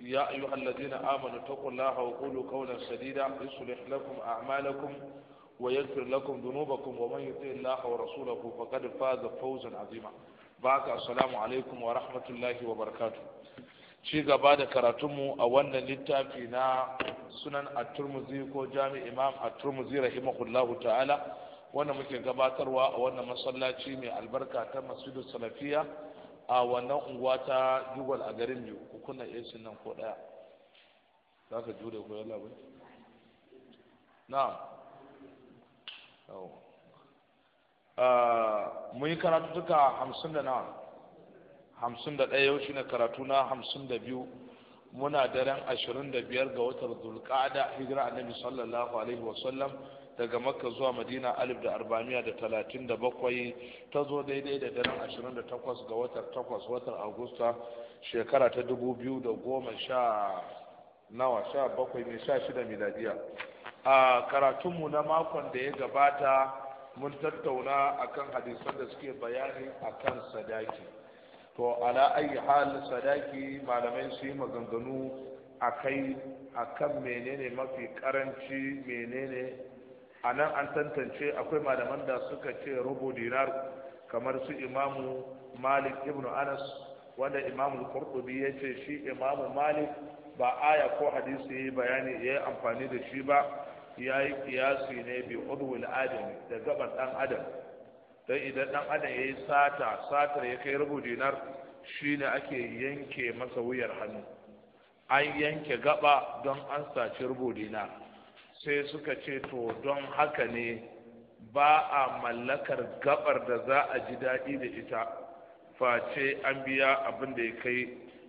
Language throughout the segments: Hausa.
يا أيها الذين آمنوا اتقوا الله وقولوا قولا سديدا يصلح لكم أعمالكم ويغفر لكم ذنوبكم ومن يطع الله ورسوله فقد فاز فوزا عظيما بارك السلام عليكم ورحمة الله وبركاته ci gaba da karatunmu a wannan littafi na sunan at-turmuzi ko jami imam at-turmuzi rahimahullahu ta'ala wanda muke gabatarwa a wannan masallaci mai albarka ta masjidu salafiya a wannan unguwa ta jubal a garin biyu ku kunna ac nan ko daya za ka jure ko yalla bai na mun yi karatu duka hamsin da nawa hamsin da ɗaya yau shine karatu na hamsin da biyu muna daren ashirin da biyar ga watar zulƙada hijira annabi sallallahu alaihi wasallam daga makka zuwa madina alif da arba'amiya da talatin da bakwai ta zo daidai da daren ashirin da takwas ga watar takwas watar agusta shekara ta dubu biyu da goma sha nawa sha bakwai mai sha shida miladiya a karatunmu na makon da ya gabata mun tattauna akan hadisan da suke bayani akan sadaki to ala ayi hal sadaki malamai su yi maganganu a akan menene mafi karanci menene a nan an tantance akwai malaman da suka ce rubu dinar kamar su imamu malik ibn anas wanda imamu qurtubi ya ce shi imamu malik ba aya ko hadisi ya yi bayani ya yi amfani da shi ba ya yi kiyasi ne bi udwul adam da gaban dan adam dan idan dan adam ya yi sata satar ya kai rubu dinar shine ake yanke masa wuyar hannu an yanke gaba don an saci rubu dinar sai suka ce to don haka ne ba a mallakar gabar da za a ji daɗi da ita face an biya abin da ya kai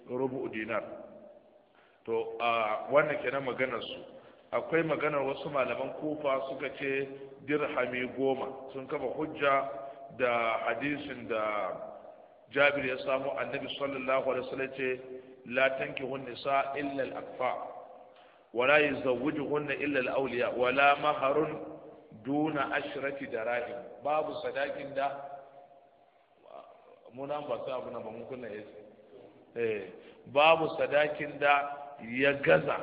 rubu dinar to a wannan kenan maganar su akwai maganar wasu malaman kufa suka ce dirhami goma sun kafa hujja da hadisin da jabir ya samu annabi sallallahu alaihi wasallam ce la tanki nisa illa al aqfa wala yuzawwijuhunna illa al-awliya wala maharun duna ashrati da muna babu sadakin da ya gaza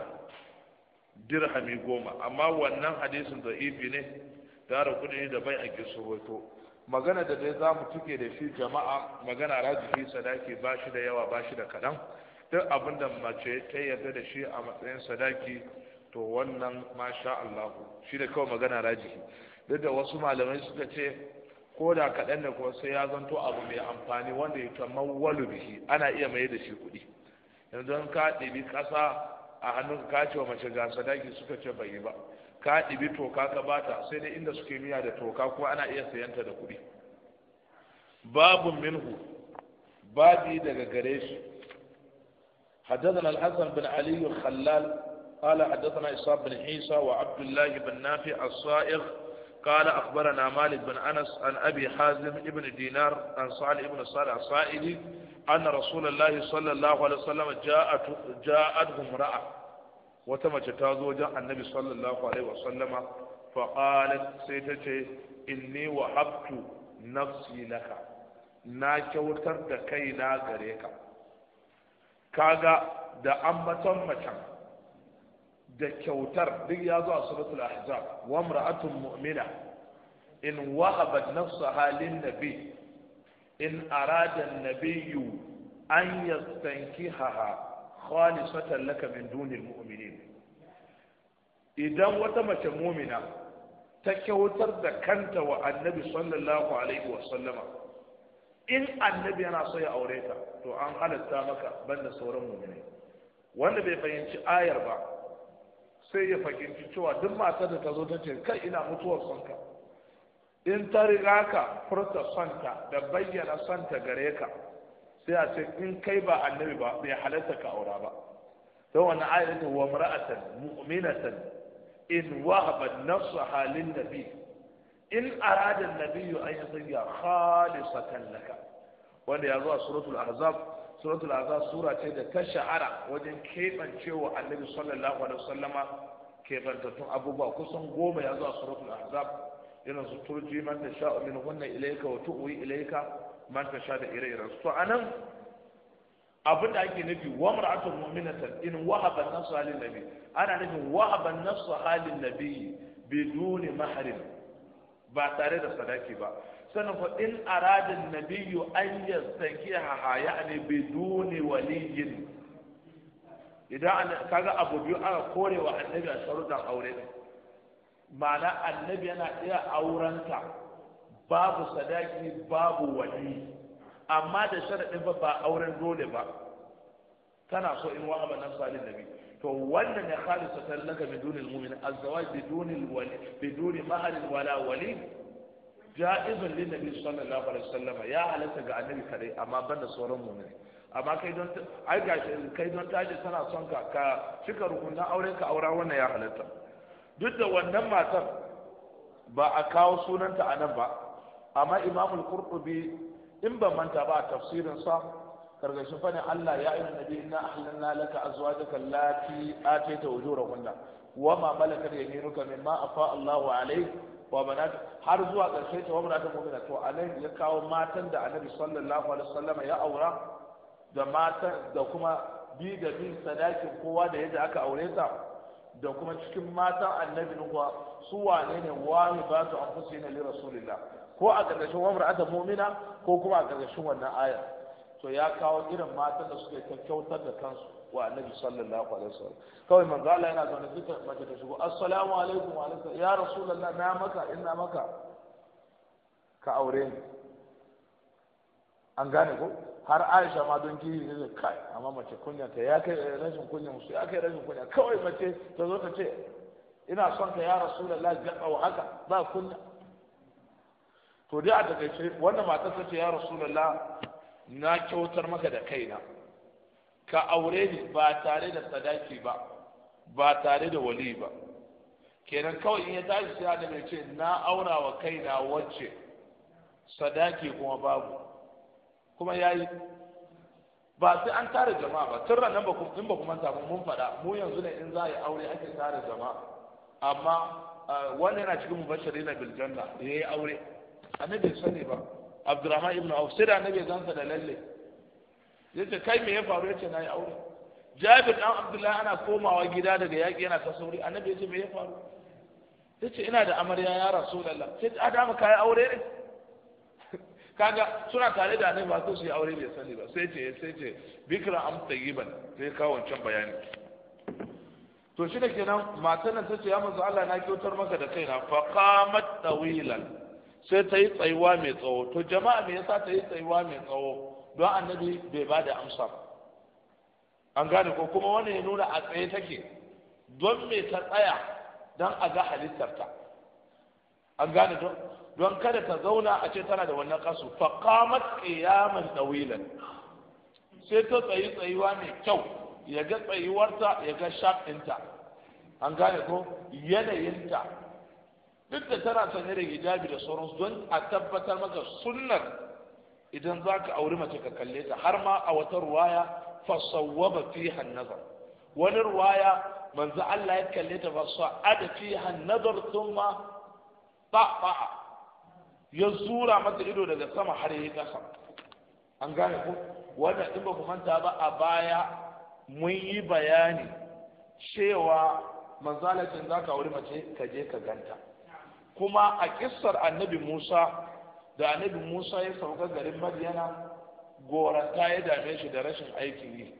dirhami goma amma wannan hadisin da ifi ne tara kudi da bai a kisurwato magana da dai za mu da shi jama'a magana rajihi sadaki ba shi da yawa ba shi da kaɗan duk abin da mace ta yarda da shi a matsayin sadaki to wannan masha Allah shi da kawai magana raji duk da wasu malamai suka ce ko da kaɗan da kuma sai ya zanto abu mai amfani wanda ya tamawwalu bihi ana iya mai da shi kuɗi yanzu an ka ɗibi ƙasa a hannun ka ce mace ga sadaki suka ce bai yi ba ka ɗibi toka ka bata sai dai inda suke miya da toka kuma ana iya sayanta da kuɗi babu minhu babi daga gare shi حدثنا الحسن بن علي الخلال قال حدثنا إصاب بن عيسى وعبد الله بن نافع الصائغ قال أخبرنا مالك بن أنس عن أبي حازم ابن دينار عن صالح بن صالح الصائدي أن رسول الله صلى الله عليه وسلم جاءت جاءته امرأة وتمت تازوج النبي صلى الله عليه وسلم فقالت سيدتي إني وهبت نفسي لك na kyautar da kaina gare ka kaga da ambaton macen da kyautar duk ya zo a suratul ahzab wa imra'atun mu'mina in wahabat nafsaha halin nabi in arada an-nabiyyu an yastankihaha khalisatan laka min dunil mu'minin idan wata mace mu'mina ta kyautar da kanta wa annabi sallallahu alaihi wa sallama in annabi yana so ya aure ta to an halatta maka banda sauran mu'minai wanda bai fahimci ayar ba sai ya fahimci cewa duk matar da ta zo ta ce kai ina mutuwar sonka in ta riga ka furta sonta da bayyana sonta gare ka sai a ce in kai ba annabi ba bai halatta ka aura ba Don wani ayar ta wa mar'atan mu'minatan in wahabat nafsaha lin nabi in arada nabiyyu an yi yasiya khalisatan laka wanda ya zuwa a suratul ahzab suratul ahzab sura ce da ta sha'ara wajen kebancewa annabi sallallahu alaihi wasallama kebantattun abubuwa kusan goma ya zuwa a suratul ahzab irin su turji man ta sha'u min hunna ilayka wa tu'wi ilayka man ta sha da ire-iren to anan abin da ake nufi wa mar'atun mu'minatan in wahaba nafsa halin nabi ana nufin wahaba nafsa halin nabi biduni mahrim ba tare da sadaki ba sannan fa in aradin nabiyyu an ya ne bi duni waliyin idan kaga abu biyu aka kore wa annabi a sharuɗan aure ma'ana annabi yana iya aurenta babu sadaki babu wali amma da sharadin ba ba auren dole ba tana so in wa'aba nan salin nabiyyu to wannan ya tallaka laka bidun almu'min azwaj bidun alwali bidun mahal wala wali ja'izun lin nabi sallallahu alaihi wasallam ya halatta ga annabi kare amma banda sauran mu'min amma kai don ai ga kai don taje tana son ka ka cika rukunin auren ka aura wannan ya halatta duk da wannan matar ba a kawo sunanta a nan ba amma imamul qurtubi in ba manta ba tafsirin sa karkashin fadin Allah ya ayyuhan nabi inna ahlalna laka azwajaka allati atayta ujurahunna wa ma malakat yaminuka mimma afa Allahu alayk wa banat har zuwa karshe ta wamra ta mu'mina to anan ya kawo matan da annabi sallallahu alaihi wasallam ya aura da matan da kuma bi da bi sadakin kowa da yadda aka aure ta da kuma cikin matan annabi nuwa su wane ne wani ba su anfusina li rasulillah ko a karkashin wamra ta mu'mina ko kuma a karkashin wannan ayar to ya kawo irin matan da suke kyautar da kansu wa annabi sallallahu alaihi wasallam kawai manzo Allah yana zaune duka mace ta shigo assalamu alaikum wa alaikum ya rasulullah na maka inna maka ka aure ni an gane ko har Aisha ma don kiri ne da kai amma mace kunya ta ya kai rashin kunya musu ya kai rashin kunya kawai mace ta zo ta ce ina son ka ya rasulullah ga wa haka ba kunya to dai a takaice wannan matar ta ce ya rasulullah na kyautar maka da kaina ka aure ni ba tare da sadaki ba ba tare da wali ba kenan kawai in ya tashi sai da mai ce na aura wa kaina wacce sadaki kuma babu kuma yayi ba sai an tare jama'a ba tun ranar in ba kuma samu mun faɗa mu yanzu ne in za a yi aure ake tare jama'a amma ah, wannan yana cikin mubashirina biljanna ya yi aure A nan bai sani ba abdurrahman ibn auf sai da annabi zansa da lalle yace kai me ya faru yace nayi aure jabir dan abdullahi ana komawa gida daga yaki yana ta sauri annabi yace me ya faru yace ina da amarya ya rasulullah sai adamu dama kai aure ne kaga suna tare da annabi ba su yi aure bai sani ba sai ce sai ce bikra am tayyiban sai kawo wancan bayani to shi da kenan matar nan tace ya manzo Allah na kyautar maka da kaina fa qamat tawilan sai ta yi tsayuwa mai tsawo to jama'a me yasa ta yi tsayuwa mai tsawo don annabi bai ba da amsa ba an gane ko kuma wani ya nuna a tsaye take don me ta tsaya don a ga halittarta an gane don kada ta zauna a ce tana da wannan kasu faqamat qiyaman dawilan sai ta tsayi tsayuwa mai kyau ya ga tsayuwarta ya ga shaf an gane ko yanayinta duk da tana sanye da hijabi da sauransu don a tabbatar maka sunnar idan za ka auri mace ka kalle ta har ma a wata ruwaya fasawwaba fiha nazar wani ruwaya manzo Allah ya kalle ta fasa'ada fiha nazar thumma ta'a ya zura mata ido daga sama har yi kasa an gane ku? wanda in ba ku manta ba a baya mun yi bayani cewa manzo Allah za ka auri mace ka je ka ganta kuma a kissar annabi Musa da annabi Musa ya sauka garin Madiyana goranta ya dame shi da rashin aikin yi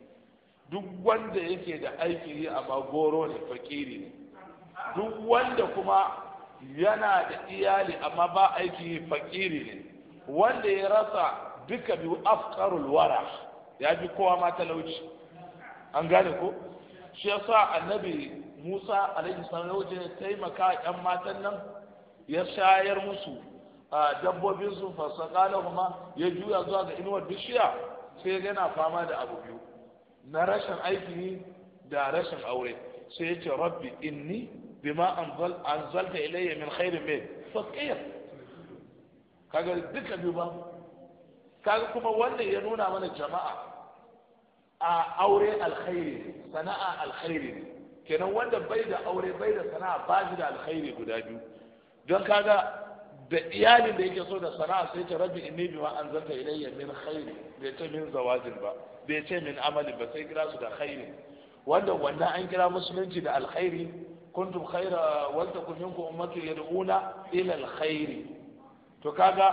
duk wanda yake da aikin yi amma goro ne fakiri ne duk wanda kuma yana da iyali amma ba aikin yi fakiri ne wanda ya rasa duka biyu afkarul wara ya fi kowa ma talauci an gane ko shi yasa annabi Musa alaihi salam ya taimaka yan matan nan ya shayar musu dabbobin su fasakala kuma ya juya zuwa ga inuwar bishiya sai yana fama da abu biyu na rashin aiki da rashin aure sai ya ce rabbi inni bima anzalta ilayya min khairin mai fakir kaga duka biyu ba kaga kuma wannan ya nuna mana jama'a a aure alkhairi sana'a alkhairi kenan wanda bai da aure bai da sana'a ba shi da alkhairi guda biyu don kaga da iyalin da yake so da sana'a sai ta rabbi inni bima anzalta ilayya min khairi bai ce min zawajin ba bai ce min amali ba sai kira su da khairi wanda wannan an kira musulunci da alkhairi kuntum khaira wal takum minkum ummatu yad'una ila alkhairi to kaga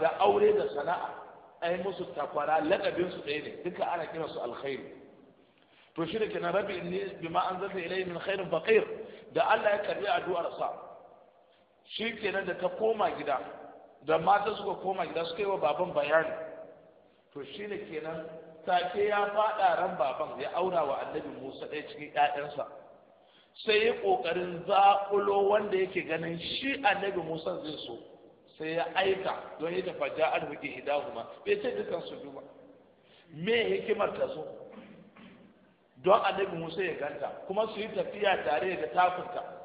da aure da sana'a ai musu takwara lakabin su ɗaya ne duka ana kira su alkhairi to shi da kenan rabbi inni bima anzalta ilayya min khairin faqir da Allah ya karbi addu'ar sa shi kenan da ta koma gida da mata suka koma gida suka yi wa baban bayani to shi ne kenan take ya faɗa ran baban ya aura wa annabi musa ɗaya cikin ƴaƴansa sai ya ƙoƙarin zaƙulo wanda yake ganin shi annabi musa zai so sai ya aika don ya faja an hudu hidahuma bai ce dukan su duba me hikimar ta so don annabi musa ya ganta kuma su yi tafiya tare da takunta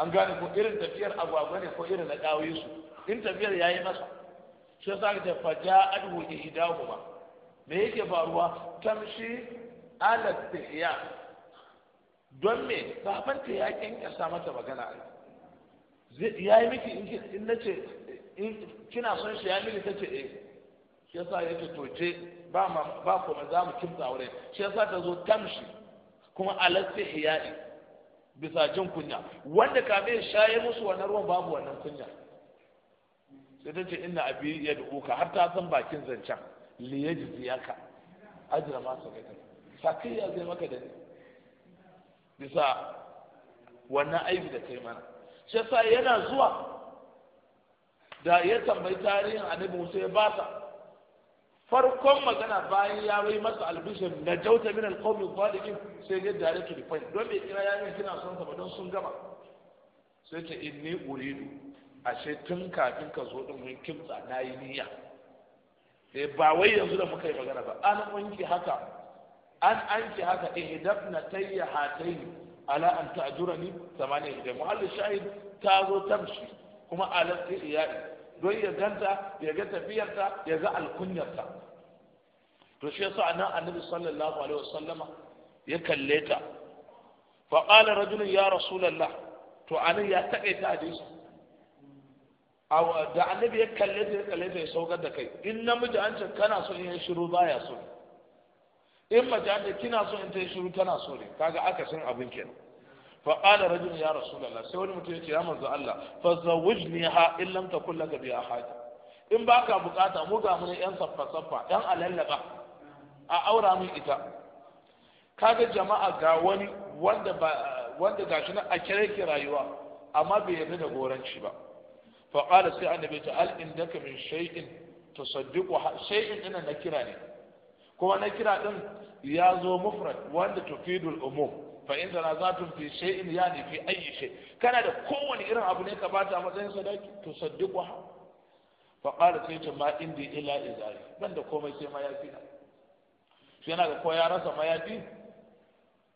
an gane ko irin tafiyar agwagwa ne ko irin na ɗawisu in tafiyar ya yi masa shi sa ka tafa ja adhu ihdahuma me yake faruwa tamshi ala tihya don me babanta ya kyankyasa mata magana ya yi miki in na ce kina son shi ya miki ta ce eh shi yasa ya ce to je ba ma za mu kimta wurin? shi yasa ta zo tamshi kuma ala ne. bisa jin kunya wanda kame ya shaye musu wannan ruwan babu wannan kunya sai ta ce ina abi ya uka, har ta san bakin zancen li yajziyaka ajra ma sakaita sakai ya zai maka da ni bisa wannan aibi da kai mana shi yana zuwa da ya tambayi tarihin annabi Musa ya basa farkon magana bayan ya bai masa albishir na jauta min alqawmi zalimin sai ya dare ki don me kira yayin kina son sa don sun gama sai ta inni uridu ashe tun kafin ka zo din mun kimtsa nayi niyya sai eh, ba wai yanzu da muka yi magana ba an wanki haka an anki haka ihdabna tayya hatayn ala an ta'jurani thamaniya da muhallin shahid ta zo tamshi kuma ala iya'i don ya ganta ya ga tafiyarta ya ga alkunyarta to shi yasa anan annabi sallallahu alaihi wasallama ya kalle ta fa qala rajulun ya rasulullah to anan ya takaita ta da annabi ya kalle ta ya kalle ta ya saukar da kai in namiji an ce kana so in ya shiru baya so in mace an ce kina so in ta yi shiru tana so ne kaga akasin abin kenan fa qala rajul ya rasulullah sai wani mutum yace ya manzo Allah fa zawwijniha in lam takul ka bi haja in baka bukata mu ga mun yan saffa saffa yan alallaba a aura min ita kaga jama'a ga wani wanda ba a kire ki rayuwa amma bai yarda da goranci ba fa qala sai annabi ta al indaka min shay'in tusaddiqu shay'in ina na kira ne kuma na kira din ya zo mufrad wanda tufidul umum fa in tanazatun fi shay'in yani fi ayyi shay kana da kowane irin abu ne ka bata a matsayin sadaki to saddiqu fa qala sai ta ma indi ila izari ban da komai sai mayafi na shi yana ga ko ya rasa mayafi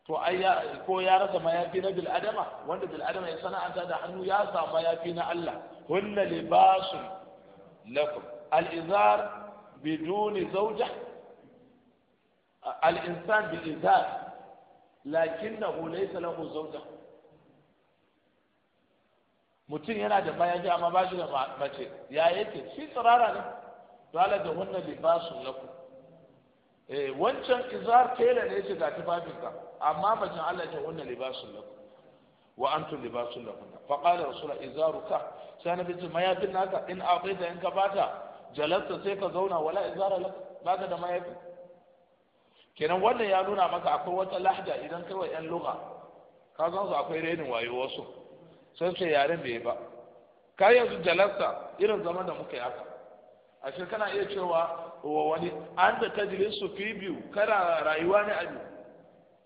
to ai ya ko ya rasa mayafi na bil adama wanda bil adama ya sana'anta da hannu ya sa mayafi na Allah hunna libasun lakum al izar biduni zawja al insan bil izar lakinnahu laysa lahu zawja mutum yana da bayan amma ba shi da mace ya yake shi tsirara ne ala da hunna libasun lakum eh wancan izar tela ne yace ga tufafinka amma bacin Allah ce hunna libasun lakum wa antum libasun lakum fa qala rasul izaruka sai nabi ce mayafin naka in aqida in ka bata jalasta sai ka zauna wala izara lak baka da mayafin. kenan wannan ya nuna maka akwai wata lahja idan kai wa yan lugha ka san su akwai renin wayo wasu sai ce yaren bai ba ka yanzu jalasta irin zaman da muka yi haka a kana iya cewa wa wani an da tajlisu fi biyu kana rayuwa ne a biyu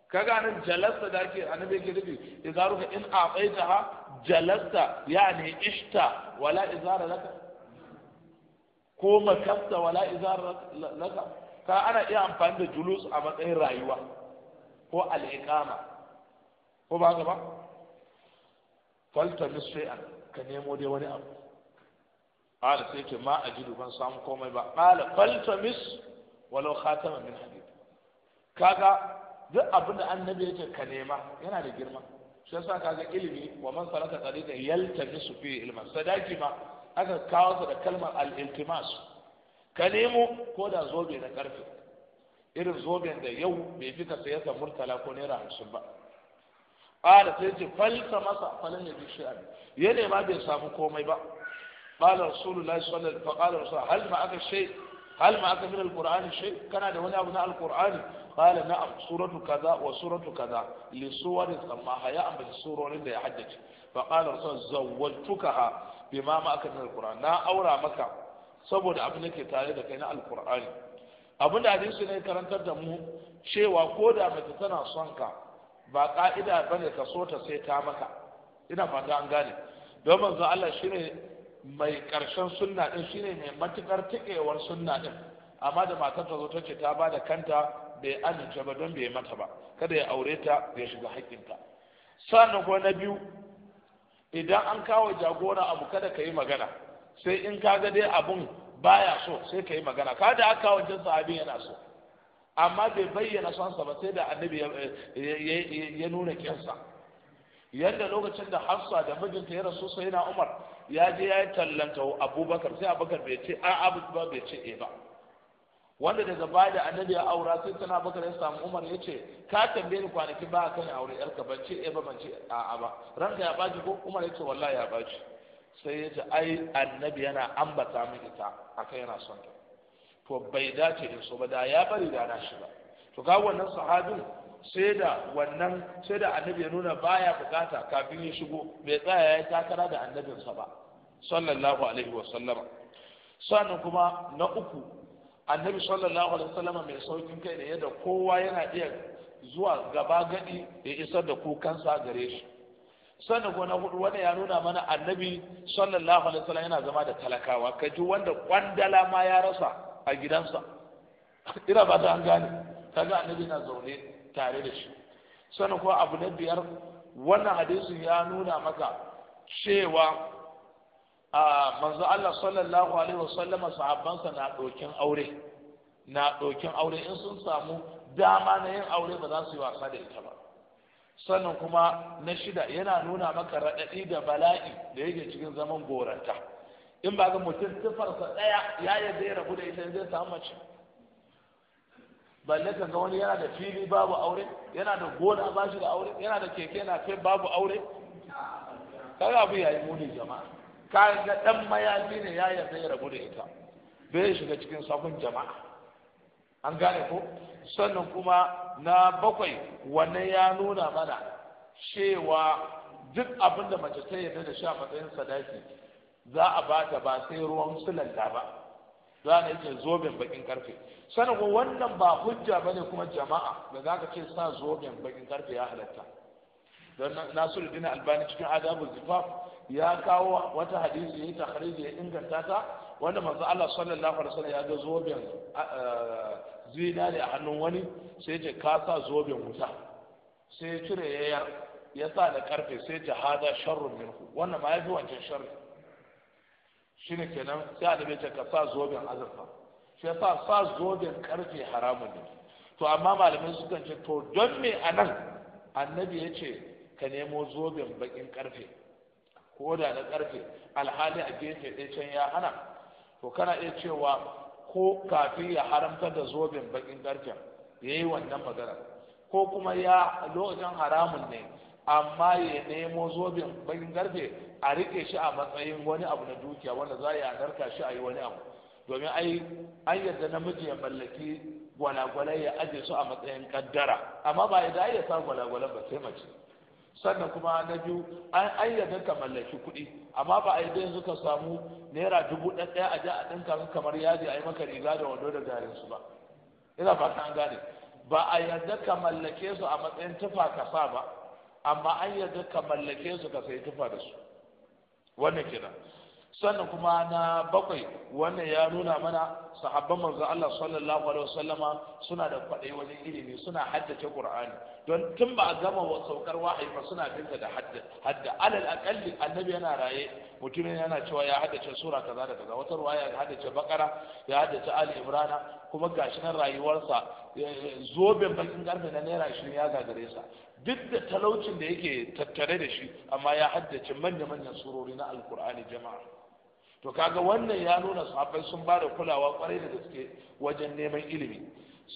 ka nan jalasta da ake annabi yake nufi ka in ha jalasta yani ishta wala izara laka ko makasta wala izara laka ta ana iya amfani da julus a matsayin rayuwa ko al'iqama ko ba ga ba falta misri'an ka nemo dai wani abu qala sai ce ma ajidu ban samu komai ba qala falta mis walau khataman min hadid kaga duk abin da annabi yake ka nema yana da girma shi yasa kaga ilimi wa man salaka tariqa yaltamisu fi ilman sadaki ma aka kawo da kalmar al-iltimas ka nemo ko da zobe na karfe irin zoben da yau bai fi ka saye sa murtala ko naira hamsin ba ƙara sai ce falsa masa falin ya bishi abi ya nema bai samu komai ba ƙala rasulu lai sallar fa ƙala rasulu hal ma aka shai hal ma aka min alƙur'ani shai kana da wani abu na alƙur'ani ƙala na suratu kaza wa suratu kaza li suwari amma haya an bi surorin da ya haddace fa ƙala rasulullahi ha bima ma aka min alƙur'ani na aura maka saboda abin da ke tare da kai na alkur'ani abin da hadisi ne karantar da mu cewa ko da mace tana son ka ba ka'ida bane ka so ta sai ta maka ina fata an gane don manzo Allah shi ne mai karshen sunna din ne mai matukar tikewar sunna din amma da matar ta zo ta ce ta bada kanta bai amince ba don bai mata ba kada ya aure ta ya shiga haƙƙinta sannan ko na biyu idan an kawo jagora abu kada ka yi magana sai in kaga dai abun baya so sai ka yi magana ka da aka wajen sahabin yana so amma bai bayyana sonsa ba sai da annabi ya nuna kinsa yadda lokacin da hafsa da mijinta ya rasu sai na umar ya je ya yi tallanta abubakar sai abubakar bai ce a abu ba bai ce e ba wanda daga baya da annabi ya aura sai tana bakar ya samu umar ya ce ka tambaye ni kwanaki ba a kan aure yarka ban ce e ba ban ce a'a ba ranka ya baji ko umar ya ce wallahi ya baji sai ya ce ai annabi yana ambata min ita haka yana son ta to bai dace da so ba da ya bari da na shi ba to ga wannan sahabin sai da wannan sai da annabi ya nuna baya bukata kafin ya shigo bai tsaya ya takara da annabinsa ba sallallahu alaihi wa sallama sannan kuma na uku annabi sallallahu alaihi wa sallama mai saukin kai ne yadda kowa yana iya zuwa gaba gadi ya isar da kukansa gare shi sannan ko hudu wani ya nuna mana annabi sallallahu alaihi wasallam yana zama da talakawa ka ji wanda kwandala ma ya rasa a gidansa ina ba ta an gane kaga annabi na zaune tare da shi sannan ko abu na biyar wannan hadisi ya nuna maka cewa a manzo Allah sallallahu alaihi wasallama sahabbansa na dokin aure na dokin aure in sun samu dama na yin aure ba za su yi wasa da ita ba sannan kuma na shida yana nuna maka raɗaɗi da bala'i da yake cikin zaman goranta in ba ga mutum tufarsa ɗaya ya yi zai, rabu da ita zai samu mace balle ka ga wani yana da fili babu aure yana da gona ba shi da aure yana da keke na fe babu aure kaga abu yayi muni jama'a ka ga dan mayafi ne ya yi zai, rabu da ita bai shiga cikin safin jama'a an gane ko sannan kuma na bakwai wannan ya nuna mana cewa duk abin da mace ta yarda da sha matsayin sadaki za a ba ta ba sai ruwan sulanta ba za a yake zoben bakin karfe sannan kuma wannan ba hujja ba ne kuma jama'a da za ka ce sa zoben bakin karfe ya halatta don nasiruddin albani cikin adabu zifaf ya kawo wata hadisi ya yi takhariji ya inganta ta wanda manzo Allah sallallahu alaihi wasallam ya ga zoben zinari a hannun wani sai ya ka sa zoben wuta sai ya cire yayar ya sa da karfe sai ya hada sharrun minhu wannan ma fi wancan sharri shine kenan sai dabe ce ka sa zoben azurfa shi ya sa sa zoben karfe haramun ne to amma malamai kan ce to don me a nan annabi ya ce ka nemo zoben bakin karfe ko da na karfe alhali a gefe ɗaya can ya hana to kana iya cewa ko kafin ya haramta da zobin bakin garken ya yi wannan magana ko kuma ya lokacin haramun ne amma ya nemo zobin bakin garfe a riƙe shi a matsayin wani abu na dukiya wanda za a narka shi a yi wani abu domin ai an yarda namiji ya mallaki gwalagwalai ya aje su a matsayin kaddara amma ba ya da ya sa ba sai mace sannan kuma na biyu an ayyana ka mallaki kuɗi amma ba a yi da yanzu ka samu naira dubu ɗaya a ja a ɗinka kamar yaji a yi maka riga da wando da garinsu ba ina ba an gane ba a yarda ka mallake su a matsayin tufa ka sa ba amma an yarda ka mallake su ka sayi tufa da su wannan kenan sannan kuma na bakwai wannan ya nuna mana sahabban manzo Allah sallallahu alaihi wasallama suna da kwadai wajen ilimi suna haddace Qur'ani don tun ba a gama wa saukar wahayi ba suna binta da hadda hadda alal aqalli annabi yana raye mutumin yana cewa ya haddace sura kaza da kaza wata ruwaya ya haddace bakara ya haddace ali imrana kuma gashi nan rayuwarsa eh, zoben bakin garfe na naira 20 ya gagare sa duk da talaucin da yake tattare da shi amma ya haddace manya-manyan surori na alkur'ani jama'a to kaga wannan ya nuna sahabbai sun ba da kulawa kwarai da gaske wajen neman ilimi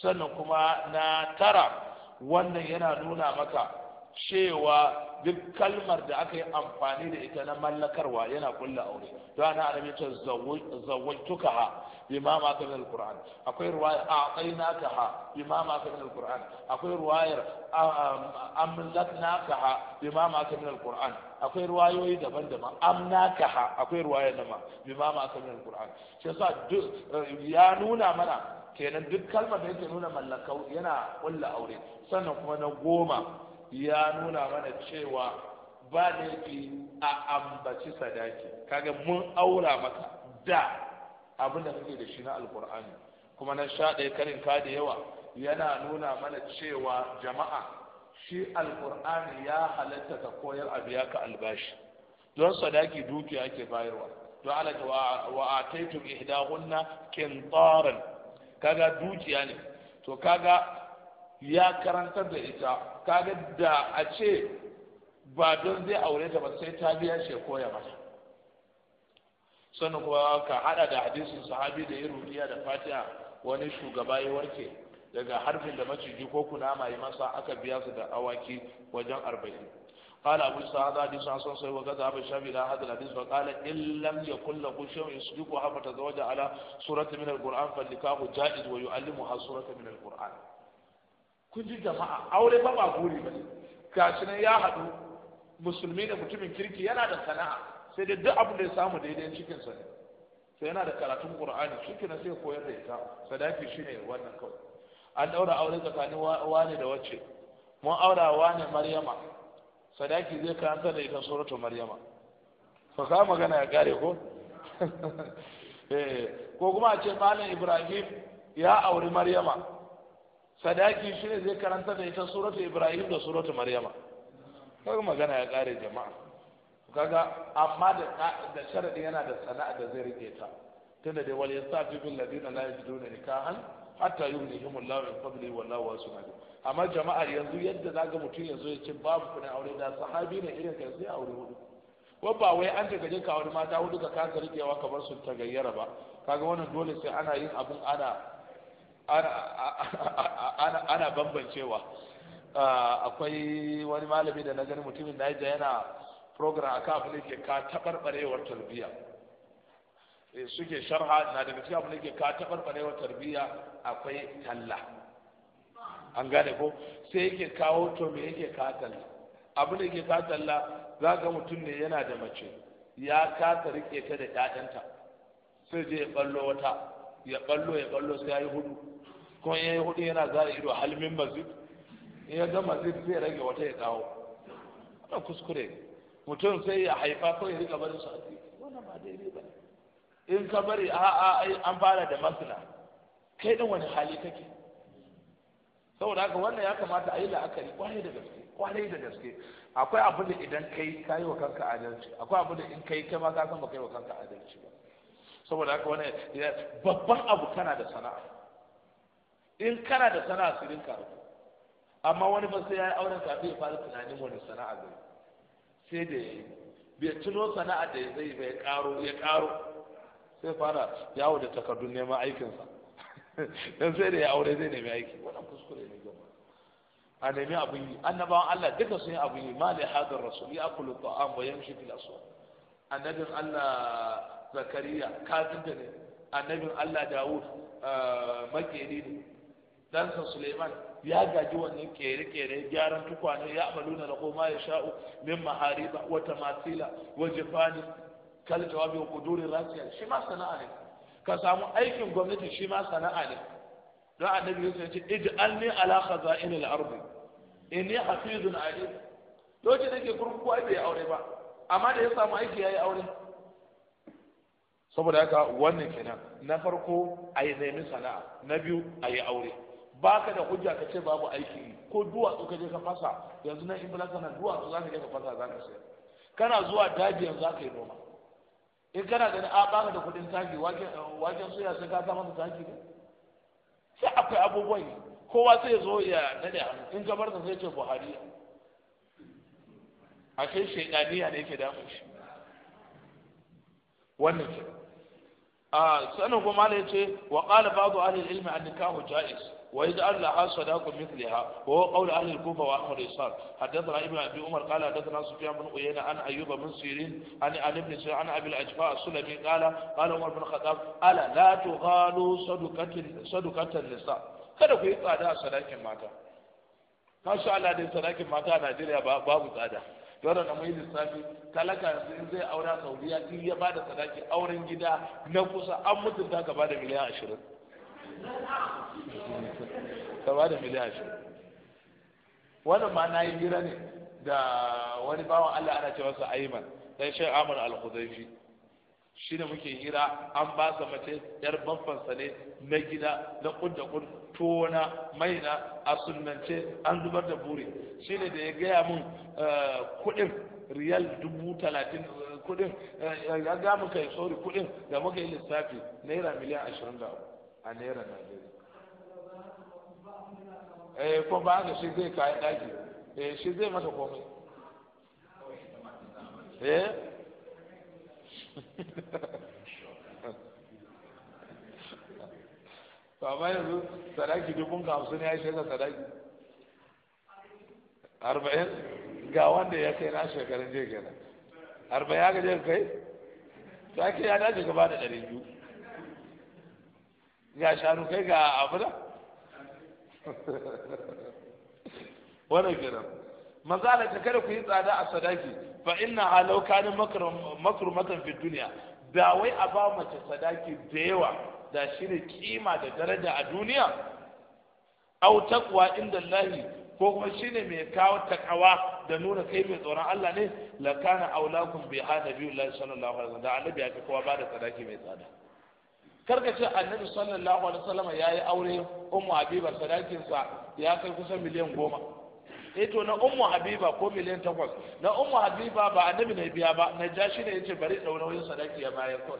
sannan kuma na tara wannan yana nuna maka cewa duk kalmar da aka yi amfani da ita na mallakarwa yana kulla aure don ana arabi ta بما ما من القرآن ha رواية أعطيناكها بما ما akwai القرآن أقول ka ha imama ما min alquran akwai ruwayoyi daban-daban amna ha akwai ruwaya nama ma imama aka min alquran shi yasa ya nuna mana kenan duk kalmar da yake nuna mallakau yana kulla aure sannan kuma na goma ya nuna mana cewa ba da yake a ambaci sadaki kaga mun aura maka da abin da muke da shi na alkur'ani kuma na sha ɗaya karin ka da yawa yana nuna mana cewa jama'a shi alkur'ani ya halatta ka koyar a ya ka albashi don sadaki dukiya ke bayarwa don alaka wa ataitu taitun ihdahunna kintaran kaga dukiya ne to kaga ya karantar da ita kaga da a ce ba don zai aure ta ba sai ta biya shi koya mata sannan kuma ka hada da hadisin sahabi da ya rubiya da fatiha wani shugaba ya warke daga harfin da maciji ko kunama ya masa aka biya su da awaki wajen arba'in قال أبو سعد حديث عن صنصر وقد أبو الشافعي إلى هذا الحديث فقال إن لم يكن له شيء يصدقها فتزوج على سورة من القرآن فالنكاح جائز ويعلمها سورة من القرآن kun ji jama'a aure ba ba guri ba gashi nan ya haɗu musulmi da mutumin kirki yana da sana'a sai dai duk abin da ya samu daidai cikin sa ne sai yana da karatun qur'ani cikin sa sai koyar da ita sadaki shine wannan kawai an daura aure tsakanin wani da wacce mun aura wani maryama sadaki zai karanta da ita suratul maryama fa ka magana ya gare ko eh, ko kuma a ce malam ibrahim ya auri maryama sadaki shine zai karanta da ita suratu ibrahim da suratu maryama ko magana ya kare jama'a kaga amma da sharadi yana da sana'a da zai rike ta tunda da wal yastafidu alladhina la yajiduna nikahan hatta yughnihim Allahu min fadli wa la alim amma jama'ar yanzu yadda zaga mutum yanzu ya ce babu kuɗin aure da sahabi ne irin kai sai aure hudu ko ba wai an daga ka kawar mata hudu ka kasa rikewa kamar su ta gayyara ba kaga wannan dole sai ana yin abun ana ana ana bambancewa ah, akwai wani malami da na gani mutumin da yana program akan abin ne ke ka taɓarɓarewar tarbiyya eh, suke sharha na daga cikin abin ne ke ka taɓarɓarewar tarbiyya akwai talla an gane ko sai yake kawo to me yake ka talla abin da ke ka talla za ga mutum ne yana da mace ya kasa rike ta da ƴaƴanta sai je ya ballo wata ya ballo ya ballo sai ya yi hudu kuma ya yi hudu yana za ido halmin mazid in ya ga mazid sai rage wata ya kawo wannan kuskure ne mutum sai ya haifa ko ya rika barin su a wannan ba daidai ba in ka bari a a an fara da masana kai din wani hali kake saboda haka wannan ya kamata a yi la'akari kwarai da gaske kwarai da gaske akwai abin da idan kai ka yi wa kanka adalci akwai abin da in kai kai ma ka san ba kai wa kanka adalci ba saboda haka wani babban abu kana da sana'a in kana da sana'a su rinka amma wani ba sai ya yi auren kafin ya fara tunanin wani sana'a zai sai da yi bai tuno sana'a da zai bai karo ya karo sai fara yawo da takardun neman aikinsa dan sai da ya aure zai nemi aiki wannan kuskure ne gaba a nemi abin yi annabawan Allah duka sun yi abin yi ma li hadar rasul ya akulu ta'am wa yamshi fil aswaq annabin Allah Zakariya kafinta ne annabin Allah Dawud ah, makeri ne dansa Suleiman ya gaji wannan kere-kere gyaran tukwane ya amalu na lako ma ya sha'u min mahariba wata masila wa jifani kala jawabi wa kudurin rasiyar shi ma sana'a ne ka samu aikin gwamnati shi ma sana'a ne don annabi ya ce ij'alni ala khaza'in al-ard inni hafizun alim lokacin da ke kurkuku ai bai aure ba amma da ya samu aiki yayi aure saboda haka wannan kenan na farko a yi nemi sana'a na biyu a yi aure baka da hujja ka ce babu aiki ko duwatsu ka je ka fasa yanzu nan in kana duwatsu za ka je ka fasa za ka sayar kana zuwa daji yanzu za ka yi noma in kana gani a baka da kudin taki waken suya sai ka samu taki ne sai akwai abubuwan kowa sai zo ya nade hannu in gabar da sai ce buhari a kai shaidaniya ne yake damun shi wannan ke a sanin kuma ya ce wa qala ba'du ahli ilmi an nikahu ja'is ويجعل لها صداق مثلها وهو قول أهل الكوفة وأحمد إسحاق حدثنا ابن أبي عمر قال حدثنا سفيان بن عيينة عن أيوب بن سيرين عن عن ابن سيرين عن أبي الأجفاء السلمي قال قال عمر بن الخطاب ألا لا تغالوا صدقة صدقة النساء kada ku yi tsada a sadakin mata masha Allah dai sadakin mata a Najeriya babu tsada dole na mai lissafi talaka yanzu in zai aura Saudiya in ya bada sadaki auren gida na kusa an mutunta ka bada miliyan ashirin ka da miliyan shi wannan ma na yi hira ne da wani bawan Allah ana cewa su Ayman dan shi Amr Al-Khudaifi shi ne muke hira an ba sa mace yar banfansa ne na gida na kudda kun tona maina a sunnance an zubar da buri shi ne da ya gaya mun eh, kuɗin riyal dubu talatin eh, kuɗin eh, ya ga muka yi sauri kuɗin da muka yi lissafi naira miliyan ashirin da uku a naira najeriya eh ko ba haka shi zai kayi daki eh shi zai masa komai eh to amma yanzu sadaki dubun hamsin ya shiga sadaki arba'in ga wanda ya kai na shekarun jiya kenan arba'in ya gaje kai to ake ya dace gaba da ɗari biyu ga kai ga da wani kenan mazala ta kada ku yi tsada a sadaki fa inna na kana makrumatan fi duniya da wai a ba mace sadaki da yawa da shi ne kima da daraja a duniya au inda lahi ko kuma shi ne mai kawo takawa da nuna kai mai tsoron Allah ne la kana aulakum bi hada biyu sallallahu alaihi wasallam da annabi ya kowa ba da sadaki mai tsada karka ce annabi sallallahu alaihi wasallam ya yi aure ummu habiba sadakinsa ya kai kusan miliyan goma eh to na ummu habiba ko miliyan takwas na ummu habiba ba annabi ne biya ba na ja shi ne yace bari dau nauyin sadaki ya bayar ko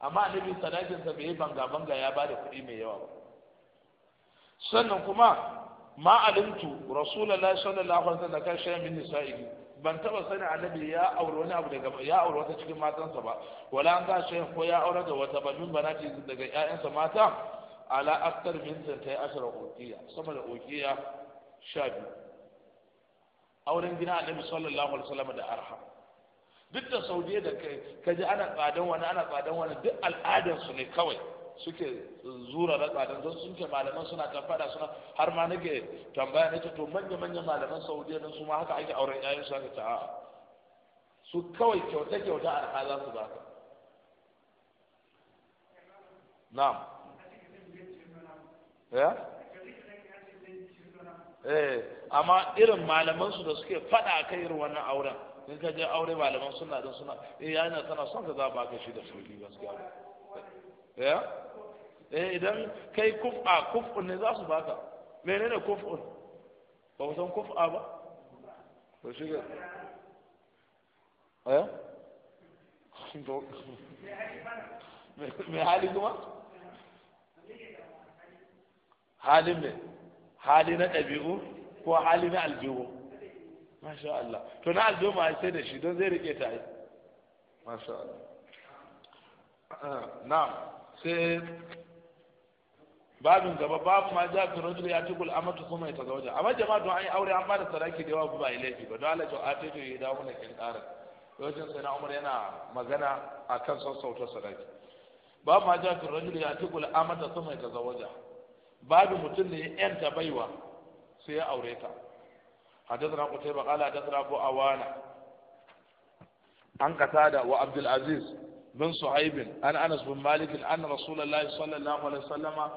amma annabi sadakinsa bai banga banga ya ba da kuɗi mai yawa ba sannan kuma ma alimtu rasulullahi sallallahu alaihi wasallam kan shay'in min ban taba sani annabi ya aure wani abu daga ya aure wata cikin matansa ba wala an ga shi ko ya aure da wata ba min banati daga ƴaƴansa mata ala aktar min ta ashara ukiya sama da ukiya sha biyu auren gina annabi sallallahu alaihi wasallam da arha duk da saudiya da kai kaji ana tsadan wani ana tsadan wani duk al'adansu ne kawai suke zura ratsa don don sun ke malaman suna kan fada suna har ma nake tambaya ne to manya manyan malaman saudiya don su ma haka ake auren yayin su haka ta'a su kawai kyauta kyauta a haza su ba na'am ya eh amma irin malaman su da suke fada kai irin wannan auren in ka je aure malaman suna don suna eh yana tana son ka za ba ka shi da sauki gaskiya ya eh idan kai kuf'a kuf'un ne za su baka menene kuf'un ba ku san kuf'a ba ba shi ga eh mai hali kuma Hali ne hali na ɗabi'u ko hali na aljihu masha Allah to na aljihu ma sai da shi don zai rike ta yi masha Allah eh, na sai babin gaba babu ma za ka rajul ya tukul amatu kuma ita zauja amma jama'a don an yi aure an ba da sadaki da yawa ba a yi laifi ba don Allah ja'a ta ya dawo mana kin ƙara lokacin sai na Umar yana magana akan sassauta sadaki babu ma za ka rajul ya tukul ta kuma ita zauja babu mutum ne yan ta baiwa sai ya aure ta حدثنا قتيبة kala حدثنا أبو awana an قتادة وعبد wa بن bin عن أنس Anas bin أن رسول الله sallallahu alaihi عليه وسلم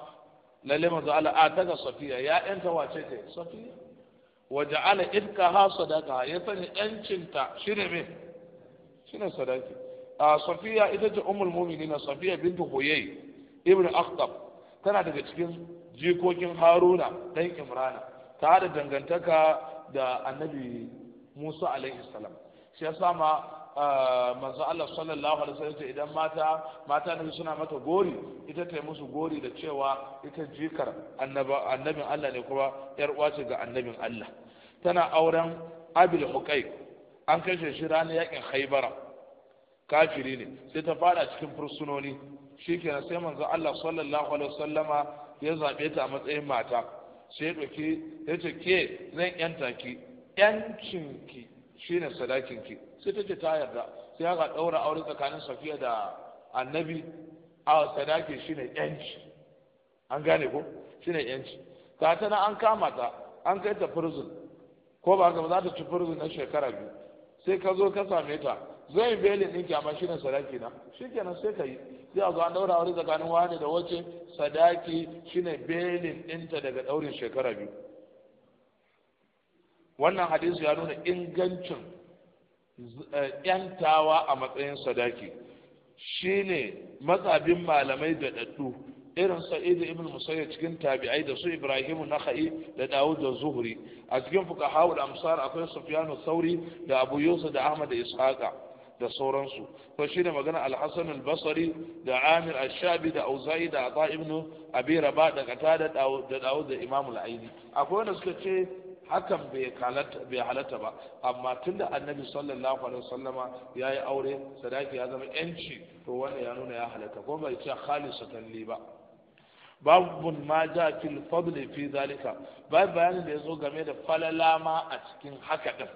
lalle manzo Allah a daga safiya ya yanta wace ce safiya ala ja'ala ha sadaka ya sani yancinta shine me shine sadaki a safiya ita ce ummul mu'minina safiya bintu huyay ibn akhtab tana daga cikin jikokin haruna dan imrana ta da dangantaka da annabi musa alaihi salam shi ya sama manzo Allah sallallahu alaihi wasallam idan mata mata ne suna mata gori ita ta yi musu gori da cewa ita jikar annabin Allah ne kuma yar uwa ce ga annabin Allah tana auren Abil Huqayq an kashe shi ranar yakin Khaybara kafiri ne sai ta fara cikin fursunoni shikenan sai manzo Allah sallallahu alaihi wasallama ya zabe ta a matsayin mata sai ya dauki ya ce ke zan yanta ki yancin ki shine sadakin ki sai ta ce ta yarda sai aka daura aure tsakanin safiya da annabi a sadaki shine yanci an gane ko shine yanci ta na an kama ta an kai ta prison ko ba ka za ta ci prison na shekara biyu sai ka zo ka same ta zai din ki amma shine sadaki na shikenan sai ka yi sai a zo an daura aure tsakanin wani da wace sadaki shine belin ta daga ɗaurin shekara biyu wannan hadisi ya nuna ingancin yantawa eh, a matsayin sadaki shine matsabin malamai da daddu irin sa'id ibn musayyib cikin tabi'ai da su ibrahimu nakhai da dawud da zuhri a cikin da amsar akwai sufyanu sauri da abu yusuf da ahmad da ishaqa da sauransu shi ne magana al-hasan al-basri da amir al shabi da auza'i da ata ibn abi rabah da qatada da dawud da imam al-aini akwai wanda suka ce hakan bai halatta ba amma tunda annabi sallallahu alaihi wasallama ya yi aure sadaki ya zama yanci to wanda ya nuna ya halatta ko bai ce khalisatan li ba babu ma ja fil fadli fi zalika bai bayanin da yazo game da falalama a cikin haka din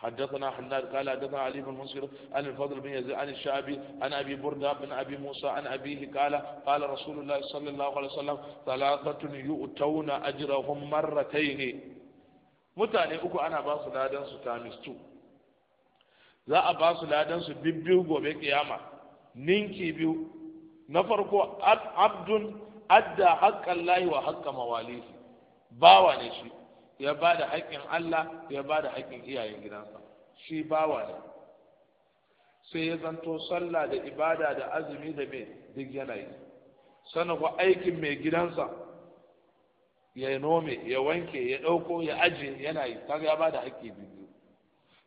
حدثنا حناد قال حدثنا علي بن مسكر عن الفضل بن يزيد عن الشعبي عن ابي برده بن ابي موسى عن ابيه قال قال رسول الله صلى الله عليه وسلم ثلاثه يؤتون اجرهم مرتين mutane uku ana ba su ladan su times 2 za a ba su ladan su bibbiyu gobe kiyama ninki biyu na farko abdun adda haƙƙan wa haƙƙa mawalisi bawa ne shi ya ba da haƙƙin Allah ya ba da haƙƙin iyayen gidansa shi bawa ne sai ya zanto sallah da ibada da azumi da mai duk yana yi aikin mai gidansa ya nome ya wanke ya ɗauko ya aje yana yi kaga ya bada haƙƙi biyu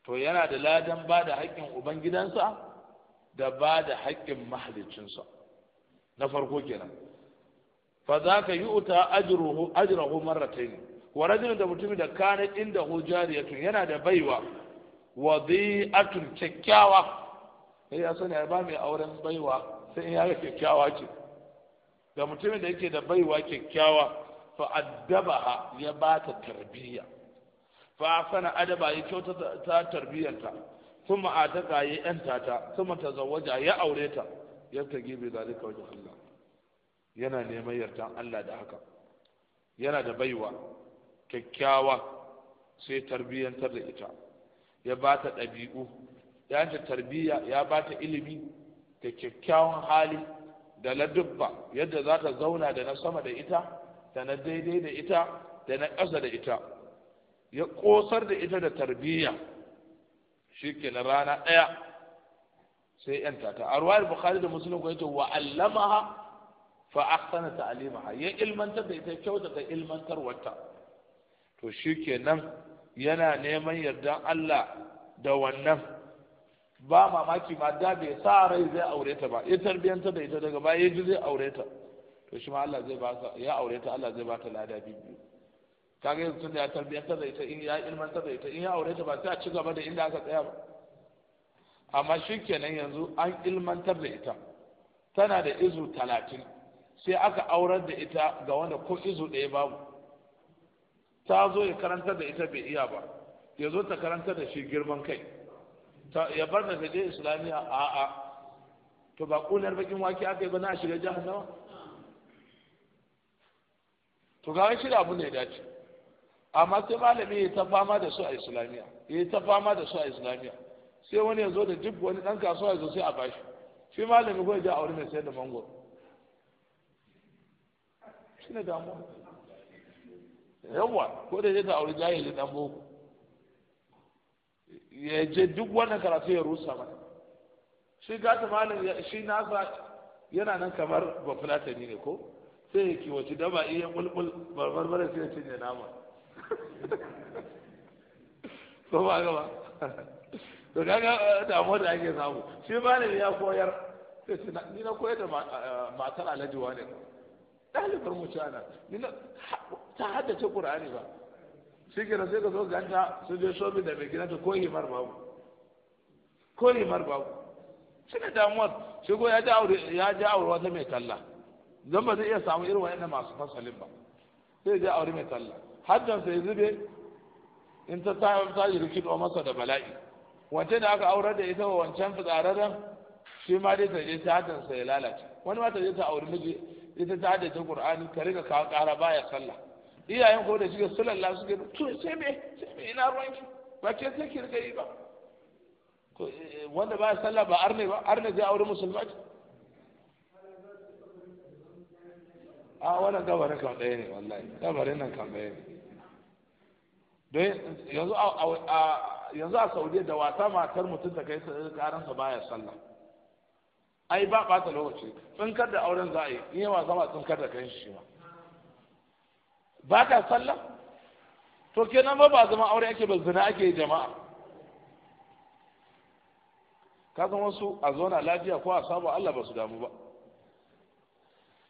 to yana da ladan bada haƙƙin ubangidansa da bada haƙƙin mahaliccinsa na farko kenan fa za ka yi uta ajirahu ajrahu ne. wa rajulun da mutumin da kana inda hu jariyatun yana da baiwa wadi'atun kyakkyawa sai ya sani ya ba mai auren baiwa sai ya ga kyakkyawa ce da mutumin da yake da baiwa kyakkyawa fa'addabaha ya ba ta tarbiyya fa sana adaba ya kyauta ta tarbiyyanta a ataka ya yanta ta kuma ta zawaja ya aure ta yadda gibe zalika wajen Allah yana neman yardan Allah da haka yana da baiwa kyakkyawa sai tarbiyyantar da ita ya ba ta ɗabi'u ya ta tarbiyya ya ba ta ilimi da kyakkyawan hali da ladubba yadda za ta zauna da na sama da ita da na daidai da ita da na ƙasa da ita ya ƙosar da ita da tarbiyya shi ke na rana ɗaya sai yanta ta a ruwayar bukari da musulun ita, wa'allama wa allamaha fa ahsana ta'limaha ya ilmantar da ita daga ilmantar ilmantarwarta to shi ke nan yana neman yardan Allah da wannan ba mamaki ma da bai sa rai zai aure ta ba ya tarbiyyanta da ita daga baya ya ji zai aure ta to shi ma Allah zai ba ya aure ta Allah zai ba ta lada biyu kaga yanzu tunda ya tarbiyyantar da ita in ya ilmantar da ita in ya aure ta ba sai a ci gaba da inda aka tsaya ba amma shi kenan yanzu an ilmantar da ita tana da izu talatin sai aka aurar da ita ga wanda ko izu ɗaya babu ta zo ya karantar da ita bai iya ba ya zo ta karantar da shi girman kai ya bar da je islamiyya a'a to ba kunar bakin waki aka yi ba na shiga jahannama to ga shi da abu ne dace amma sai malami ya ta fama da su a islamiya ya ta fama da su a islamiya sai wani ya zo da duk wani dan kasuwa ya zo sai a bashi shi malami ko ya je a wurin mai sayar da mangoro shi ne damuwa yawwa ko da ya ta auri jahili dan boko ya je duk wannan karatu ya rusa ba? shi gata malam shi nasa yana nan kamar ba fulatani ne ko sai ya kiwaci daba iya bulbul barbarbarar sai ya cinye nama so ba gaba to kaga eh, damuwa da ake samu shi ne ya koyar sai ni na koyar da eh, matar alhaji wane ɗalibar mu cana ni na ta haddace qur'ani ba shi kenan sai ka zo ganta su je shobi da mai ta ko himar babu ko himar babu shi ne damuwar shi ko ya ji aure wata mai talla don ba zai iya samu irin wa'annan masu fasalin ba sai je aure mai talla hajjan sai zube in ta ta yi rikido masa da bala'i wancan da aka aurar da ita wa wancan fitsararren shi ma dai ta je ta hajjan sai ya lalace wani ma ta je ta aure miji ita ta hajjace qur'ani ka riga kawo ƙara baya sallah iyayen ko da shiga sulalla suke to sai me sai me ina ruwan ki? ba ke sai ki riga yi ba eh, eh, wanda ba sallah ba arne ba arne zai aure musulma ce a wannan gabarin kan ɗaya ne wallahi gabarin nan kan ɗaya ne don yanzu a saudi da wata matar mutum ta kai karansa baya sallah ai ba ɓata lokaci tsinkar da auren za a yi in yawa zama tsinkar da kan shi ma ba ka sallah to kenan ba ba zama aure ake ba zina ake jama'a ka san wasu a zona lafiya ko a samu Allah ba su damu ba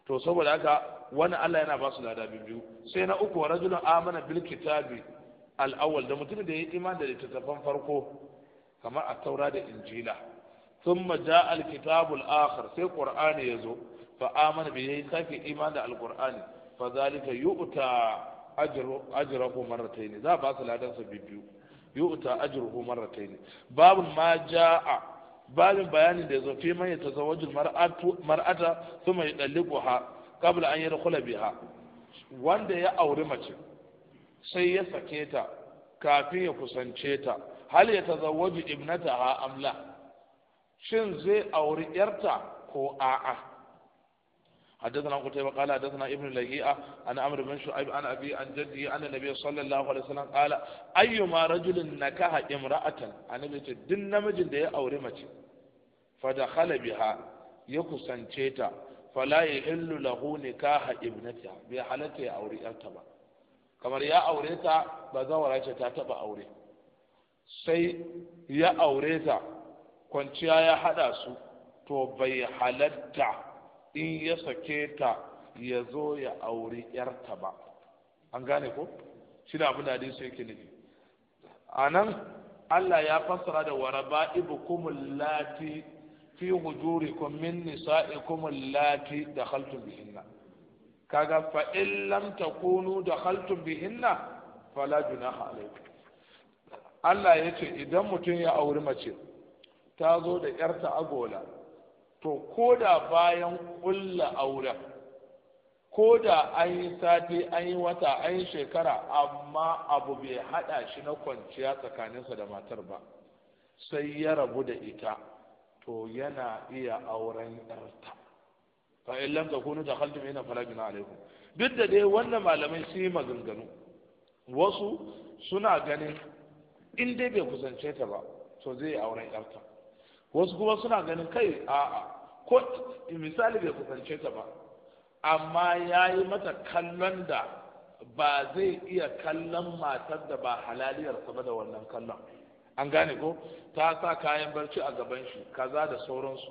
to saboda haka wani Allah yana ba su lada biyu sai na uku wa rajulun amana bil kitabi al awwal da mutum da ya imani da littattafan farko kamar a taura da injila thumma jaa al kitabul akhar sai qur'ani yazo fa amana bi yayi sake imani da al qur'ani fa zalika yu'ta ajru ajruhu marratayn za ba su ladan sa biyu yu'ta ajruhu marratayn babun ma jaa babin bayanin da ya zo fi man ya tazawwaju mar'ata thumma ha, kabla an yadkhula biha wanda ya auri mace sai ya sake ta kafin ya kusance ta hal ya tazawaji ibnata ha amla shin zai auri yarta ko a'a حدثنا قتيبة قال حدثنا ابن لهيئة عن عمرو بن شعيب عن أبي عن جدي عن النبي صلى الله عليه وسلم قال أيما رجل نكح امرأة عن ابن دن نمجن دي أو رمتي فدخل بها يكسن شيتا فلا يحل له نكاح ابنتها بحالته أو رئتها kamar ya aure ta ba zawara ce ta taba aure sai ya aure ta kwanciya ya hada su to bai halatta in ya sake ta ya zo ya auri yarta ba an gane ko shi da abin da hadisi yake nufi a nan Allah ya fassara da waraba ibukum lati fi hujurikum min nisa'ikum lati dakhaltum bihinna kaga fa in lam takunu dakhaltum bihinna fala junaha alaykum Allah ya ce idan mutum ya auri mace ta zo da yarta agola to ko da bayan ƙulla aure ko da an yi sati an yi wata an yi shekara amma abu bai haɗa shi na kwanciya tsakaninsa da matar ba sai ya rabu da ita to yana iya auren yarta fa in lam takunu dakhaltum ina falajin alaikum duk da dai wannan malamai su yi maganganu wasu suna ganin in dai bai kusance ta ba to zai auren yarta wasu kuma suna ganin kai a'a ko misali bai kusance ta ba amma ya yi mata kallon da ba zai iya kallon matar da ba halaliyar ba da wannan kallon an gane ko ta sa kayan barci a gaban shi kaza da sauransu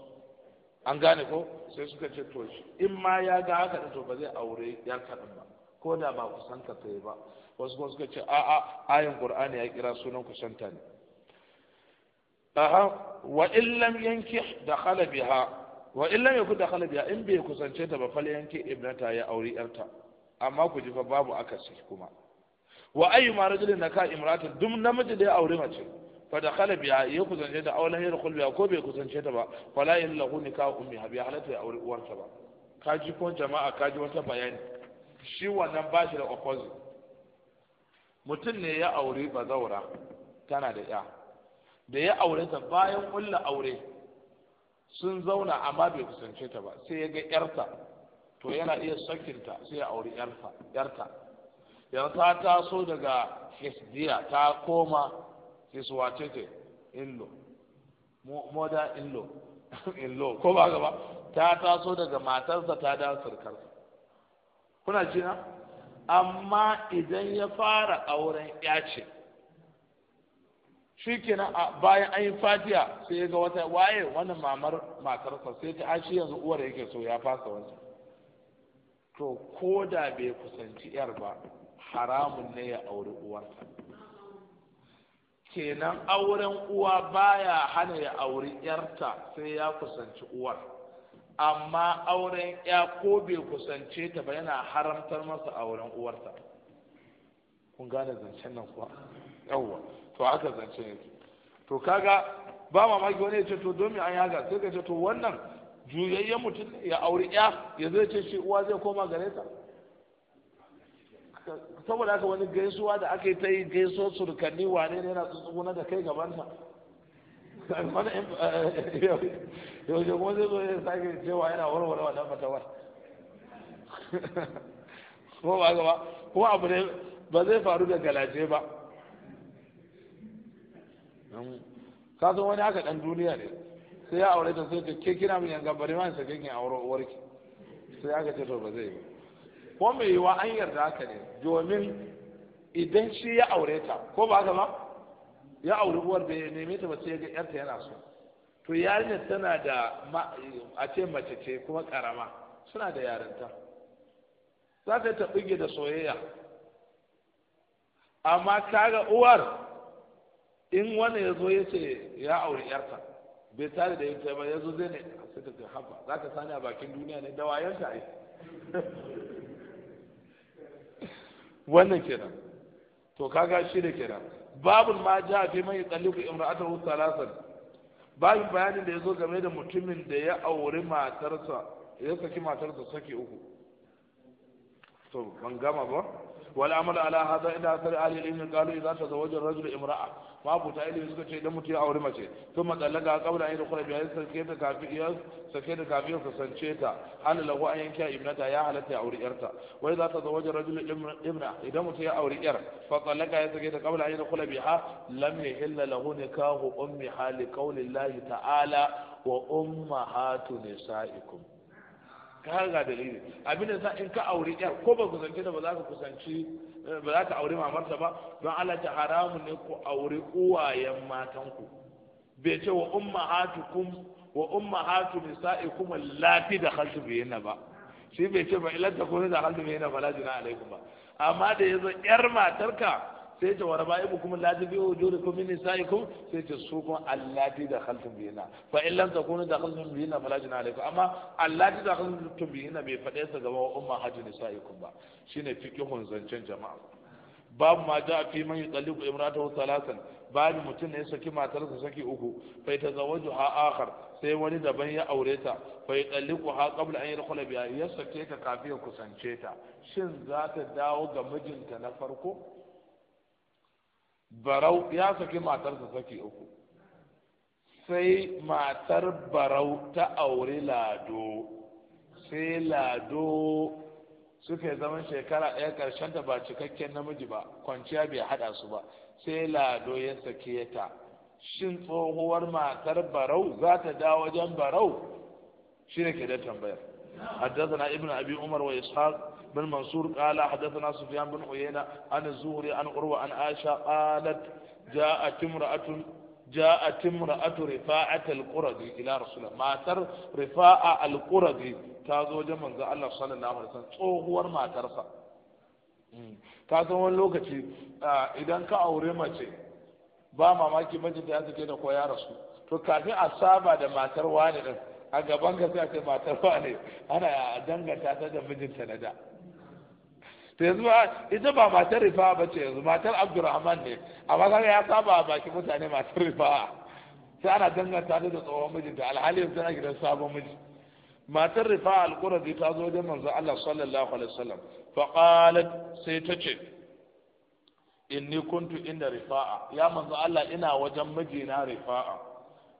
an gane ko sai suka ce to shi in ma ya ga haka da to ba zai aure yar kaɗan ba ko da ba kusanta ta yi ba wasu kuma suka ce a'a ayin qur'ani ya kira sunan kusanta ne aha wa illam yanki da khala biha wa illam yakun da biha in bai kusance ta ba fal yanki ibnata ya auri yarta amma ku ji fa babu akasi kuma wa ayu ma rajulin naka imratin dum namiji da ya auri mace fa da khala biha ya kusance ta aula hayr qul biha ko bai kusance ta ba fala yallahu nikah ummi habi halata ya auri uwarta ba kaji ko jama'a kaji wata bayani shi wannan ba shi da opposite mutum ne ya auri bazaura tana da ya da ya aure ta bayan kulla aure sun zauna amma bai kusance ta ba sai ya ga yarta to yana iya sakinta sai ya auri yarta yanzu ta taso daga hisdiya ta koma hiswace ce illo moda illo illo ko ba gaba ta taso daga matarsa ta da surkarsa kuna jina amma idan ya fara auren ya ce shi kenan a bayan an yi fatiya sai ya ga wata waye wannan mamar matarsa sai ta ashe yanzu uwar yake so ya fasa wancan to ko da bai kusanci yar ba haramun ne ya auri uwarsa kenan auren uwa baya hana ya auri yarta sai ya kusanci uwar amma auren ya ko bai kusance ta ba yana haramtar masa auren uwarta. kun gane zancen nan kuwa yawwa to aka zance yake to kaga ba mamaki wani ya ce to domin an yaga sai ka ce to wannan juyayyen mutum ya auri ya ya zai ce shi uwa zai koma gare ta saboda haka wani gaisuwa da aka yi ta yi gaiso surkanni wane ne yana tsuntsuna da kai gabanta eh, yaushe kuma zai zo ya sake cewa yana warware wannan matawar? kuma ba gaba kuma abu ne ba zai faru da galaje ba ka san wani haka dan duniya ne sai ya aure ta sai ta ke kira min yanzu bari ma sai kin aure uwarki sai aka ce to ba zai yi ko me yiwa an yarda haka ne domin idan shi ya aure ta ko ba haka ba ya aure uwar bai neme ta ba sai ga yarta yana so to yarinya tana da a ce mace ce kuma karama suna da yarinta za ta yi ta bige da soyayya amma kaga uwar in wani ya zo ya ce ya aure yarsa bai tare da ita ba ya zo zai ne a ta ce haɓa. za ka sani a bakin duniya ne da wayan ta ai wannan kira to kaga shi da kira babul ma ja fi mai tsalliku imra'atahu salasan babin bayanin da ya zo game da mutumin da ya auri matarsa ya saki matarsa saki uku to ban gama ba wal amal ala hada ila asar ahli ilmi qalu idza tazawwaja ar-rajulu imra'a ta ilimi suka ce idan mutum ya auri mace sun matsalaka kabla an yi dukkan biya sake da kafiyar sake da kafiyar sance ta hali lahu an yanke ibnata ya halatta ya auri yarta wai za ta zo wajen rajul ibna idan mutum ya auri yar fa tsallaka ya sake ta kabla an yi dukkan ha lam ya hilla ne kahu ummi hali kaulin lahi ta'ala wa umma ne sa'ikum. ka ga dalili abin da in ka aure yar ko ba kusance da ba za ka kusanci Eh, ba za ta aure mamarsa ba don Allah ta haramu ne ku aure uwayen matanku bai ce wa ummahatukum wa ummahatu nisaikum allati dakhaltu bihinna ba shi bai ce ba illa takunu dakhaltu bihinna fala juna alaikum ba amma da yazo yar matarka sai ce wara bayi kuma lati bi wujudi kum min nisaikum sai ce su kuma allati da khaltum biyina fa in lam takunu da khaltum biyina fala jina alaikum amma allati da khaltum biyina bai fade sa gaba wa umma hajji ku ba shine fiqhun zancen jama'a babu ma ja fi man yutalliqu imratahu salasan babu mutum ne ya saki matarsa saki uku fa zawaju ha akhar sai wani daban ya aure ta fa ku ha qabla an yadkhula biha ya sake ta kafin kusance ta shin za ta dawo ga mijinta na farko barau ya saki matarsa saki uku sai matar barau ta aure lado sai lado suka zaman shekara ɗaya ƙarshen da ba cikakken namiji ba kwanciya bai haɗa su ba sai lado ya sake ta shin tsohuwar matar barau za ta dawo wajen barau shi ne ke da tambayar ibnu abi umar wa ishaq بن منصور قال حدثنا سفيان بن عيينة عن الزهري عن عروة عن عائشة قالت جاءت امرأة جاءت امرأة رفاعة القرظي إلى رسول الله ما تر رفاعة القرظي تازو جمن الله صلى الله عليه وسلم tsohuwar matarsa ka san wani lokaci idan ka aure mace ba mamaki mijinta ya suke da ko ya rasu to kafin a saba da matar wani din a gaban ka a ce matar wani ana danganta ta da mijinta na da to yanzu ita ba matar rifa ba ce yanzu matar abdurrahman ne amma kaga ya saba a baki mutane matar rifa sai ana danganta da tsohon mijinta alhali yanzu tana gidan sabon miji matar rifa al ta zo wajen manzo Allah sallallahu alaihi wasallam fa qalat sai ta ce inni kuntu inda rifa'a ya manzo Allah ina wajen mijina rifa'a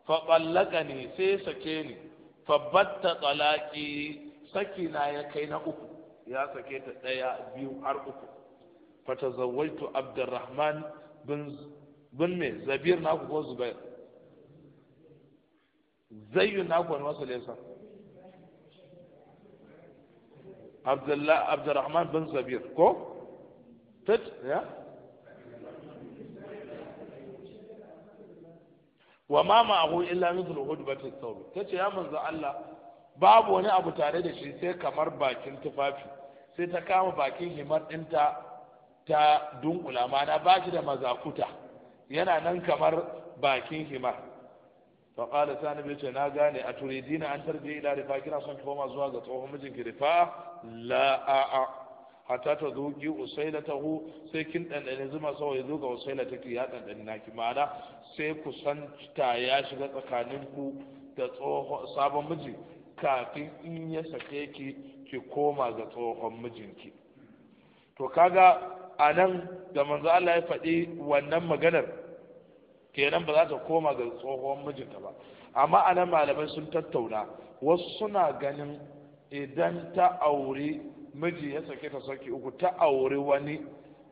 fa ballakani sai sake ni fa batta talaqi na ya kai na uku ya sake ta ɗaya biyu har uku fata zawaitu abdurrahman bin me zabir na ku ko zubair na ku wani wasu lesa abdurrahman bin zabir ko tat ya wa ma ma'ahu illa mithlu hudbati thawb tace ya manzo Allah babu wani abu tare da shi sai kamar bakin tufafi sai ta kama bakin himar ɗinta ta dunkula mana ba shi da mazakuta yana nan kamar bakin himar fa qala ta nabi ce na gane a turidina an tarje ila rifa kina son ki koma zuwa ga tsohon mijin ki rifa la a a hatta ta hu, sai kin dandane zuma sawa ya zuga usaila ki ya na ki ma'ana sai ku san ta ya shiga tsakanin ku da tsohon sabon miji kafin in ya sake ki ki koma ga tsohon mijinki to kaga a nan da manzo Allah ya faɗi wannan maganar kenan ba za ta koma ga tsohon mijinta ba amma a nan malamai sun tattauna wasu suna ganin idan ta auri miji ya sake ta saki uku ta auri wani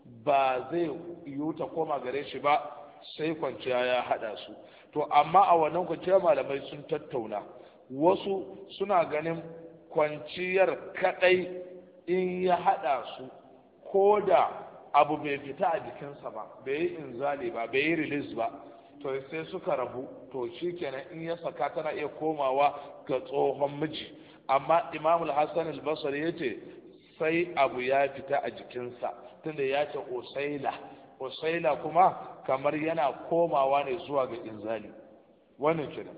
ba zai yiwu ta koma gare shi ba sai kwanciya ya haɗa su to amma a wannan kwanciya malamai sun tattauna wasu suna ganin kwanciyar kadai in ya hada su ko da abu bai fita a jikinsa ba bai yi inzali ba bai yi release ba to sai suka rabu to shikenan in ya saka tana iya komawa ga tsohon miji amma imamul hassan al-basri yace sai abu ya fita a jikinsa tunda ya ce Osaila. usaila kuma kamar yana komawa ne zuwa ga inzali wannan kenan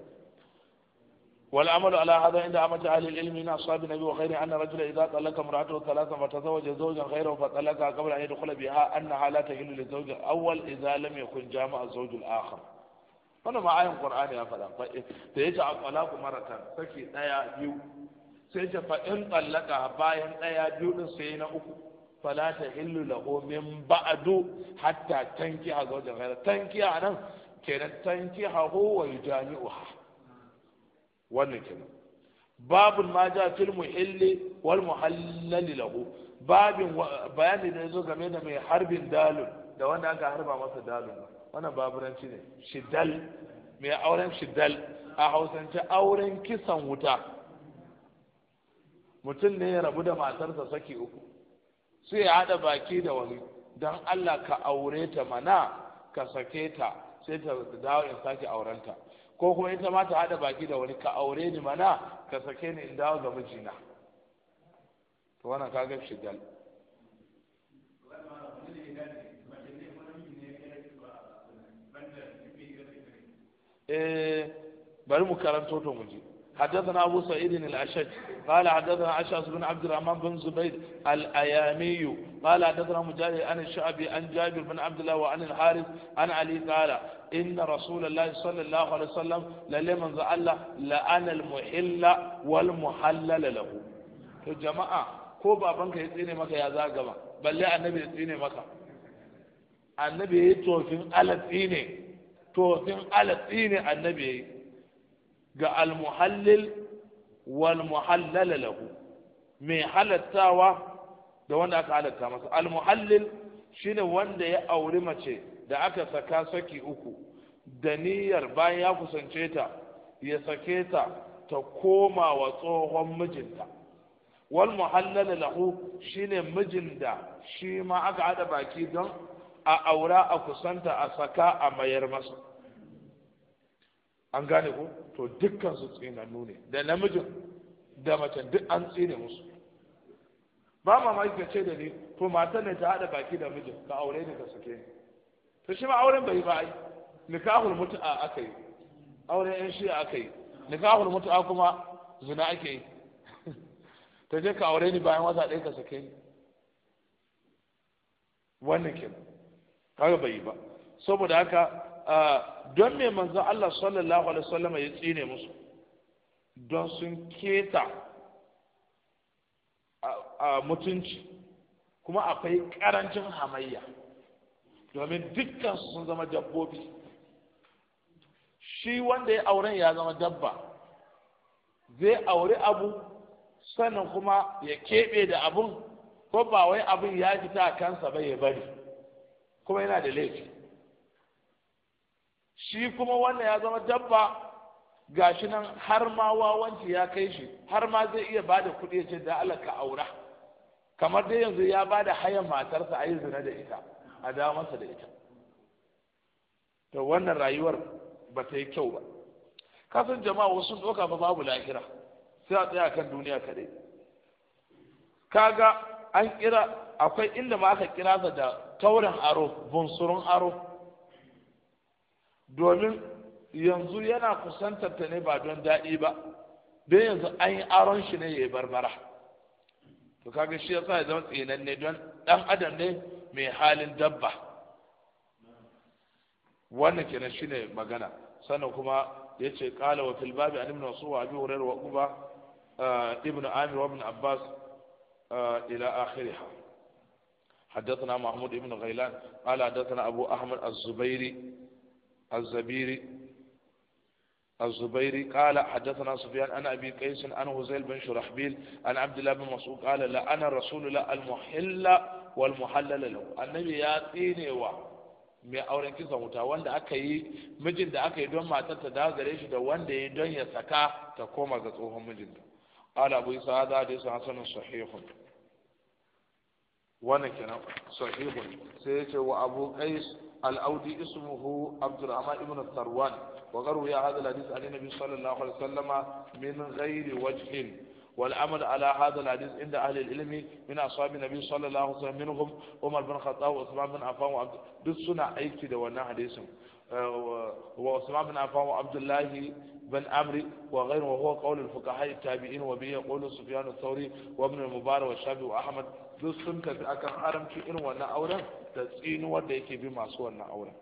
والعمل على هذا عند عامة أهل العلم من أصحاب النبي وغيره أن رجلا إذا طلق امرأته ثلاثا فتزوج زوجا غيره فطلقها قبل أن يدخل بها أنها لا تحل للزوج الأول إذا لم يكن جامع الزوج الآخر wani ma ayin qur'ani ya faɗa fa da yace aqalaku maratan saki daya biyu sai ce fa in bayan ɗaya biyu din sai na uku fala ta hillu lahu min ba'du hatta tankiha zawjan ghayra tankiha nan kenan tankiha huwa wannan kenan babun ma ja fil muhalli wal muhallali lahu babin bayani da yazo game da mai harbin dalun da wanda aka harba masa dalun wannan baburanci ne shidal mai auren shidal a hausance auren kisan wuta mutum ne ya rabu da matarsa saki uku su ya haɗa baki da wani don Allah ka aure ta mana ka sake ta sai ta dawo in sake aurenta ko kuma ita zama ta hada baki da wani ka aure ni mana ka sake ni in dawo ga mijina to wannan shi shigal eh bari mu karanto to mu ji حدثنا أبو سعيد الأشج قال حدثنا أشعث بن عبد الرحمن بن زبير الأيامي قال حدثنا مجاهد عن الشعبي عن جابر بن عبد الله وعن الحارث عن علي قال إن رسول الله صلى الله عليه وسلم لمن زعل لأن المحل والمحلل له to jama'a ko babanka ya tsine maka ya zaga ba balle annabi ya tsine maka annabi ya yi tofin alatsi ne tofin alatsi ne annabi ya yi ga almuhallil wal muhallala lahu mai halattawa da wanda aka halatta masa almuhallil shine wanda ya auri mace da aka saka saki uku da niyyar bayan ya kusance ta ya sake ta ta koma wa tsohon mijinta wal muhallala lahu shine mijin da shi ma aka hada baki don a aura a kusanta a saka a mayar masa an gane ko to dukkan su tsina nune da namijin da macen duk an tsine musu ba mamaki ka ce da ni to matan ne ta haɗa baki da mijin ka aure ne ka sake ni to shi ma auren bai ba ai nikahul mut'a aka yi auren yan shi aka yi nikahul mut'a kuma zina ake yi ta je ka aure ni bayan wata ɗaya ka sake ni wannan kenan kaga bai yi ba saboda haka don mai manzo Allah sallallahu alaihi wasallam ya tsine musu don sun keta a mutunci kuma akwai karancin hamayya domin dukkan sun zama dabbobi shi wanda ya auren ya zama dabba zai auri abu sannan kuma ya keɓe da abun ko ba wai abin ya fita a kansa ba ya bari kuma yana da laifi shi kuma wannan ya zama dabba gashi nan har ma wawanci ya kai shi har ma zai iya bada kuɗi ce da Allah ka aura kamar dai yanzu ya ba da hayan matarsa a yi zina da ita a dawo da ita to wannan rayuwar ba ta yi kyau ba kasan jama'a wasu doka ba babu lahira sai a tsaya kan duniya kaɗai kaga an kira akwai inda ma aka kira sa da taurin aro bunsurun aro domin yanzu yana kusantar ta ne ba don daɗi ba don yanzu an yi aron shi ne ya yi barbara to kaga shi ya sa ya zama ne don ɗan adam ne mai halin dabba wannan kenan shi ne magana sannan kuma ya ce ƙala wa fil babi an wasu wa abi hurairah wa uba eh, ibn amir wa ibn abbas eh, ila akhirha حدثنا محمود بن غيلان قال حدثنا ابو احمد الزبيري الزبيري الزبيري قال Sufyan سفيان أنا أبي قيس أنا هزيل بن شرحبيل أنا عبد الله بن مسعود قال لا أنا الرسول لا المحل والمحلل له النبي ياتيني و mai auren kisan wuta wanda aka yi mijin da aka don matar ta da dagare shi da wanda ya don ya saka ta koma ga tsohon mijin ta ala abu isa da da yasa sanin sahihun wannan kenan sahihun sai ya ce wa abu الأودي اسمه عبد الرحمن بن الثروان وقروا هذا الحديث عن النبي صلى الله عليه وسلم من غير وجه والعمل على هذا الحديث عند أهل العلم من أصحاب النبي صلى الله عليه وسلم منهم عمر بن الخطاب وعثمان بن عفان وعبد بالصنع أيكي دوانا حديثهم وعثمان بن عفان وعبد الله بن عمرو وغيره وهو قول الفقهاء التابعين وبه قول سفيان الثوري وابن المبارك والشافعي وأحمد duk sun tafi akan haramci irin wannan auren da tsinuwar da yake bi masu wannan auren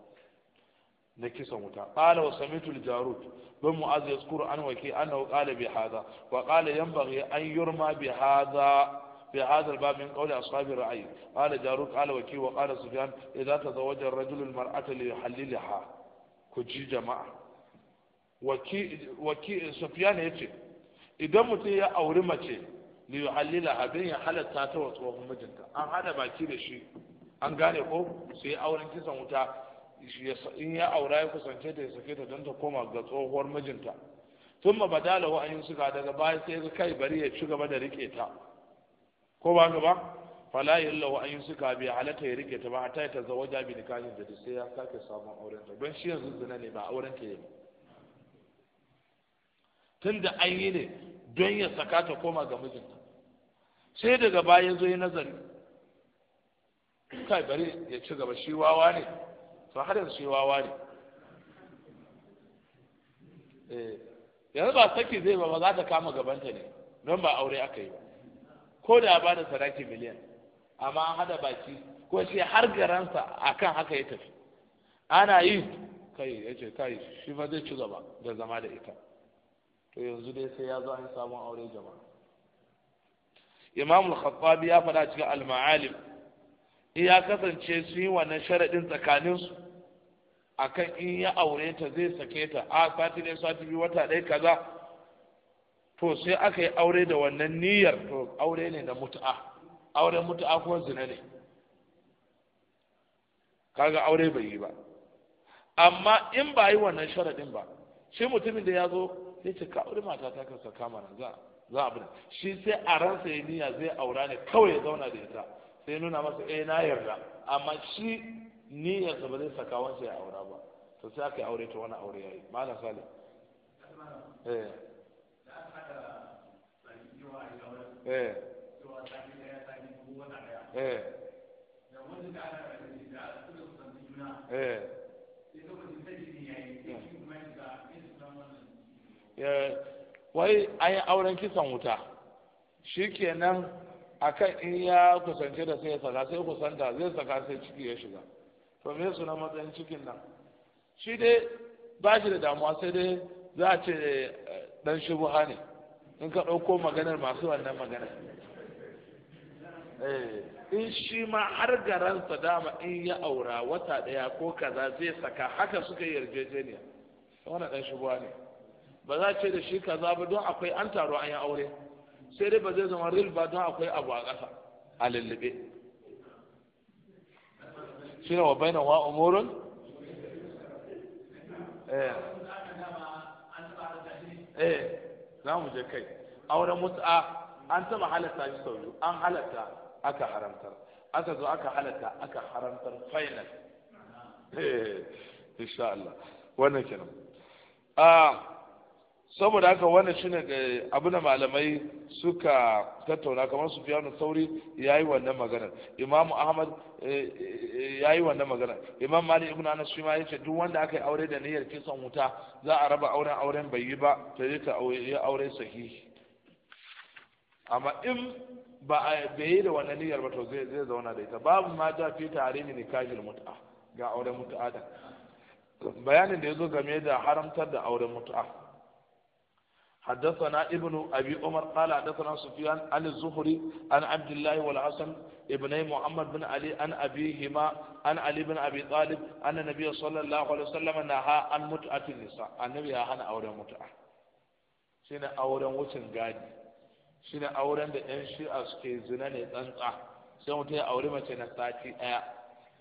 na kisan wuta qala wa samitu jarud bin mu'az yazkuru an waki annahu qala bi hadha wa qala yanbaghi an yurma bi hadha في هذا الباب من قول أصحاب الرأي قال جارود قال وكي وقال سفيان إذا تزوج الرجل المرأة ليحللها كجي جماعة وكي, وكي سفيان Idan mutum ya auri mace. li yuhallila abin ya halatta ta wasu tsohon mijinta an hada baki da shi an gane ko sai auren kisan wuta in ya aura ya kusance ta ya sake ta don ta koma ga tsohuwar mijinta tun ma badala yi suka daga baya sai ga kai bari ya ci gaba da rike ta ko ba ka ba lawa an yi suka bai halatta ya rike ta ba hatta ta zawaja bi nikahin da sai ya sake samun auren ta don shi yanzu zina ne ba auren ta yi tun da an yi ne don ya saka ta koma ga mijinta sai daga baya zo yi nazari kai bari ya ci gaba shi wawa ne to har yanzu shi wawa ne eh, yanzu ba saki zai ba ba za ta kama gabanta ne don ba aure aka yi ko da ba da saraki miliyan amma an hada baki ko shi har garansa akan haka ya tafi ana yi kai ya ce kai shi ma zai ci gaba da zama da ita to yanzu dai sai ya zo an samun aure jama'a imam al-khattabi ya faɗa cikin al-ma'alim ya kasance su yi wannan sharaɗin tsakaninsu akan in ya aure ta zai sake ta a sati ne sati biyu wata ɗaya kaza to sai aka yi aure da wannan niyyar to aure ne da mutu'a auren mutu'a ko zina ne kaga aure bai yi ba amma in ba yi wannan sharaɗin ba shi mutumin da ya zo ya ce ka aure mata ta ka kamar za za a shi sai a ransa ya niyya zai aura ne kawai ya zauna da ita sai nuna masa eh na yarda amma shi niyya ba zai saka wansa ya aura ba to sai aka aure ta wani aure yayi malam salim eh eh eh eh eh wai an yi auren kisan wuta shi a kan in ya kusance da sai ya saka sai kusanta zai saka sai ciki ya shiga to me suna matsayin cikin nan shi dai ba shi da damuwa sai dai za a ce dan eh, shubuha ne in ka ɗauko maganar masu wannan maganar eh, in shi ma har garansa dama in ya aura wata ɗaya ko kaza zai saka haka suka yi yarjejeniya wannan dan shubuha ne ba za ce da shi kaza ba don akwai an taro an yi aure sai dai ba zai zama real ba don akwai abu a ƙasa a lullube shi ne wa bainan wa umurun eh. eh za mu je kai auren mut'a an taba halatta shi sau biyu an halatta aka haramtar aka zo aka halatta aka haramtar final eh, insha Allah wannan kenan ah, saboda haka wannan shine abu da malamai suka tattauna kamar su fiyanu sauri ya yi wannan magana imam ahmad eh, eh, eh, ya yi wannan magana imam mali ibn anas shi ma yace duk wanda aka yi aure da niyyar kisan wuta za a raba auren auren bai yi ba to yi ka aure sahihi amma in ba a bai da wannan niyyar ba to zai zai zauna da ita babu ma da fi tarihi nikahil mut'a ga auren mut'a da bayanin da yazo game da haramtar da auren mut'a حدثنا ابن أبي عمر قال حدثنا سفيان عن الزهري عن عبد الله والحسن ابن محمد بن علي عن أبيهما عن علي بن أبي طالب أن النبي صلى الله عليه وسلم نهى عن متعة النساء النبي هنا أولا متعة شنو أولا وتن قادي شنو أولا لأن شيء أسكي زنان تنقع sai mutum ya aure mace na sati ɗaya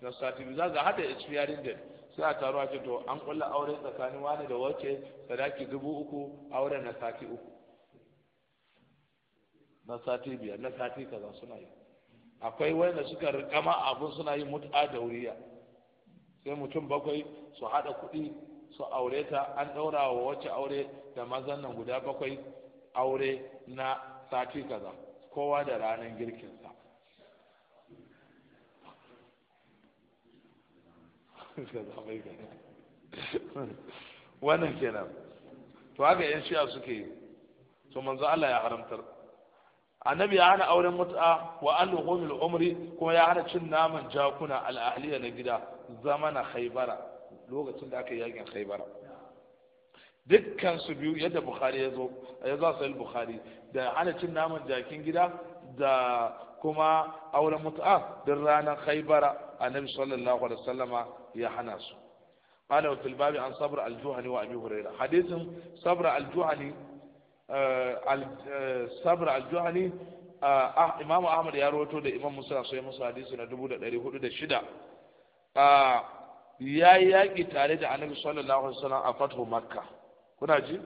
na sati biyu za ga hada expiring date sai a taru a ce to an kulla aure tsakanin wani da wace sadaki dubu uku auren na sati uku na sati biyar na sati kaza suna yi akwai wanda suka rikama abin suna yi mut'a da wuriya sai mutum bakwai su haɗa kuɗi su aure ta an ɗaura wa wace aure da mazan nan guda bakwai aure na sati kaza kowa da ranar girkin wannan kenan to haka yan shi'a suke yi to manzo Allah ya haramtar annabi ya hana auren mut'a wa al-humil umri kuma ya hana cin naman jakuna al-ahliya na gida zamana khaybara lokacin da aka yi yakin khaybara dukkan su biyu yadda bukhari ya zo ya zo sai bukhari da hana cin naman jakin gida da kuma auren mutu'a din ranar khaibara annabi sallallahu alaihi wasallama ya hana su قال وفي الباب عن صبر الجهني وابي al-Juhani eh, al الجهني eh, al-Juhani eh, ah, Imam Ahmad ya روتو da امام مسلم sai musu hadisi na 1406 ya yaki tare da annabi sallallahu alaihi wasallam a fathu makka kuna ji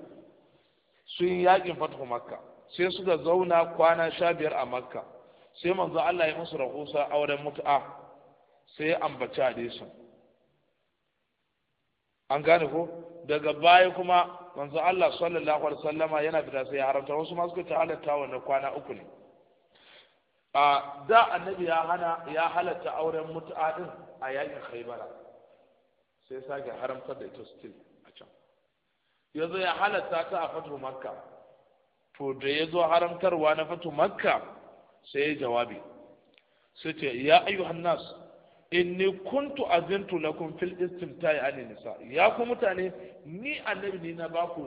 sun yakin fathu makka sai suka zauna kwana sha biyar a makka sai manzo Allah ya musu rahusa auren mutu'a sai ya ambaci hadisin an gane ko daga baya kuma manzo Allah sallallahu alaihi wasallama yana fita sai ya haramta wasu masu ta halatta wannan kwana uku ne a da annabi ya hana ya halatta auren mutu'a din a yakin khaybara sai sake haramtar da ita still a can yanzu ya halatta ta a fatu makka to da ya zo haramtarwa na fatu makka sai jawabi sai ce ya ayyuhan nas inni kuntu azintu lakum fil istimta'i an nisa ya ku mutane ni annabi ne na baku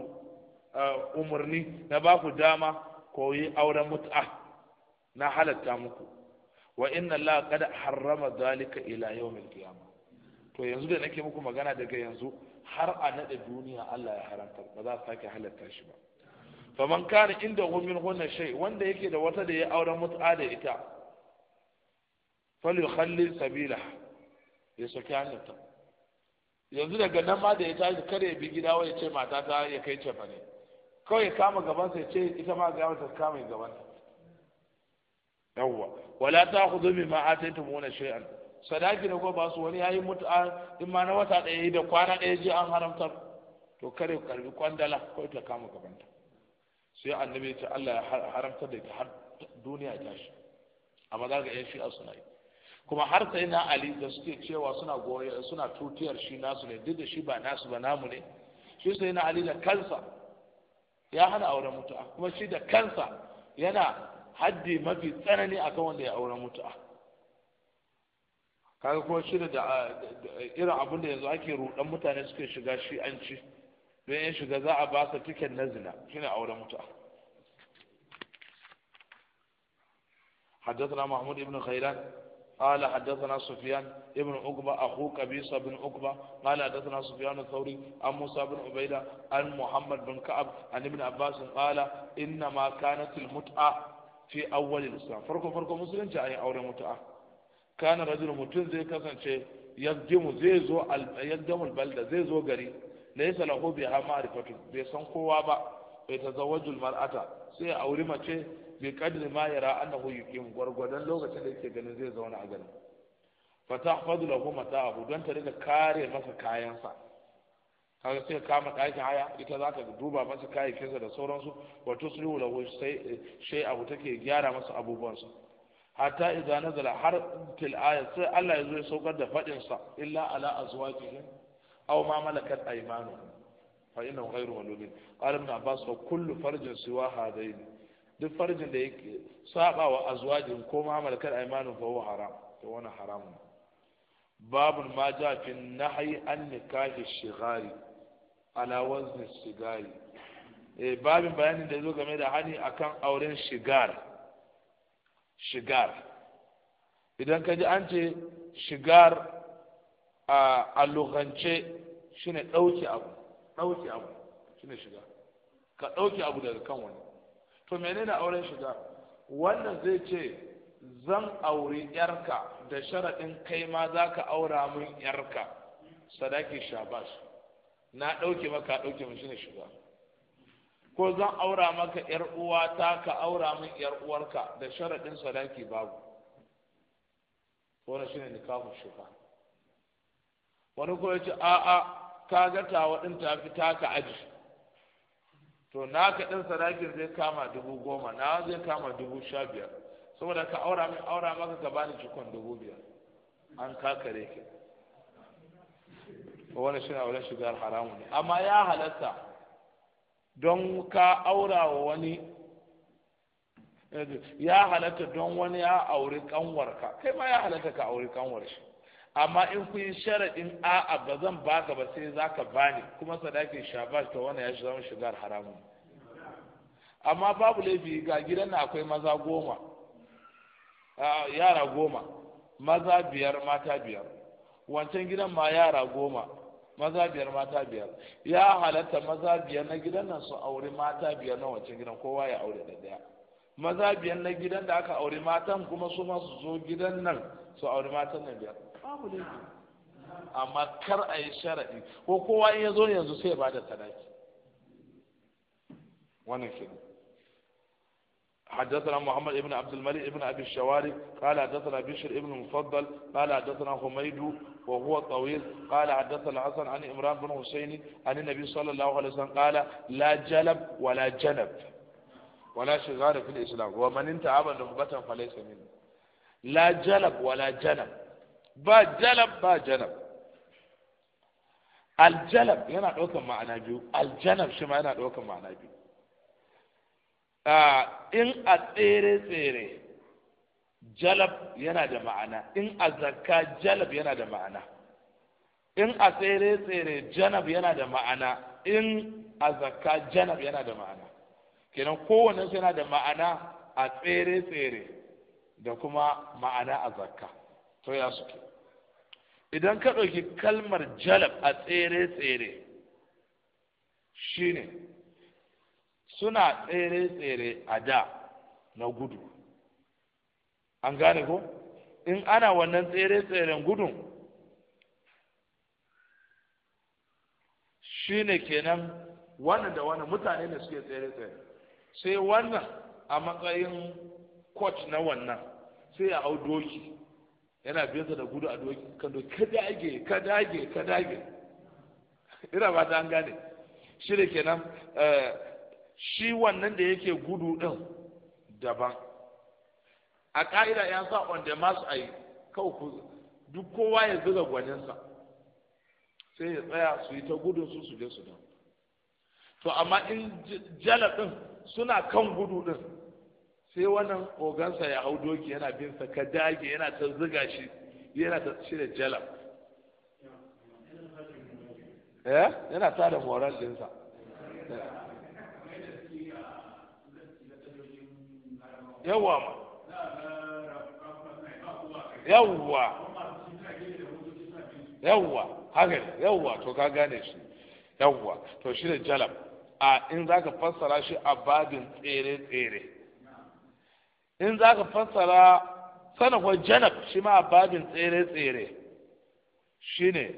uh, umarni na baku dama koyi auren mut'a na halatta muku wa inna allaha qad harrama zalika ila yawmil qiyamah to yanzu da nake muku magana daga yanzu har a nade duniya Allah ya haramta ba za su sake halatta shi ba faman kana inda hu min hunna shay wanda yake da wata da ya auren mut'a da ita falyukhalli sabila ya saki hannunta yanzu daga nan ma da ya tashi kare bi gida wai ce mata ta ya kai ce ne kawai ya kama gaban sa ce ita ma ga ta kama gaban ta. yawwa wala ta khudhu mimma ataytumuna shay'an sadaki ne ko ba su wani yayi mut'a in ma na wata daya da kwana daya ji an haramta to kare karbi kwandala ko ta kama gaban ta sai annabi ta Allah ya haramta da ita har duniya ta shi amma za ga yan shi'a suna yi kuma har sai na ali da suke cewa suna goye suna tutiyar shi nasu ne duk da shi ba nasu ba namu ne shi sai na ali da kansa ya hana auren mutu'a kuma shi da kansa yana haddi mafi tsanani akan wanda ya auren mutu'a kaga kuma shi da irin abin da yanzu ake rudan mutane suke shiga shi an ci don ya shiga za a ba sa tiket na zina shine auren mutuwa حدثنا محمود بن خيران قال حدثنا سفيان ابن عقبة أخو قبيصة بن عقبة قال حدثنا سفيان الثوري عن موسى بن عبيدة عن محمد بن كعب عن ابن عباس قال إنما كانت المتعة في أول الإسلام فرقوا فرقوا مسلم جاء أول متعة كان رجل متن زي كسن شيء يقدم زي زو يقدم البلدة زي زو قريب laisa lahu ha ma'rifatu bai san kowa ba bai tazawwaju mar'ata sai auri mace bi qadri ma yara annahu yuqim gurgudan lokacin da yake ganin zai zauna a gani. fa tahfadu lahu mata'ahu don ta rika kare masa kayansa kaga sai kama ɗakin haya ita za duba masa kayayyakinsa da sauransu su tuslihu lahu sai shay abu take gyara masa su hatta idza nazala har til aya sai Allah ya zo ya saukar da fadin sa illa ala azwajihim aw ma malakat aymanu fa innahu ghayru malulin qala ibn abbas wa kullu farjin siwa hadaini duk farjin da yake saba wa azwajin ko ma malakat aymanu fa huwa haram to wannan haramun babun ma ja fi nahyi an nikahi shigari ala wazni sigari eh babin bayanin da zo game da hani akan auren shigar shigar idan ka ji an ce shigar a shi shine ɗauke abu ɗauke abu shi ne shiga ka ɗauke abu daga kan wani to menene auren shiga wannan zai ce zan auri yarka da sharaɗin kai ma za ka aura min yarka sadaki shabas na ɗauke maka ɗauke min ne shiga ko zan aura maka yar uwata ka aura min yar uwarka da sharaɗin sadaki babu wannan shine nikahu shiga wani ko ya ce a'a ka ga tawa ɗin ta fi taka aji to ka ɗin sadakin zai kama dubu goma na zai kama dubu sha biyar saboda ka aura min aura maka ka bani cikon dubu biyar an kakare ki wani shi na wani shigar haramu ne amma ya halatta don ka aura wa wani ya halatta don wani ya auri kanwarka kai ma ya halatta ka auri kanwar shi amma in kun yi sharaɗin a'a ba zan baka ba sai za ka bani kuma sadakin shabash ta wani ya zama shigar haramun amma babu laifi ga gidan na akwai maza goma yara goma maza biyar mata biyar wancan gidan ma yara goma maza biyar mata biyar ya halatta maza biyar na gidan nan su aure mata biyar na wancan gidan kowa ya aure da daya maza biyar na gidan da aka aure matan kuma su ma su zo gidan nan su aure matan nan biyar babu ne amma kar a yi ko kowa in ya zo yanzu sai ba da sadaki wannan shi حدثنا محمد بن عبد الملك بن ابي الشوارب قال حدثنا بشر بن المفضل قال حدثنا حميد وهو طويل قال حدثنا حسن عن عمران بن حسين عن النبي صلى الله عليه وسلم قال لا جلب ولا جنب ولا شغال في الاسلام ومن انتعب نخبه فليس منه لا جلب ولا جنب ba jalab ba janab aljalab yana ɗaukan ma'ana biyu aljanab shi ma yana ɗaukan ma'ana biyu in a tsere-tsere jalab yana da ma'ana in a zakka jalab yana da ma'ana in a tsere-tsere janab yana da ma'ana in a zakka janab yana da ma'ana kenan kowane su yana da ma'ana a tsere-tsere da kuma ma'ana a zakka to ya suke idan ka ɗauki kalmar jalab a tsere-tsere shine suna tsere-tsere a da na gudu an gane ko in ana wannan tsere-tseren gudun shine kenan wannan da wannan mutane ne suke tsere-tsere sai wannan a matsayin coach na wannan sai a hau doki yana biyansa da gudu a doki kan doki ka dage ka dage ka dage ina ba ta an gane shi da kenan eh, shi wannan da yake gudu din daban a ka'ida ya sa on the mass ai kawai duk kowa ya zuga gwaninsa sai ya tsaya su yi ta gudun su su je su dawo to amma in jala jalabin suna kan gudu din sai wannan ogansa ya hau doki yana bin sa ka dage yana ta zuga shi yana ta shi da jalam eh yana ta da moral din sa yawa ma yawa yawa haka yawa to ka gane shi yawa to shi da jalam a in zaka fassara shi a babin tsere tsere in za ka fassara sanakon janab shi ma babin tsere-tsere shi ne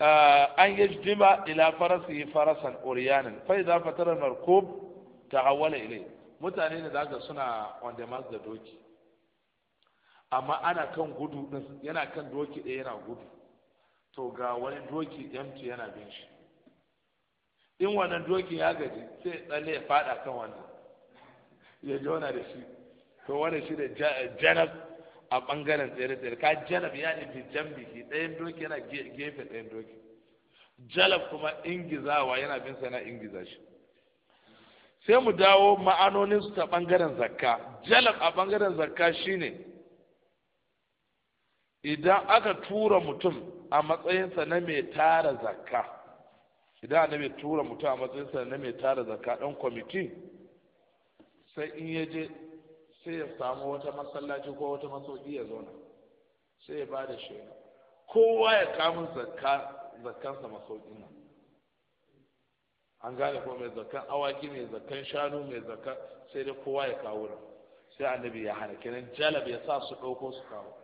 ah, an yi jima ila farasi farasan oriyanin fai za fatara markob ta hawala ilai mutane ne za suna on the da doki amma ana kan gudu yana kan doki ɗaya yana gudu to ga wani doki yamci yana bin shi in wannan doki ya gaji sai tsalle ya fada kan wannan ya jona da shi to wannan shi da janab a bangaren tsere-tsere ka janab ya nufi jan biki ɗayan doki yana gefe ɗayan doki jalab kuma ingizawa yana bin sana ingiza shi sai mu dawo ma'anonin su ta bangaren zakka jalab a bangaren zakka shine idan aka tura mutum a matsayinsa na mai tara zakka idan ana mai tura mutum a matsayinsa na mai tara zakka ɗan kwamiti sai in ya je sai ya samu wata masallaci ko wata masoji ya zauna sai ya ba da shaida kowa ya kama zakka zakkansa masoji nan an gane ko mai zakkan awaki mai zakkan shanu mai zakka sai dai kowa ya kawo nan sai annabi ya hana kenan jalab ya sa su ɗauko su kawo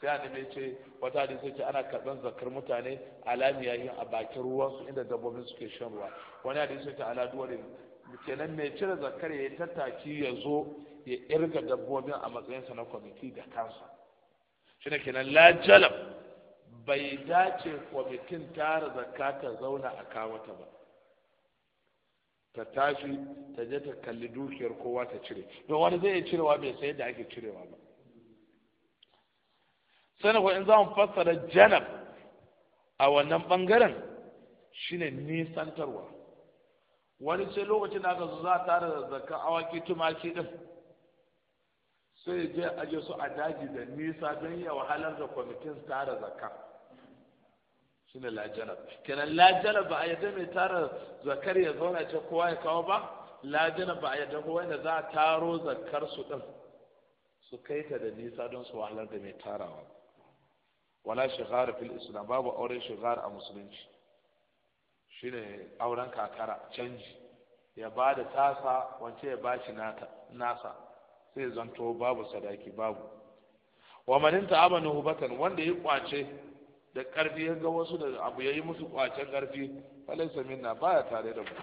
sai annabi ya ce wata da sai ce ana karɓar zakkar mutane alami yayin a bakin ruwansu inda dabbobin suke shan ruwa wani hadisi sai ce ala kenan mai cire zakkar ya yi tattaki ya zo ya irga dabbobin a matsayinsa na kwamiti da kansa shi ne kenan lajalab bai dace kwamitin tara zakka ta zauna a kawata ba ta tashi ta je ta kalli dukiyar kowa ta cire don wani zai iya cirewa bai sai da ake cirewa ba sai ko in za fassara janab a wannan bangaren shine nisantarwa wani sai lokacin da aka zo za a tara da zakkan awaki tumaki din sai je aje su a daji da nisa don ya wahalar da kwamitin tara zakka shi ne lajana. kenan lajana ba a yadda mai tara zakar ya zauna ce kowa ya kawo ba lajanab ba a yadda kowa da za a taro zakar su din su kai ta da nisa don su wahalar da mai tarawa wala shigar fil islam babu auren shigar a musulunci shine auren kakara canji ya ba da tasa wance ya ba shi nasa sai zanto babu sadaki babu wamanin ta abanin hubatan wanda ya kwace da karfi ya ga wasu da abu ya yi musu kwacen karfi falaisa minna ya tare da mu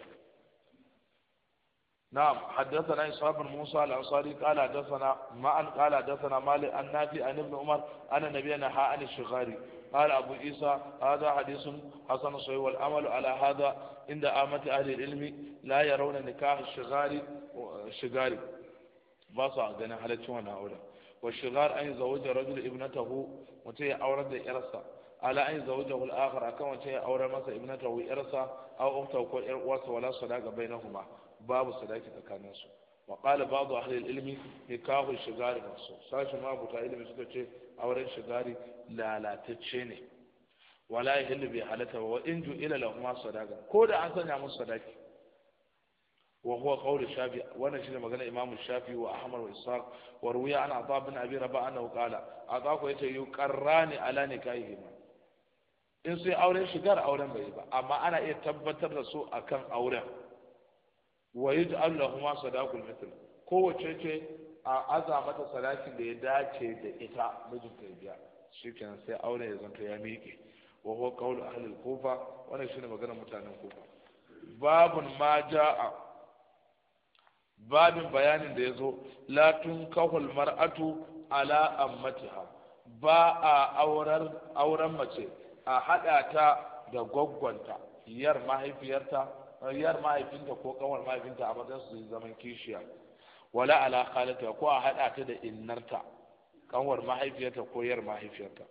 na'am haddathana isabun musa al-ansari qala dathana ma'an qala dathana mali annabi an ibn umar anna nabiyana ha an shighari قال أبو عيسى هذا حديث حسن صحيح والعمل على هذا عند آمة أهل Ilmi, لا يرون نكاح الشغاري الشغاري ba su ganin halaccin wannan aure. wa shigar an zawuja rajul ibnatahu mutum ya aurar da yarsa ala an zawuja hul akhar akan wace ya aurar masa ibnatahu yarsa aw ukhtahu ko yar uwarsa wala sadaqa bainahuma babu sadaki tsakanin su wa qala ba'du ahli al-ilmi nikahu shigari masu sashi ma buta ilimi suka ce auren shigari lalatacce ne wala yahillu bi halata wa in ju ila sadaka? sadaqa ko da an sanya musu sadaki وهو قول الشافعي وانا شنو مغنى امام الشافعي واحمد واسحاق وروي عن عطاء بن ابي رباح انه قال عطاء كو يتي يقران على نكاحهما in sai auren shigar auren bai ba amma ana iya tabbatar da su akan auren wa yaj'al lahum sadaqul mithl wace ce a aza mata sadakin da ya dace da ita mijin ta biya shikenan sai auren ya zanto ya miƙe wa huwa qawlu ahli al-kufa wannan shine maganar mutanen kufa babun ma ja'a babin bayanin da ya zo latun kahul mar'atu ala ammatiha ba a auren mace a haɗa ta da gwaggwanta yar mahaifiyarta yar mahaifinta ko kawar mahaifinta a matsayin su zaman kishiya wala ala khalata ko a haɗa ta da innarta kanwar mahaifiyarta ko yar mahaifiyarta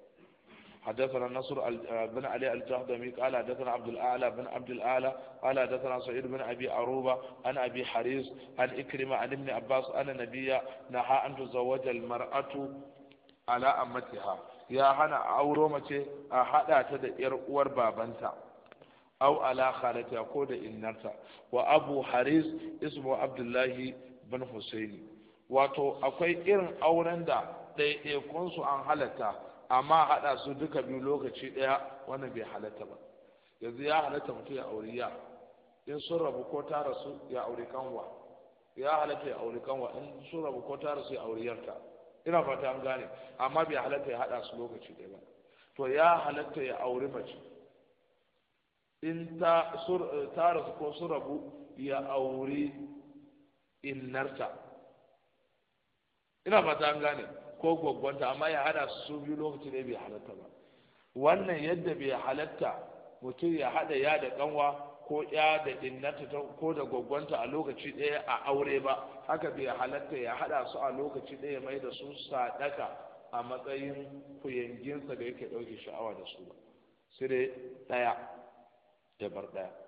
حدثنا نصر بن علي الجهضمي قال حدثنا عبد الاعلى بن عبد الاعلى قال حدثنا سعيد بن ابي عروبه عن ابي حريص عن اكرمه عن ابن عباس ان النبي نهى ان تزوج المراه على امتها يا هنا اورو mace a hada ta da yar uwar babanta aw ala khalatiha ko da innarta wa abu haris ismu abdullahi bin husaini wato akwai irin auren da ɗaiɗaikunsu an halatta amma haɗa su duka biyu lokaci ɗaya wannan bai halatta ba yanzu ya halatta mutum ya auri ya in sun rabu ko ta rasu ya auri kanwa ya halatta ya auri kanwa in sun rabu ko ta rasu ya auri yarta ina fata an gane amma bai halatta ya haɗa su lokaci ɗaya ba to ya halatta ya auri mace in ta rasu ko sun rabu ya auri innarta ina fata an gane ko gwaggwanta amma ya hada su biyu lokaci ne bai halatta ba wannan yadda bai halatta mutum ya hada ya da kanwa ko ya da innata ko da gwaggwanta a lokaci ɗaya a aure ba haka bai halatta ya hada su a lokaci ɗaya mai da su sadaka a matsayin kuyanginsa da yake ɗauke sha'awa da su ba sai dai ɗaya dabar ɗaya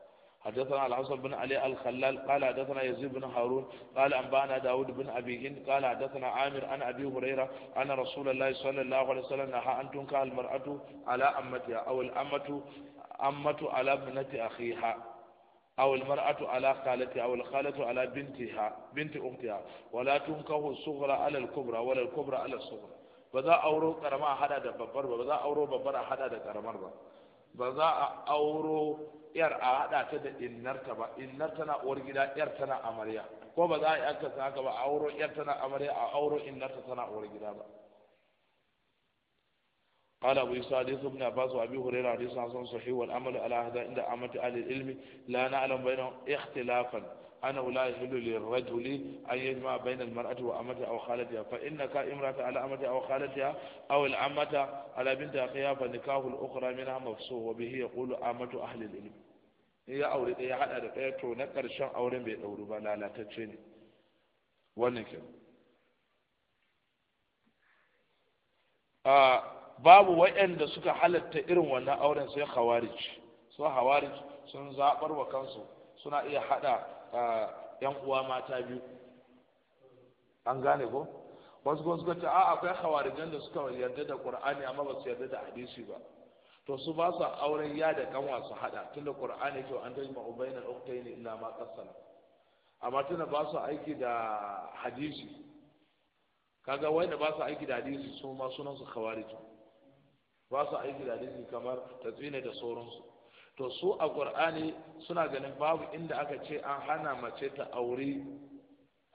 حدثنا الحسن بن علي الخلال قال حدثنا يزيد بن هارون قال أنبانا داود بن أبي هند قال حدثنا عامر عن أبي هريرة أن رسول الله صلى الله عليه وسلم نهى أن تنكح المرأة على أمتها أو الأمة أمة على ابنة أخيها أو المرأة على خالتها أو الخالة على بنتها بنت أختها ولا تنكح الصغرى على الكبرى ولا الكبرى على الصغرى ba za a auro karama a hada da babbar ba ba za a auro babbar a hada da karamar ba ba za a auro yar a hada ta da innarta ba innar tana uwar gida yar tana amarya ko ba za a yi aka haka ba auro yar tana amarya a auro innarta tana uwar gida ba قال أبو يسوع حديث ابن عباس وأبي هريرة حديث عن صحيح والعمل على هذا عند أمة أهل العلم لا نعلم بينهم اختلافا أنا لا يحل للرجل أن يجمع بين المرأة وأمتها أو خالتها فإنك امرأة على أمتها أو خالتها أو العمة على بنت أخيها فنكاه الأخرى منها مفسوه وبه يقول أمة أهل العلم ya aure ɗaya ya haɗa da ɗaya to na ƙarshen auren bai ɗauru ba lalatacce ne wannan ke babu waɗanda suka halatta irin wannan auren sai khawarij su khawarij sun zaɓar wa kansu suna iya haɗa ƴan uwa mata biyu an gane ko wasu kuma suka ce a akwai khawarijan da suka yarda da ƙur'ani, amma ba su yarda da hadisi ba to su ba su auren ya da kanwa su hada tunda qur'ani ke an tajma ubayna al-ukhtayn illa ma qassala amma tunda ba su aiki da hadisi kaga wanda ba su aiki da hadisi su ma sunan su khawarij ba su aiki da hadisi kamar tasbina da sauransu to su a qur'ani suna ganin babu inda aka ce an hana mace ta aure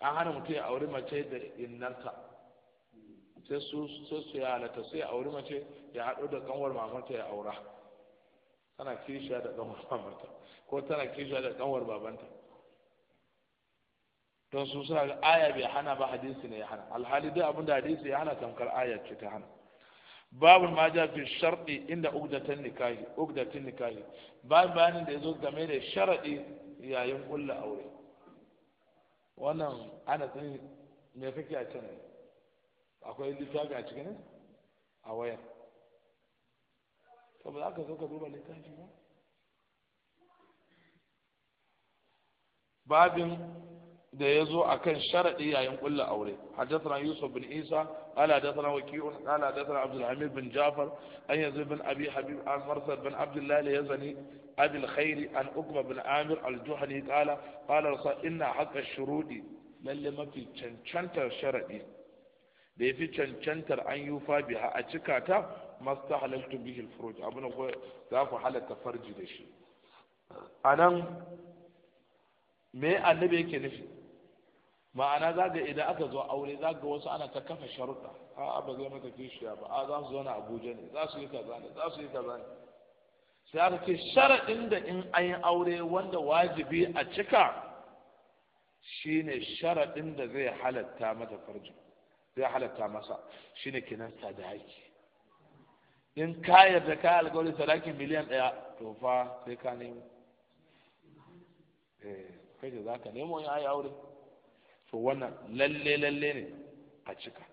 an hana mutum ya aure mace da innarta sai su su ya halatta sai auri mace ya haɗu da kanwar mamata ya aura tana kishiya da kanwar mamata ko tana kishiya da kanwar babanta don su suna ga aya bai hana ba hadisi ne ya hana alhali duk abin da hadisi ya hana tamkar aya ce ta hana babu ma ja fi sharɗi inda ugdatan nikahi ugdatin nikahi bayan bayanin da ya zo game da sharaɗi yayin ƙulla aure wannan ana tsanin me kake a can ne بعدين littafi a cikin a wayar saboda aka zo حدثنا يوسف بن عيسى قال حدثنا وكيع قال حدثنا عبد الحميد بن جعفر أن يزيد بن أبي حبيب عن مرثد بن عبد الله ليزني أبي الخير عن أقبة بن عامر الجحني قال قال إن حق الشروط للي ما في شنشنت شرعي da ya fi cancantar an yi fa biha a cika ta masta halaltu bihi furuj abin ko za ku halatta farji da shi nan, me annabi yake nufi ma'ana za ga idan aka zo aure za ga wasu ana ta kafa sharuɗa a ba zai maka kishiya ba a za su zo na abuja ne za su yi kaza ne za su yi kaza ne sai aka ce sharaɗin da in an yi aure wanda wajibi a cika shine sharaɗin da zai halatta mata farji sai halatta masa shine kinan sadaki in ka yarda ka alƙawari sadakin miliyan ɗaya to fa sai ka nemo eh, kai kai za ka nemo ya yi aure to wannan lalle lalle ne a cika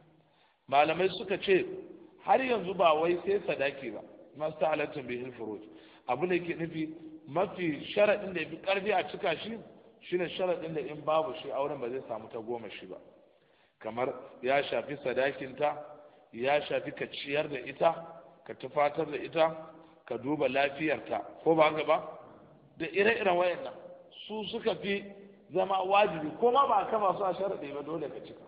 malamai suka ce har yanzu ba wai sai sadaki ba masu halattun bihil furuj abu ne ke nufi mafi sharaɗin da ya fi ƙarfi a cika shi shine sharaɗin da in babu shi auren ba zai samu ta goma shi ba kamar ya shafi sadakinta ya shafi ka ciyar da ita ka tufatar da ita ka duba lafiyarta ko ba gaba da ire-iren wayannan su suka fi zama wajibi ko ma ba kama masu a sharaɗe ba dole ka cika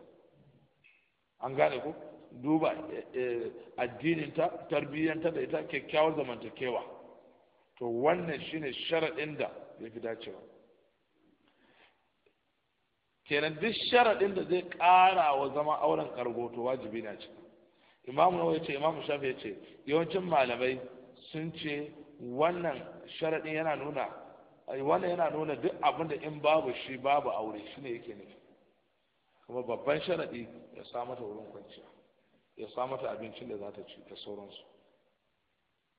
an gane ku duba eh, eh, addininta tarbiyyanta da ita kyakkyawar zamantakewa to wannan shine sharaɗin da ya fi dacewa kenan duk sharaɗin da zai ƙara wa zama auren kargo to wajibi na cika imamu na wace ce imamu shafi ya ce yawancin malamai sun ce wannan sharaɗin yana nuna wannan yana nuna duk abin da in babu shi babu aure shi ne yake nufi kuma babban sharaɗi ya sa mata wurin kwanciya ya sa mata abincin da za ta ci da sauransu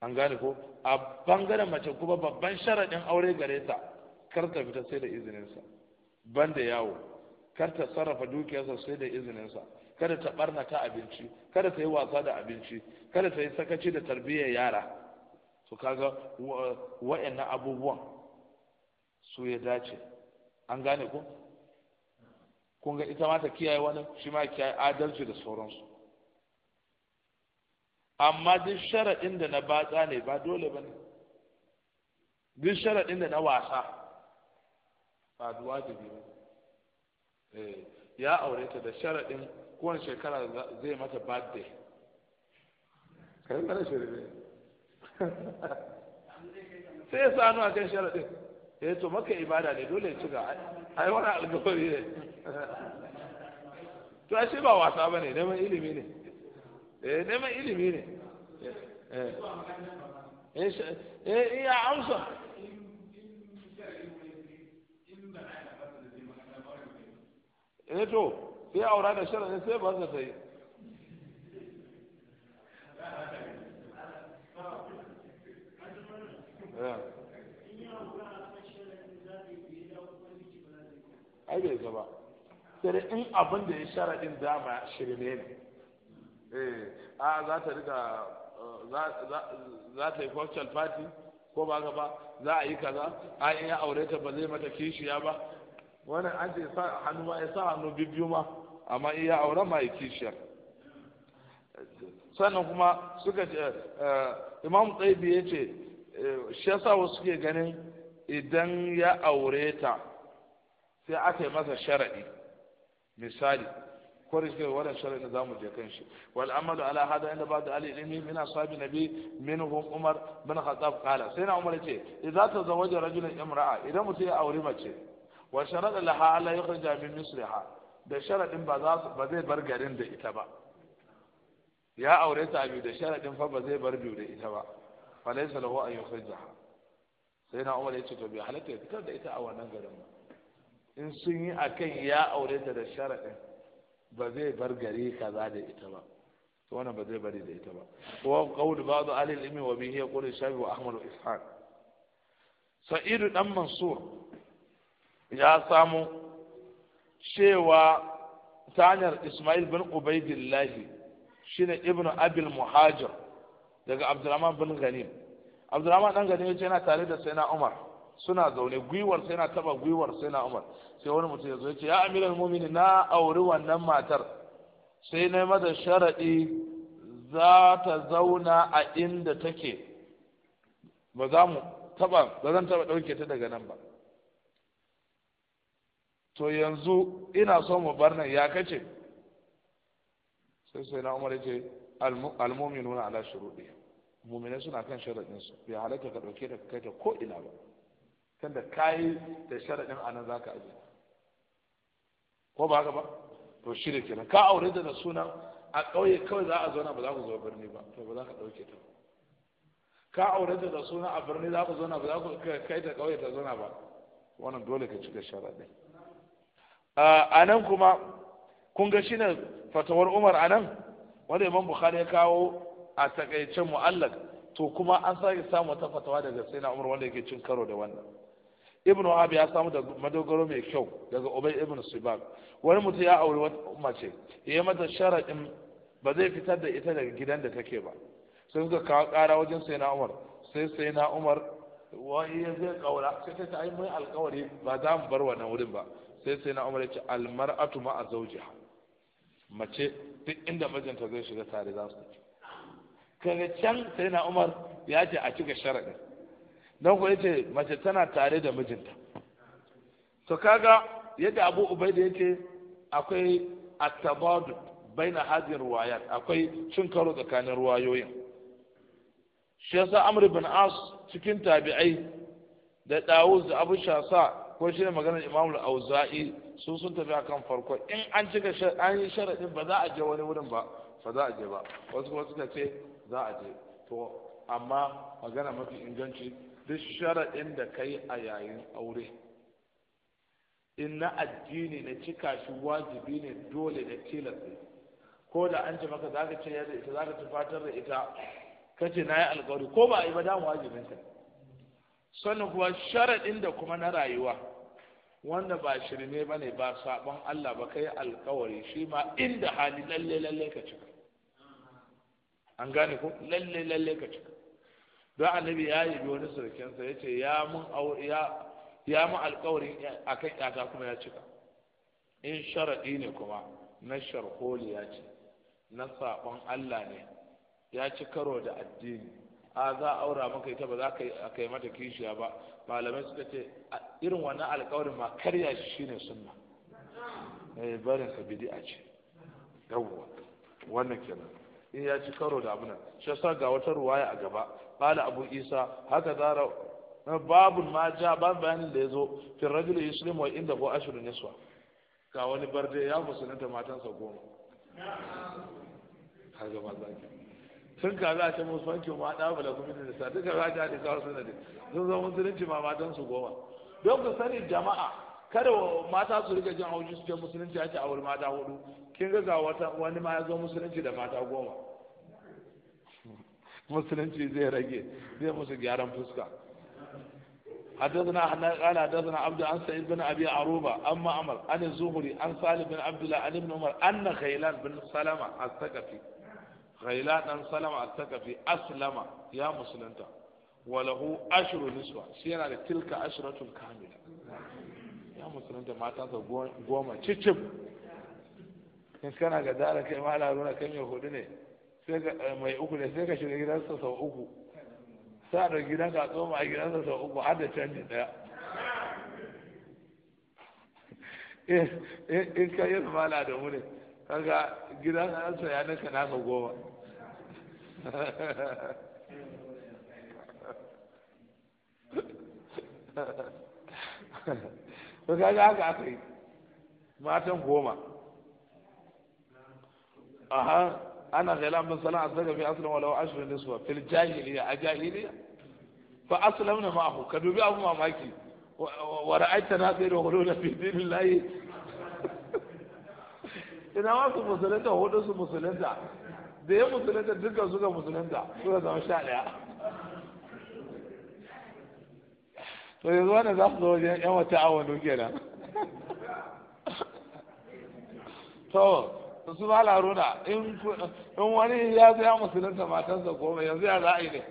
an gane ko a bangaren mace kuma babban sharaɗin aure gare ta kar ta fita sai da izininsa ban da yawo kar ta sarrafa dukiyarsa sai da izininsa kada ta ta abinci kada ta yi wasa da abinci kada ta yi sakaci da tarbiyyar yara to kaga wa'annan abubuwan su ya dace an gane ko kun ga ita mata kiyaye wani shi ma kiyaye adalci da sauransu amma duk sharaɗin da na batsa ne ba dole ba ne duk sharaɗin da na wasa ba da biyu Eh, ya aure ta da sharaɗin kowane shekara zai mata birthday kai mana shirme sai ya sanu a kan sharaɗin ya eh, to maka ibada ne dole ci ga ai wani alkawari ne to ashe ba wasa ba ne neman ilimi ne eh neman ilimi ne eh, eh. ya amsa eh to sai aura da sharadin sai ba ta yi eh. ai bai zaba sai in abin da ya sharadin dama shirme ne eh a za ta riga za ta yi cocktail party ko ba ka ba za a yi kaza a in ya aure ta ba zai mata kishiya ba wannan an ce sa hannu ma ya sa hannu biyu ma amma iya auren ma ya kishiyar sannan kuma suka ce eh, imam tsaibi ya ce eh, shi yasa wasu suke ganin idan ya aure ta sai aka yi masa sharaɗi misali ko shi wannan sharaɗi za zamu je kan shi wal Amadu ala hada inda ba da ali ilmi min ashabi nabi minhum umar bin khattab qala sai na umar ce idza tazawaja rajulun imra'a idan mutum ya aure mace wa sharada laha ya yukhrija min misriha da sharadin ba za ba zai bar garin da ita ba ya aure ta biyu da sharadin fa ba zai bar biyu da ita ba fa laysa lahu an yukhrija sai na umar ya ce to bi halatta ya fitar da ita a wannan garin ba in sun yi akan ya aure ta da sharadin ba zai bar gari kaza da ita ba to wannan ba zai bari da ita ba wa qawlu ba'd ahli al-ilmi wa bihi yaqulu shafi wa ahmad wa ishaq sa'idu dan mansur ya samu cewa ta hanyar ismail bin ubaidillahi shine ibn abil muhajir daga abdurrahman bin ganim abdurrahman dan ganim yace yana tare da sayyidina umar suna zaune gwiwar sai na taba gwiwar sai na umar sai wani mutum ya zo ce ya amiral mumini na auri wannan matar sai na mada sharaɗi za ta zauna a inda take ba za mu taba ba zan taba ɗauke ta daga nan ba to yanzu ina so mu bar nan ya kace sai sai na umar yace almu'minuna ala shurudi mu'mina suna kan sharadin su bai halaka ka dauke da kai ta ko ina ba kan da kai da sharadin anan zaka aje ko ba haka ba to shirye kenan ka aure da sunan a ƙauye kawai za a zauna ba za ku zo birni ba to ba za ka dauke ta ka aure da da suna a birni za ku zauna ba za ku kai da ƙauye ta zauna ba wannan dole ka cika sharadin a nan kuma kun ga shi nan fatawar umar a nan wanda imam bukhari ya kawo a takaicen mu'allak to kuma an sake samu wata fatawa daga sai na umar wanda yake cin karo da wannan ibn wahab ya samu da madogaro mai kyau daga ubay ibn sibak wani mutum ya auri wata mace ya mata sharaɗin ba zai fitar da ita daga gidan da take ba sai suka kawo ƙara wajen sai umar sai sai umar wani ya zai kaura sai ta yi mun alkawari ba za mu bar wannan wurin ba sai sai na umar ya ce almar'atu ma'a zawjiha mace duk inda mijinta zai shiga tare za su ci kaga can sai na umar ya ce a cika sharaɗin don kuwa yace mace tana tare da mijinta to kaga yadda abu ubaida yace akwai bai baina hadin ruwayat akwai cin karo tsakanin ruwayoyin shi yasa amr bin as cikin tabi'ai da dawud da abu shasa ko shi ne maganar imamul auza'i su sun tafi akan farko in an cika an yi ba za a je wani wurin ba ba za a je ba wasu kuma suka ce za a je to amma magana mafi inganci duk sharadin da kai a yayin aure in na addini na cika shi wajibi ne dole da tilas ko da an ce maka za ka ce yadda ita za ka ci fatar da ita kace na yi alkawari ko ba a yi ba damu wajibin ka sannan kuwa sharaɗin da kuma na rayuwa wanda ba shirme ba ne ba sabon Allah ba kai alkawari shi ma inda hali lalle lalle ka cika an gane ko lalle lalle ka cika don annabi ya yi wani surkensa ya ce ya mun ya mun alkawarin akan yata kuma ya cika in sharaɗi ne kuma na sharholi ya ce na sabon Allah ne ya ci karo da addini a za a aura maka ita ba za ka yi mata kishiya ba malamai suka ce irin wannan alkawarin ma karya shi shine sunna eh barin sa a ce yawwa wannan kenan in ya ci karo da abuna shi yasa ga wata ruwaya a gaba qala abu isa haka zara babun ma ja ban bayanin da yazo fi rajul yuslimu wa inda ko ashrun niswa ga wani barde ya musulunta matansa goma ka ga mazaki sun kaza a ce musu fanki ma da bala kuma da sa duka za ta da su ne sun zo mun musulunci ma matan su goma don ku sani jama'a kada mata su rika jin haushi su ce musulunci ake aure mata hudu kin ga wata wani ma ya zo musulunci da mata goma musulunci zai rage zai musu gyaran fuska حدثنا احنا قال حدثنا عبد عن سعيد بن ابي عروبه اما عمر عن الزهري عن صالح بن عبد الله عن ابن عمر ان خيلان بن سلمه الثقفي ghaila dan salama at-takafi aslama ya musulunta walahu ashru niswa shi yana da tilka ashratun kamila ya musulunta mata ta goma cicib in kana ga dara kai ma laruna kan ya hudu ne sai eh, mai uku ne sai ka shiga gidansa sau uku sa da gidanka tsoma a gidansa sau uku har da canji daya eh, eh, in ka yi mala da mu ne kaga gidansa ya naka naka goma to kaga haka aka yi matan goma aha ana ghailan bin sana asaka fi aslan walau ashrun niswa fil jahiliya a jahiliya fa aslamna ma'ahu ka dubi abu mamaki wa ra'aita na sai da hulula fi dinillahi ina wasu musulunta hudu su musulunta da ya musulunta dukkan suka musulunta suka zama sha ɗaya to yanzu wannan za su zo wajen yan wata awonu kenan to su ma laruna in wani ya zo ya musulunta matansa mai yanzu ya za a yi ne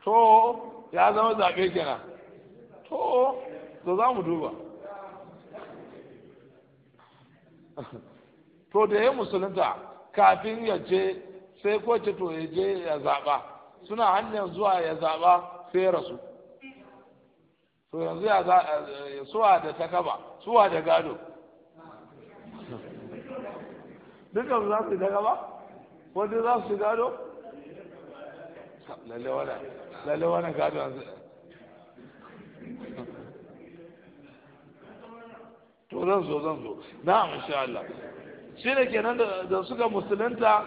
to ya zama zaɓe kenan to za mu duba to da ya musulunta kafin ya je sai ko ce to ya je ya zaɓa suna hanyar zuwa ya zaɓa sai rasu to yanzu ya eh, suwa da takaba suwa da gado dukkan za su yi takaba wanda za su yi gado lalle wani gado yanzu to zan zo zan zo na insha Allah shi ne kenan da suka musulunta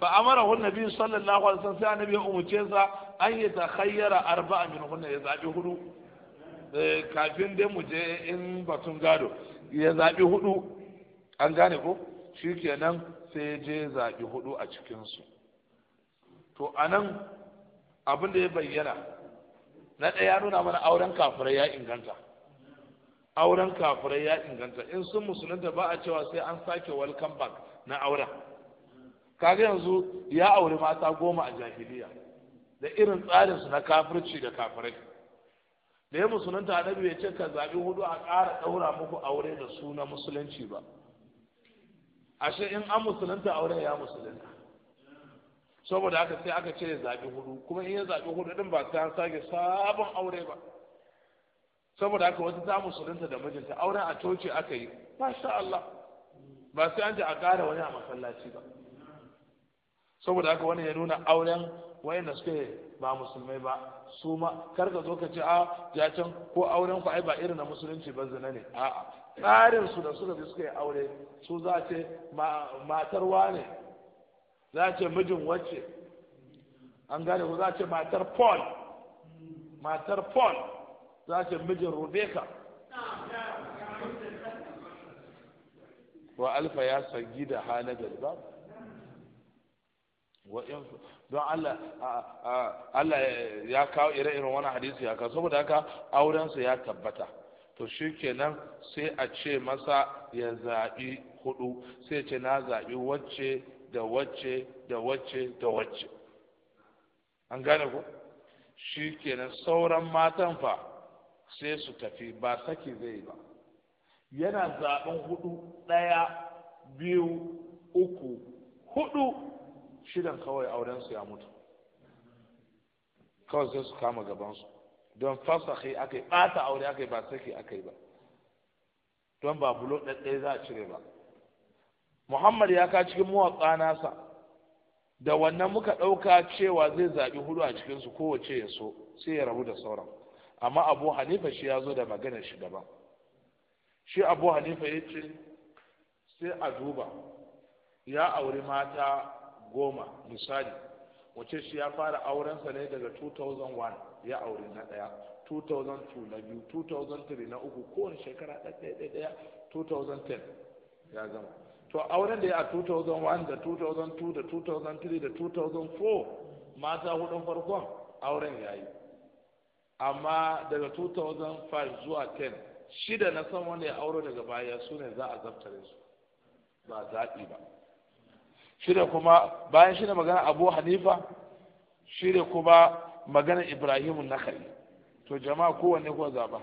fa amara hun nabi sallallahu alaihi wasallam sai annabi ya umuce sa an yi ta khayyara arba'a min hun ya zabi hudu eh, kafin dai mu je in batun gado ya zabi hudu an gane ko shi kenan sai je zabi hudu a cikinsu. su to anan abin da ya bayyana na ɗaya ya nuna mana auren kafirai ya inganta auren kafirai ya inganta in sun musulunta ba a cewa sai an sake welcome back na auren kaga yanzu ya auri mata goma a jahiliya da irin su na kafirci da kafirai da ya musulunta annabi ya ce ka zaɓi hudu a ƙara ɗaura muku aure da su na musulunci ba ashe in an musulunta aure ya musulunta saboda haka sai aka ce ya zaɓi hudu kuma in ya zaɓi hudu ɗin ba sai an sake sabon aure ba saboda haka wata ta musulunta da mijinta auren a coci aka yi masha Allah ba sai an ji a ƙara wani a masallaci ba saboda haka wani ya nuna auren wani da suke ba musulmai ba su ma kar ka zo ka ce a ya can ko auren ku ai ba irin na musulunci ba zina ne a'a tsarin su da suka bi suka yi aure su za ce matar wane za ce mijin wacce an gane ku za ce matar paul matar paul za ce mijin rubeka wa alfa ya sangi da hana galba don Allah ya kawo ire-iren wani hadisi ya kawo saboda haka aurensa ya tabbata to shi kenan sai a ce masa ya zaɓi hudu sai ce na zaɓi wacce da wacce da wacce da wacce an gane ku shi kenan sauran matan fa sai su tafi ba saki zai ba yana zaɓen hudu ɗaya, biyu uku hudu shidan kawai aurensu ya mutu kawai sai su kama gabansu don fasahi aka yi ɓata aure aka yi ba saki aka yi ba don ba bulo ɗaɗɗai za a cire ba muhammad ya ka cikin mawaƙa nasa da wannan muka ɗauka cewa zai zaɓi hudu a cikinsu kowace ya so sai ya rabu da sauran amma abu hanifa shi ya zo da maganar shi daban shi abu hanifa ya ce sai a duba ya auri mata goma misali wace shi ya fara aurensa ne daga 2001 ya auri na daya 2002 na biyu 2003 na uku kowane shekara ɗaya 2010 ya zama to auren da ya a 2001 da 2002 da 2003 da 2004 mata hudun farkon auren ya yi amma daga 2005 zuwa 10 shida na san wanda ya auro daga baya su ne za a zaftare su ba zaɓi ba da kuma bayan da magana abu hanifa da kuma magana ibrahimu na nakari to jama'a kowanne kuwa zaɓa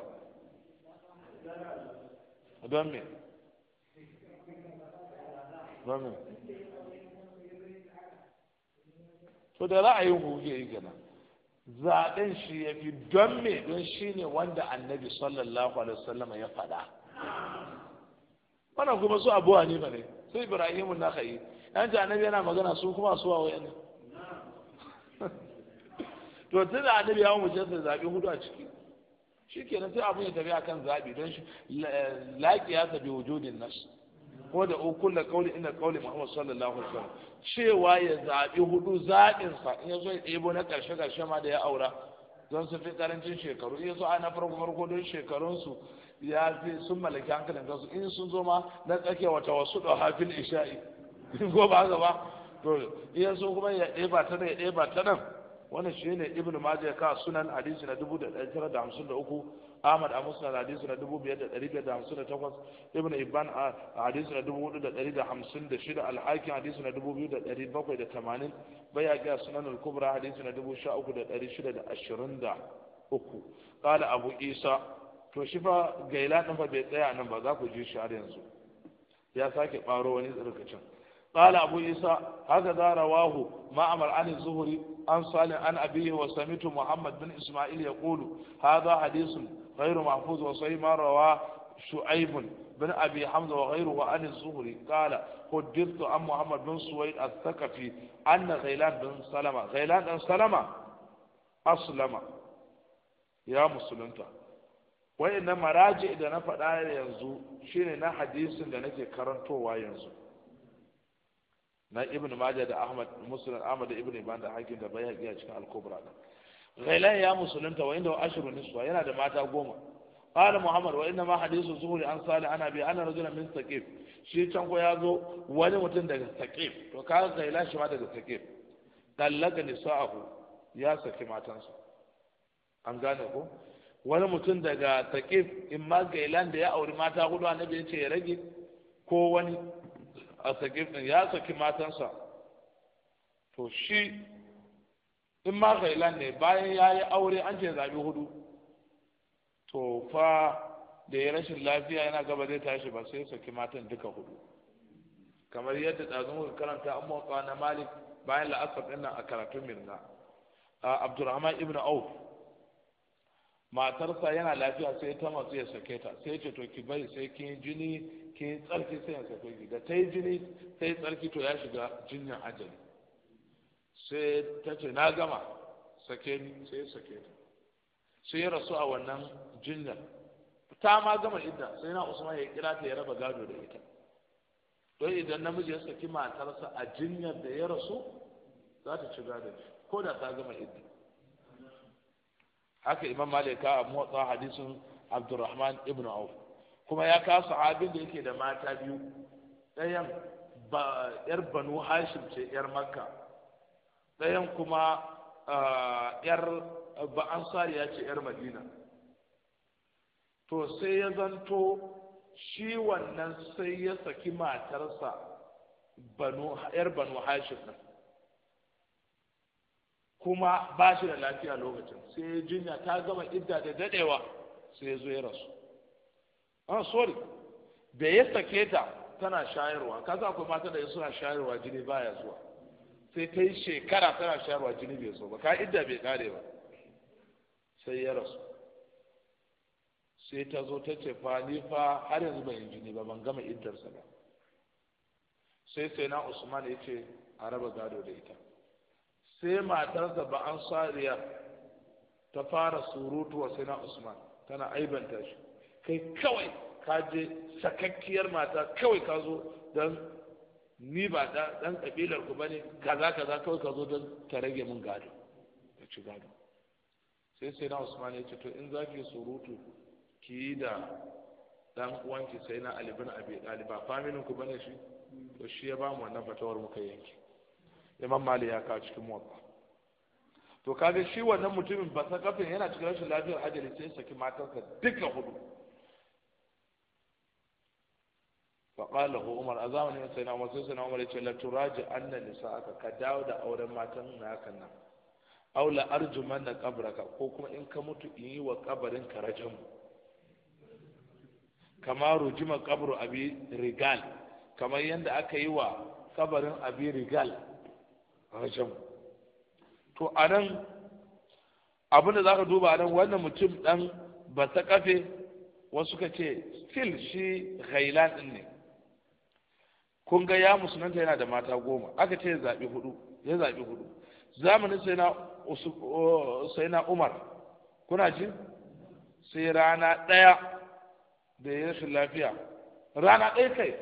don me don me to da ra'ayin kuke yi kenan zaɓen shi ya fi don me don shi ne wanda annabi sallallahu alaihi wasallam ya faɗa wannan kuma su abuwa ne ba ne su ibrahimu na kai yan ta annabi yana magana su kuma su wawo ne to tun da annabi ya mu sai zaɓi hudu a ciki shi kenan sai abin ya tafi akan zaɓi don shi laƙiya ta bi wujudin nas ko da ukulla kauli inda kauli muhammad sallallahu alaihi wasallam cewa ya zaɓi hudu zaɓinsa in ya zo ya ɗebo na ƙarshe ƙarshe ma da ya aura don su fi ƙarancin shekaru in ya zo a na farko farko don shekarunsu ya fi sun mallaki hankalin kansu in sun zo ma na tsakiya wata wasu ɗau hafin isha'i ko ba haka ba to in sun kuma ya ɗeba ta nan ya ɗeba ta nan wannan shi ne ibn majah ka sunan hadisi na dubu da ɗari tara da hamsin da uku Ahmad a Musnad hadisi na takwas, Ibn Ibban a hadisi na 4456 Al-Hakim hadisi na 2780 Bayhaqi a Sunan al-Kubra hadisi na uku. qala Abu Isa to shi fa gaila din fa bai tsaya nan ba za ku ji shi har yanzu ya sake ɓaro wani tsirkacin قال أبو عيسى هكذا رواه معمر عن الزهري عن صالح عن أبيه وسمعت محمد بن إسماعيل يقول هذا حديث غير محفوظ وصحيح ما رواه شعيب بن أبي حمزة وغيره عن الزهري قال قدرت عن محمد بن سويد الثقفي أن غيلان بن سلمة غيلان بن سلمة أسلم يا مسلمتا وإن مراجع إذا نفد آية ينزو شين نا حديث إذا نكي كرنتو وينزو نا ابن majah da ahmad muslim ahmad da ibn ibn da hakim da bayhaqi a cikin al ghailan ya musulunta wa inda ashiru niswa yana da mata goma qala muhammad wa inna ma hadithu an ana bi ana rajulan min saqif shi can ko ya zo wani mutum daga saqif to ka ghaila shi ma daga saqif nisa'ahu ya saki matansa an gane ko wani mutum daga saqif in ma da ya auri mata hudu annabi ya ce ya rage ko wani a ya saki matansa to shi in ma ilan ne bayan ya yi aure an ce zaɓi hudu to fa da ya rashin lafiya yana gaba zai tashi ba sai saki matan duka hudu kamar yadda ɗazun kuka karanta an motsa na malik bayan la'asar ɗin nan a karatun mirna abdurrahman ibn auf matarsa yana lafiya sai ta matsu ya sake ta sai ce to ki bari sai kin jini kin tsarki sai ya sake ki da ta yi jini sai tsarki to ya shiga jinyar ajali sai ta ce na gama sake ni sai sake ta sai ya rasu a wannan jinyar ta ma gama idda sai na usman ya kira ta ya raba gado da ita don idan namiji ya saki matarsa a jinyar da ya rasu za ta ci gado ko da ta gama idda haka imam malika a motsa hadisin abdurrahman ibn auf kuma ya kawo sahabin da yake da mata biyu ɗayan yar banu hashim ce yar makka ɗayan kuma yar ba ya ce yar madina to sai ya zanto shi wannan sai ya saki matarsa yar banu hashim nan. kuma ba shi da lafiya lokacin sai jinya ta gama idda da dadewa sai ya zo ya rasu ah sorry da ya sake ta tana shayarwa kaza kuma mata da suna shayarwa jini baya zuwa sai ta yi shekara tana shayarwa jini bai zo ba ka idda bai kare ba sai ya rasu sai ta zo ta ce fa ni fa har yanzu ban yi jini ba ban gama iddarsa ba sai sai na usman ya ce a raba gado da ita sai matarsa ba an sariya ta fara surutu wa sai na usman tana aibanta shi kai kawai ka je sakakkiyar mata kawai ka zo don ni ba dan kabilar ku bane kaza kaza kawai ka zo don ta rage min gado ta ci gado sai sai na usman ya ce to in za ki surutu ki yi da dan uwanki sai na ali bin abi talib ba faminin ku bane shi to shi ya ba mu wannan fatawar muka yanki. imam mali ya kawo cikin muwatta to kaga shi wannan mutumin ba sa kafin yana cikin rashin lafiyar ajali sai saki matarsa duka hudu faƙa lahu umar a zamanin sai na umar sai na umar ya ce laturaji annan nisa aka ka dawo da auren matan na haka nan aula arjuman na kabraka ko kuma in ka mutu in yi wa kabarin ka mu kama rujima kabru abi rigal kamar yadda aka yi wa kabarin abi rigal mu to a nan abinda za ka duba a nan wannan mutum ɗan ba ta kafe wasu ka ce fil shi ghailan ɗin ne kun ga ya musulunta yana da mata goma aka ce zaɓi hudu ya zaɓi hudu zamanin sai na umar kuna ji sai rana ɗaya da ya rashin lafiya rana ɗaya kai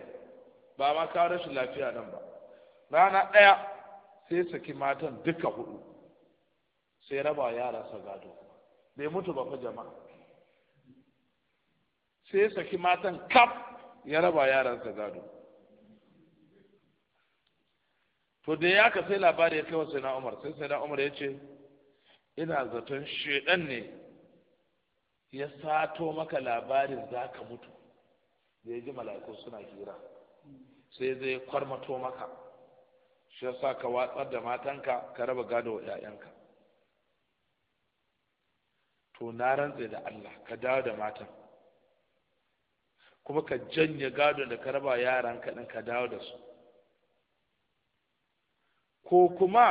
ba ma kawo rashin lafiya nan ba rana ɗaya sai saki matan duka hudu sai raba yara sa gado bai mutu ba fa jama'a sai saki matan kaf ya raba sa gado to da ya ka sai labari ya kai wa sayyidina Umar sai sayyidina Umar ya ce ina zaton shedan ne ya sato maka labarin za ka mutu da ya ji mala'iku suna hira sai zai kwarmato maka shi yasa ka watsar da matanka ka raba gado wa 'ya'yanka to na rantse da Allah ka dawo da matan kuma ka janye gado da ka raba yaran ka ka dawo da su ko kuma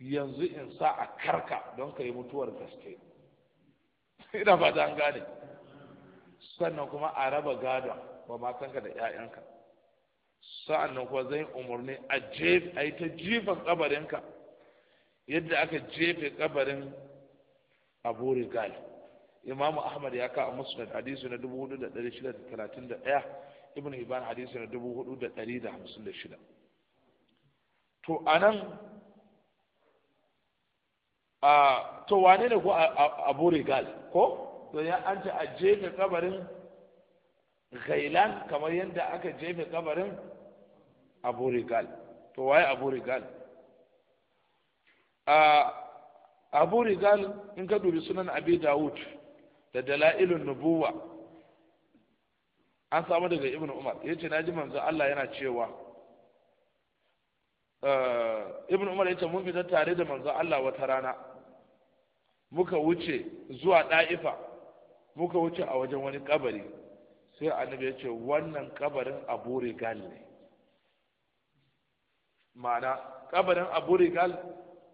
yanzu in sa a karka don ka yi mutuwar gaske ina ba an gane sannan kuma a raba gadon wa matanka da 'ya'yanka sa'annan kuma zai umarni a jefe a yi ta jifan kabarinka yadda aka jefe kabarin abu rigal imamu ahmad ya ka a musnad hadisu na 4631 ibn hibban hadisu na 4456 to a a to wane ne ko abu rigal ko to ya an ce a jefe kabarin gailan kamar yadda aka jefe kabarin abu rigal to waye abu a abu in ka dubi sunan abi dawud da dala'ilun nubuwa an samu daga ibn umar ya ce na ji manzo allah yana cewa Eh, ibn umar ya ce mun fita tare da manzo Allah wata rana muka wuce zuwa ɗa'ifa muka wuce a wajen wani kabari sai annabi ya ce wannan kabarin abu rigal ne ma'ana kabarin abu rigal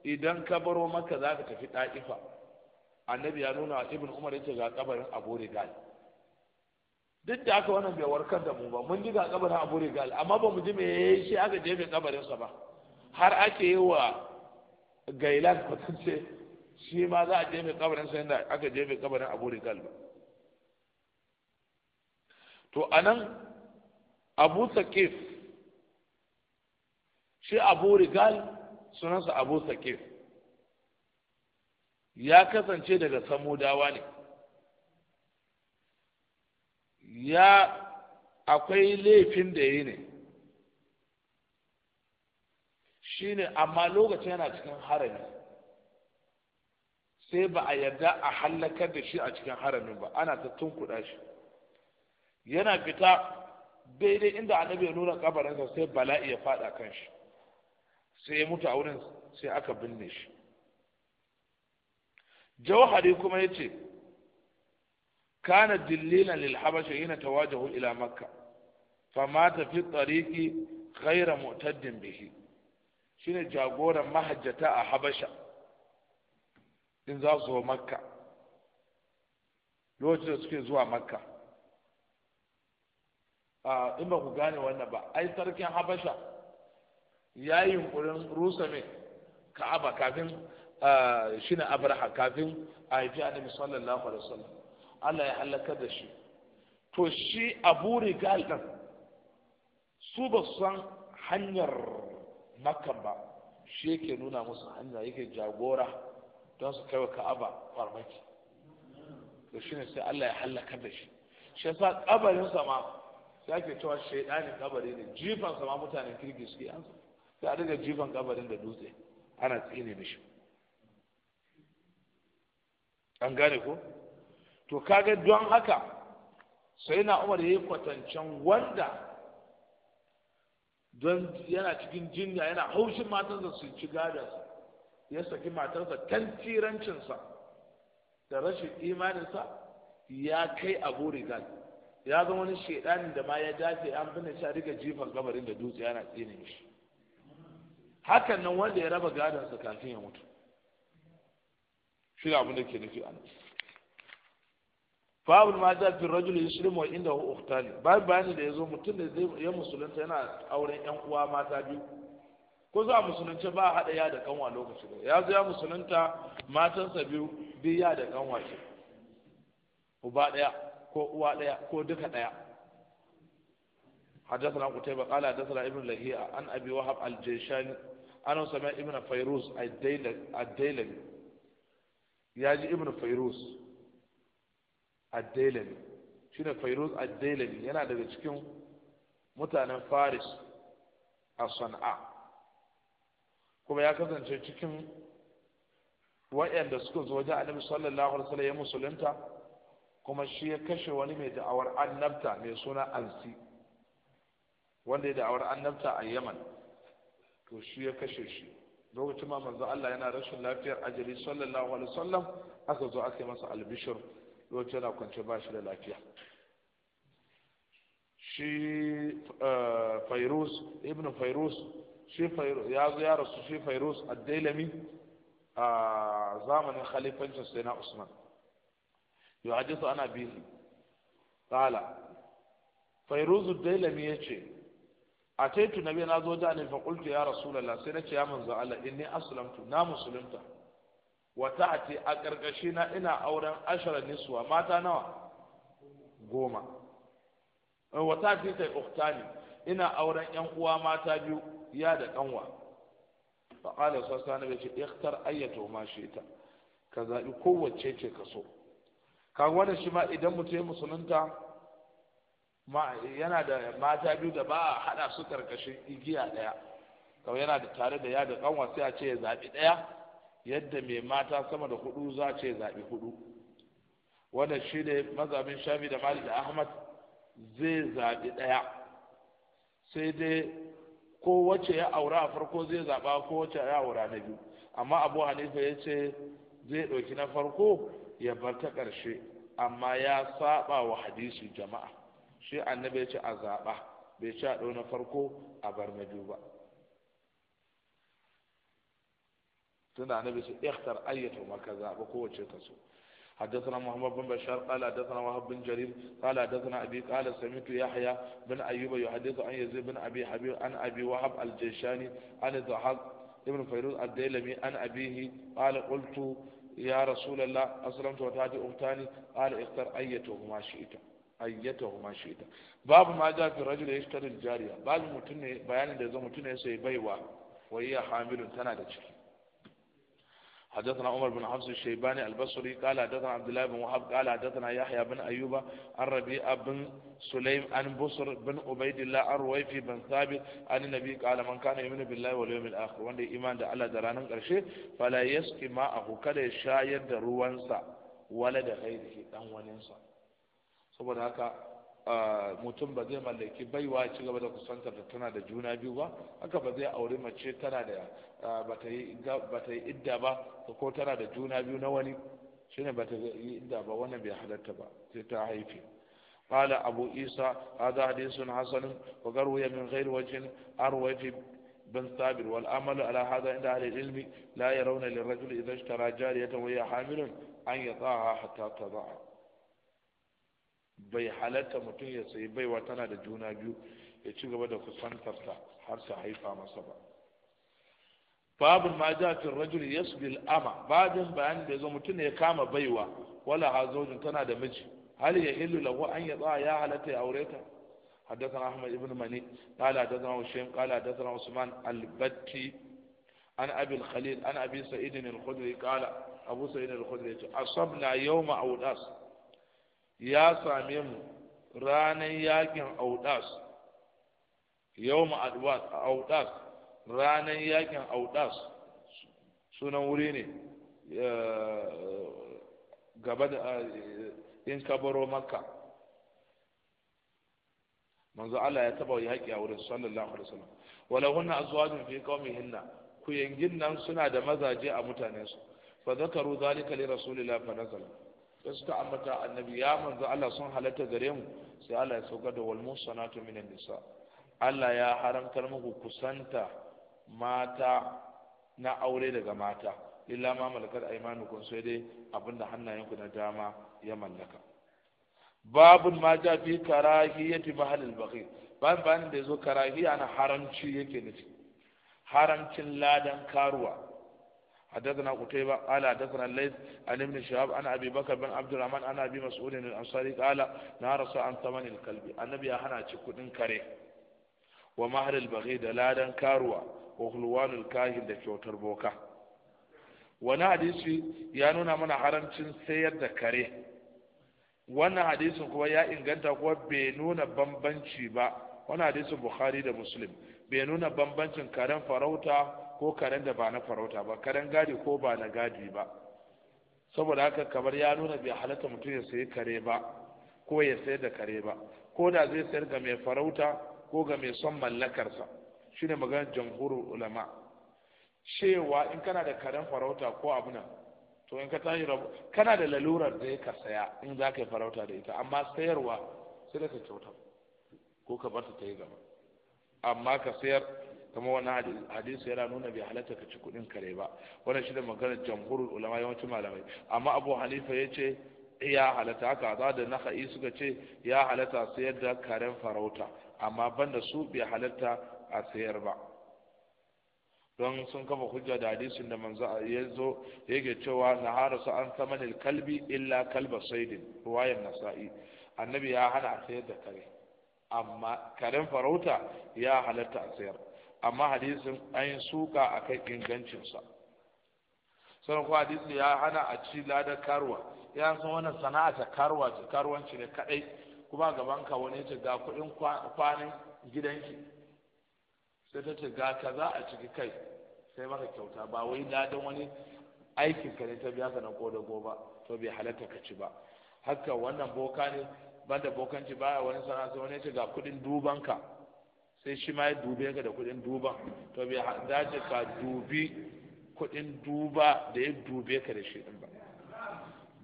idan ka baro maka za ka tafi ɗa'ifa annabi ya nuna ibn umar ya ce ga kabarin abu rigal duk da aka wannan bai warkar da mu ba mun ji ga kabarin abu rigal amma ba mu ji me shi aka je mai sa ba har ake yi wa gailan kwatance shi ma za a je mai kabarin sai da aka je mai kabarin abu rikal ba to nan abu sakif shi abu rigal sunansa abu sakif ya kasance daga samudawa ne ya akwai laifin da yi ne shine amma lokacin yana cikin harami sai ba a yarda a hallakar da shi a cikin haramin ba ana ta tunkuɗa shi yana fita daidai inda annabi ya nuna kabarinsa sai bala'i ya faɗa kan shi sai ya mutu a wurin sai aka binne shi jawhari kuma ya ce kana dillila lil habashi yana tawajahu ila makka mata fi tariqi ghayra mu'taddin bihi shine jagoran mahajjata a habasha in za su zo makka lokacin da suke zuwa makka a in ba ku gane wannan ba ai sarkin habasha ya yi yunkurin rusa mai ka'aba kafin shi ne abraha kafin a haifi annabi sallallahu alaihi wasallam Allah ya halakar da shi to shi abu rigal din su ba san hanyar makkan ba shi yake nuna musu hanya yake jagora don su kai wa ka'aba farmaki shi ne sai Allah ya halaka da shi shi yasa kabarin sa ma sai ake cewa shaydanin kabari ne jifan sa ma mutanen kirki suke an sai a daga jifan kabarin da dutse ana tsine shi. an gane ko to kaga don haka sai na umar yayi kwatancen wanda don yana cikin jinya yana haushin matarsa su ci gadansa ya saki matarsa tirancinsa da rashin imaninsa ya kai abu rigal ya zama wani shaidanin da ma ya dace an binne shi a riga jifan gabarin da dutse yana tsine shi hakan nan wanda ya raba gadansa kafin ya mutu shi abin da ke nufi a nan babu ma za fi rajul yuslimu inda hu ukhtani babu bayani da yazo mutum ne zai ya musulunta yana auren yan uwa mata biyu ko za musulunce ba hada ya da kanwa lokaci da ya zo ya musulunta matansa biyu bi ya da kanwa ce uba daya ko uwa daya ko duka daya حدثنا قتيبة قال حدثنا ابن لهيئة عن أبي وهب الجيشاني أنا سمع ابن فيروز الديلمي ياجي ابن فيروز ad shi ne fairuz ad-dailami yana daga cikin mutanen faris a sana'a kuma ya kasance cikin waɗanda suka zo wajen annabi sallallahu alaihi wasallam ya musulunta kuma shi ya kashe wani mai da'awar annabta mai suna ansi wanda ya da'awar annabta a yaman to shi ya kashe shi lokacin ma manzo Allah yana rashin lafiyar ajali sallallahu alaihi wasallam aka zo aka yi masa albishir lokacin yana kwance ba shi da lafiya shi eh, fairuz ibn fairuz shi fairuz ya zo ya rasu shi fairuz ad-dailami a zamanin khalifancin na usman Yau su ana bihi qala fairuz dailami ya ce, a taitu na zo da ne fa qultu ya rasulullah sai ce ya manzo Allah ni asulamtu na musulunta wata a ce a ƙarƙashi na ina auren ashirar nisuwa mata nawa goma wata ce ta uktani ina auren yan uwa mata biyu ya da ƙanwa fa qala na bai wasallam ikhtar ayyato ma shi ta ka zaɓi kowace ce ka so kaga wannan shi ma idan mutum ya musulunta yana da mata biyu da ba a hada su ƙarƙashin igiya ɗaya. kawai yana da tare da ya da ƙanwa sai a ce ya zaɓi ɗaya? yadda mai mata sama da hudu za ce zaɓi hudu wanda shi ne mazabin shafi da malik da ahmad zai zaɓi ɗaya sai dai ko wacce ya aura a farko zai zaɓa ko wacce ya aura na biyu amma abu hanifa ya ce zai ɗauki na farko ya bar ta ƙarshe amma ya saba wa hadisi jama'a shi annabi ya ce a zaɓa bai ce a ɗau na farko a bar na biyu ba tunda annabi su ikhtar ayyatu ma ka zaɓi kowace ka so حدثنا محمد بن بشار قال حدثنا وهب بن جرير قال حدثنا ابي قال سمعت يحيى بن ايوب يحدث عن يزيد بن ابي حبيب عن ابي وهب الجيشاني عن الضحاك ابن فيروز الديلمي عن ابيه قال قلت يا رسول الله اسلمت وتاتي اختاني قال اختر ايتهما شئت ayyatahuma shida babu ma ja fi rajul yashtari jariya babu mutune bayanin da yazo mutune sai baiwa wa hiya hamilun tana da ciki حدثنا عمر بن حفص الشيباني البصري قال حدثنا عبد الله بن وهب قال حدثنا يحيى بن ايوب عن ربيعه بن سليم عن بصر بن عبيد الله عن رويفي بن ثابت عن النبي قال من كان يؤمن بالله واليوم الاخر وان ايمان ده الله درانن قرشه فلا يسقي ماءه kada ya shayar da ruwansa wala da ghairihi dan waninsa saboda haka mutum ba zai mallaki baiwa ci gaba da kusantar da tana da juna biyu ba haka ba zai auri mace tana da bata yi idda ba ko tana da juna biyu na wani shine bata yi idda ba wannan bai halatta ba sai ta haife قال أبو عيسى هذا حديث حسن وقد روي من غير وجه أروي في بن ثابت والأمل على هذا عند أهل العلم لا يرون للرجل إذا اشترى جارية وهي حامل أن يطاعها حتى تضعها bai halatta mutum ya sayi baiwa tana da juna biyu ya ci gaba da kusantarta har ta haifa masa ba babun ma ja fi rajul yasbil ama babin bayanin da zo mutum ya kama baiwa wala hazojin tana da miji hal ya illu lahu an tsaya ya halatta ya aure ta حدثنا احمد بن مني قال حدثنا هشام قال حدثنا عثمان البتي عن ابي الخليل عن ابي سعيد الخدري قال ابو سعيد الخدري اصبنا يوم اوداس ya same mu ranar yakin audas yau audas ranar yakin audas sunan wuri ne gaba da eh, in kabaro makka manzo Allah ya taba yaki a wurin sallallahu alaihi wasallam wala hunna azwajun fi qaumihinna ku yangin nan suna da mazaje a su. fa zakaru zalika li rasulillahi fa nazala sai suka ambata annabi ya manzo Allah sun halatta gare mu sai Allah ya sauka da wal musanatu minan nisa Allah ya haramtar muku kusanta mata na aure daga mata illa ma malakar aymanukum sai dai abinda hannayenku na dama ya mallaka babun ma ja fi karahiyati bahalil baqi ban ban da zo karahiya na haramci yake nufi haramcin ladan karuwa حدثنا قتيبة قال حدثنا الليث عن bin شهاب عن أبي بكر بن عبد الرحمن عن أبي مسعود الأنصاري قال نهى عن ثمن الكلب النبي أهنا تشكد كريه ومهر البغي دلالا كاروا وخلوان الكاهن da kyautar boka wani hadisi ya nuna mana haramcin sayar da kare wannan hadisin kuma ya inganta kuma bai nuna bambanci ba wannan hadisin bukhari da muslim bai nuna bambancin karen farauta ko karen da ba na farauta ba karen gadi ko ba na gadi ba saboda haka kamar ya nuna bai halatta mutum ya sayi kare ba ko ya sayar da kare ba ko da zai sayar ga mai farauta ko ga mai son mallakarsa shine maganar jamhurin ulama cewa in kana da karen farauta ko abu nan to in ka tashi rabu kana da lalurar da ka saya in za ka yi farauta da ita amma sayarwa sai da ka kyauta ko ka bar ta ta yi gaba amma ka sayar kuma wannan hadisi yana nuna bai halatta ka ci kuɗin kare ba wannan shi da magana jamhurul ulama yawanci malamai amma abu hanifa ya ce eh, ya halatta haka za da ha'i suka ce ya halatta sayar da karen farauta amma banda su bai halatta a sayar ba don sun kafa hujja da hadisin da manzo ya zo yake cewa na harasu an samanil kalbi illa kalba saidin ruwayan nasa'i annabi ya hana a sayar da kare amma karen farauta ya halatta a sayar amma hadisin an suka a kai ingancinsa sannan kuma hadisin ya hana a ci lada karuwa ya san wannan sana'a ta karuwa ce karuwanci ne kadai kuma gaban ka wani ta ga kuɗin kwanin gidanki sai ta ce ga za a ciki kai sai maka kyauta ba wai ladan wani aikin ka ne ta biya ka na kodago ba, to bai halatta ka ci ba haka wannan boka ne banda bokanci baya wani sana'a sai wani ta ga kuɗin dubanka sai shi ma ya dube ka da kuɗin duba to bai dace ka dubi kuɗin duba da ya dube ka da shi ba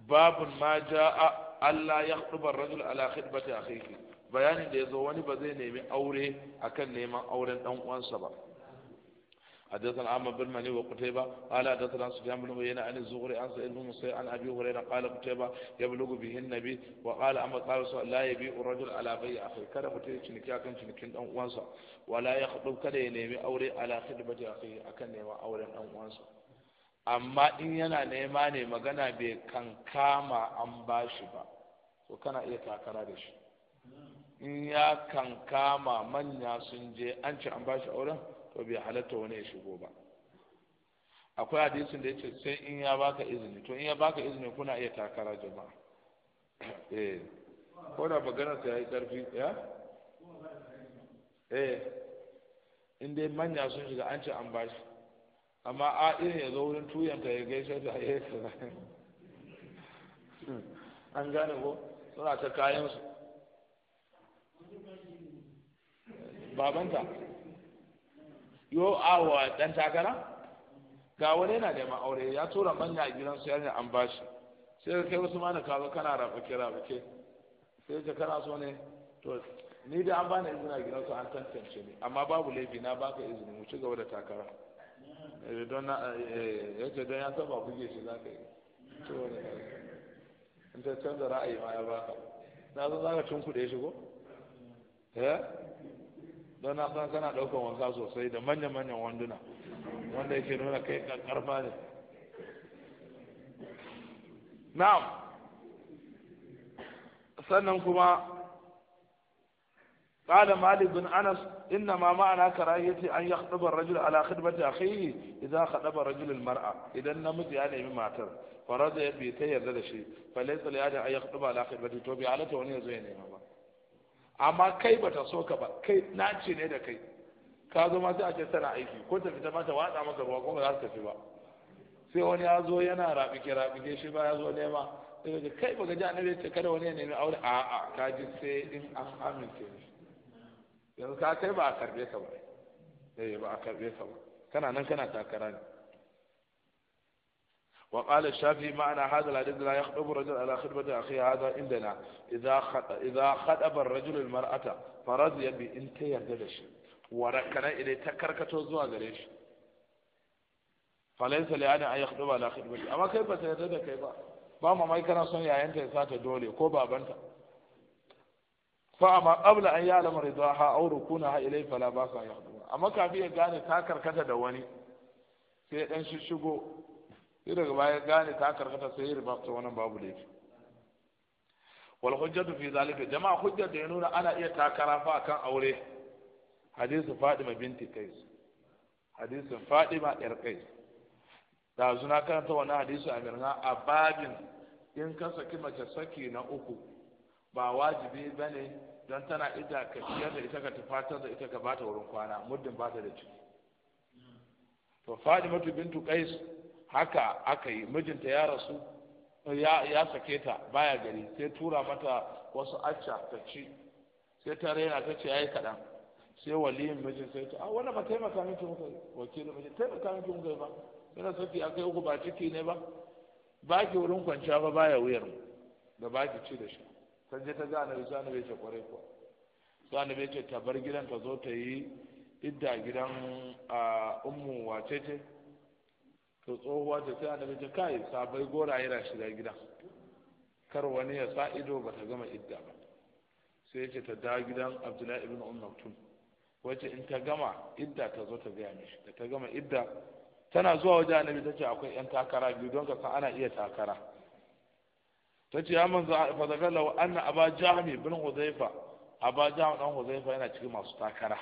babun ma ja Allah ya khduba rajul ala khidbati akhihi bayanin da ya zo wani ba zai nemi aure akan neman auren ɗan uwansa ba حدثنا عمرو بن مني وقتيبة قال حدثنا سفيان بن عيينة عن الزهري عن سعيد بن مسيب عن أبي هريرة قال قتيبة يبلغ به النبي وقال أما قال لا يبيع الرجل على بيع أخيه كذا متي شنكي أكن شنكين أن وانسا ولا يخطب كذا ينمي أوري على خدمة أخيه أكن نما أوري أن وانسا amma in yana nema ne magana bai kan kama an ba shi ba to kana iya takara da shi in ya kan kama manya sun je to bai halatta wani ya shigo ba akwai hadisin da yace sai in ya baka izini to in ya baka izini kuna iya takara jama'a eh ko da magana ta yi karfi ya eh in dai manya sun shiga an ce an bashi amma a irin ya zo wurin tuyanta ya gaishe da ya kaza an gane ko suna ta kayan su babanta yo awa dan takara ga wani yana neman aure ya tura manya a gidansu yarinya an bashi sai kai wasu mana ka zo kana rafake rafake sai ka kana so ne to ni da an bani izini a gidansu an tantance ni amma babu laifi na baka izini mu ci gaba da takara eh, don na eh, yace don ya saba buge shi zaka yi to ne in ta canza ra'ayi ma ya baka na zo zaka tunkuɗe shi ko eh don na san kana ɗaukar wanka sosai da manya-manyan wanduna wanda yake nuna kai karfa ne na'am sannan kuma قال مالك بن انس انما معنى كراهيه ان يخطب الرجل على خدمه اخيه اذا خطب الرجل المراه اذا نمت يعني من ماتر فرض بيتي ya شيء فليس لهذا ان يخطب على خدمته تو على تو ne zai nema ba amma kai bata so ka ba kai na ce ne da kai ka zo ma sai a ce tana aiki ko ta fita mata watsa maka ruwa ko ba za ta tafi ba sai wani ya zo yana rabike rabike shi ba ya zo nema sai ka kai ba ga ji annabi ce kada wani ya nemi aure a a ka ji sai in an amince ne yanzu ka kai ba a karbe ka ba eh ba a karbe ka ba kana nan kana takara ne وقال الشافعي معنى هذا الحديث لا يخطب الرجل على خطبة أخيه هذا عندنا إذا إذا خطب الرجل المرأة فرضي بإنت يرددش وركن إلى تكركة زوا غريش فليس لأنا أن يخطب على خطبة أما كيف تردد كيف ba ما mai kana son yayan ta sa ta dole ko babanta fa amma qabla an ya'lama ridaha aw rukunaha ilay fala ba sa yahdu amma kafin ya gane ta karkata sai daga baya gane ta karkata sai ya ribafta wannan babu laifi wal hujjatu fi zalika jama'a hujjar da ya nuna ana iya takara fa kan aure hadisin fadima binti Qais hadisin fadima yar Qais da zuna karanta wannan hadisi a mirna a babin in ka saki mace saki na uku ba wajibi bane don tana ita ka ciyar da ita ka tufatar da ita ka bata wurin kwana muddin bata da ciki to Fatima bintu Qais haka aka yi mijinta ya rasu ya sake ta baya gari sai tura mata wasu acca ta ci sai ta raina ta ce yi kaɗan sai waliyin mijin sai ta a ah, wanda ba taimaka miki muka wakili mijin taimaka miki muka ba yana saki a kai uku ba ciki ne ba ba ki wurin kwanciya ba baya wuyar da ba ki ci da shi ta je ta ga annabi sai annabi ce kwarai kuwa sai annabi ce ta bar gidan ta zo ta yi idda gidan ah, ummu wacece to tsohuwa ta ce annabi ta kai sabai goraye yana shiga gida kar wani ya sa ido ba ta gama idda ba sai ya ce ta da gidan abdullahi ibn umm maktum wacce in ta gama idda ta zo ta gaya mishi da ta gama idda tana zuwa wajen annabi ta ce akwai yan takara biyu don ka san ana iya takara ta ce ya manzo fa zakalla wa anna aba jahmi ibn huzaifa aba jahmi dan huzaifa yana cikin masu takara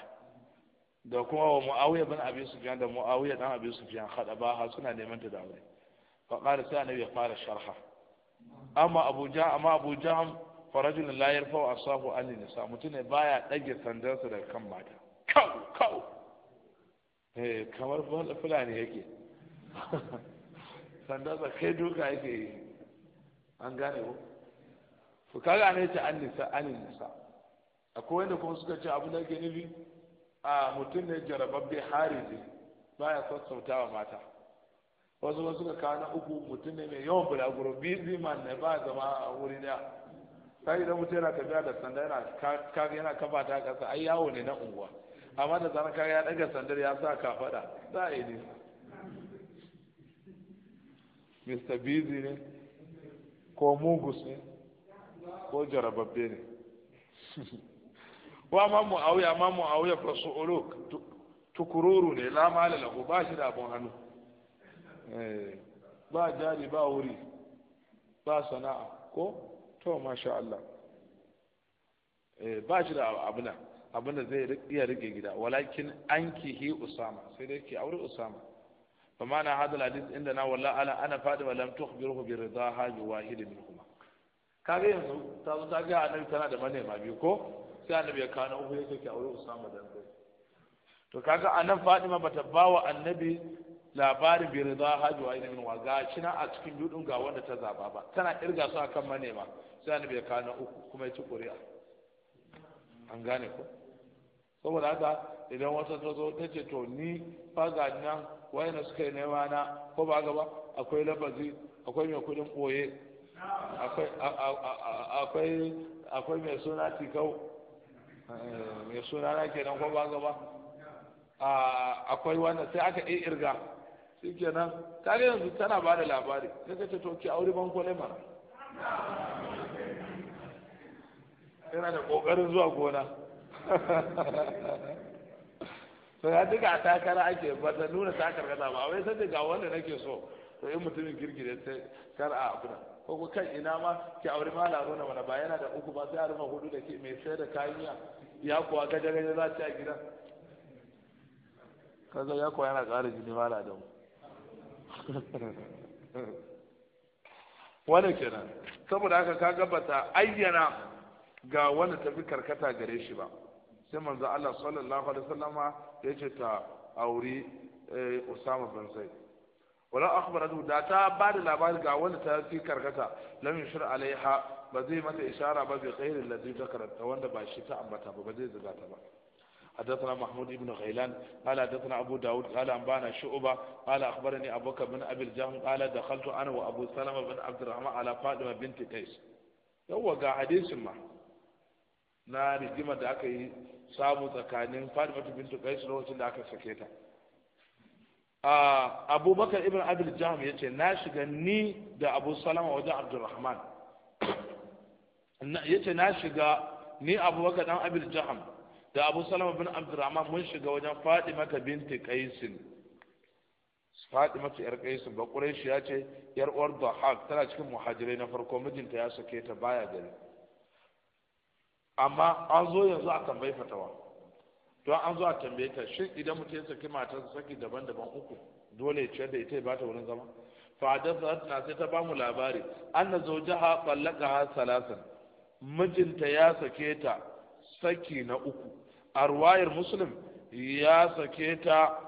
da kuma wa muawiya bin abi sufyan da muawiya dan abi sufyan ha suna neman ta da aure fa qala sai annabi ya fara sharha amma abu amma abu farajin fa rajulun la yarfa'u asahu an nisa mutune baya dage sandansa daga kan mata kau kau eh kamar fulani yake sandansa kai duka yake yi an gane ko to kaga ne ta an nisa an akwai wanda kuma suka ce abu da ke nufi a mutum ne jarababbe ya sassauta sassautawa mata wasu wasu ka kawo na uku mutum ne mai yawan bulaguro busy man ne ba zama a wuri daya Sai idan mutum yana tafiya da sandar yana kaga yana kafa ta kasa ai yawo ne na unguwa amma da zaran kaga ya daga sandar ya sa kafada za a yi ne Mista bizi ne ko Mugus ne ko jarababbe ne ko ma muawiya ma muawiya fa su'ulu tukururu ne la mala lahu ba shi da abun hannu eh, ba jari ba wuri ba sana'a ko to masha Allah eh, ba shi da abuna abuna zai iya rike gida walakin an ankihi usama sai dai ki aure usama فمعنى هذا الحديث عندنا والله انا انا فاطمه لم تخبره برضاها بواحد منهما kage yanzu ta zo ta ga annabi tana da manema biyu ko sai annabi ya kana na uku ya ke aure usama dan sai to kaga anan fatima bata bawa annabi labarin bi rida hajji wa min wa gashi na a cikin dudun ga wanda ta zaba ba tana kirga su akan manema sai annabi ya kana na uku kuma ya ci ƙuri'a an gane ko saboda haka idan wata ta zo ta ce to ni faga nan wayana suka yi nema na ko ba gaba akwai labazi akwai mai kudin ɓoye akwai mai suna tikau Eh, mai suna na kenan ko ba gaba akwai wanda sai aka yi irga shi kenan kare yanzu tana ba da labari sai ka ce to ki aure banko ne mana yana da kokarin zuwa gona to ya duka a takara ake ba ta nuna takar kasa ba wai sai ga wanda nake so to in mutumin girgire sai kar a abu ko ku kan ina ma ki aure ma wani mana ba yana da uku ba sai a rufe hudu da ke mai sayar da kayan ya kuwa gaje gaje za ci a gidan kaga ya kuwa yana ƙara jini ma da mu wani kenan saboda haka ka gabata ayyana ga wanda tafi karkata gare shi ba sai manzo Allah sallallahu alaihi wasallama ya ce ta auri eh, Usama bin Zaid wala akhbaratu da ta ba da labari ga wanda ta fi karkata lam yushir alaiha ba zai mata isara ba bi ghairi allazi zakarta wanda ba shi ta ba ba zai ba حدثنا محمود بن غيلان قال حدثنا أبو داود قال أنبانا شعبة قال أخبرني أبو بن أبي الجهم قال دخلت أنا وأبو سلمة بن عبد الرحمن على فاطمة بنت قيس هو قاعد حديث ما na rigima da aka yi samu tsakanin fatima bintu qais lokacin da aka sake ta abubakar ibn abil jam ya ce na shiga ni da abu salama wajen Abdulrahman ya ce na shiga ni abubakar dan abil jam da abu salama bin abdurrahman mun shiga wajen fatimata binti qaisin fatimata yar qaisin ba quraishi ya ce yar uwar dahab tana cikin muhajirai na farko mijinta ya sake ta baya gari amma an zo yanzu a tambayi fatawa don an zo a tambaye ta shin idan mutum ya saki matarsa saki daban-daban uku dole ce da ita ya bata wurin zama fa'adatha na sai ta bamu labari anna zawjaha ha salasan mijinta ya sake ta saki na uku arwayar muslim ya sake ta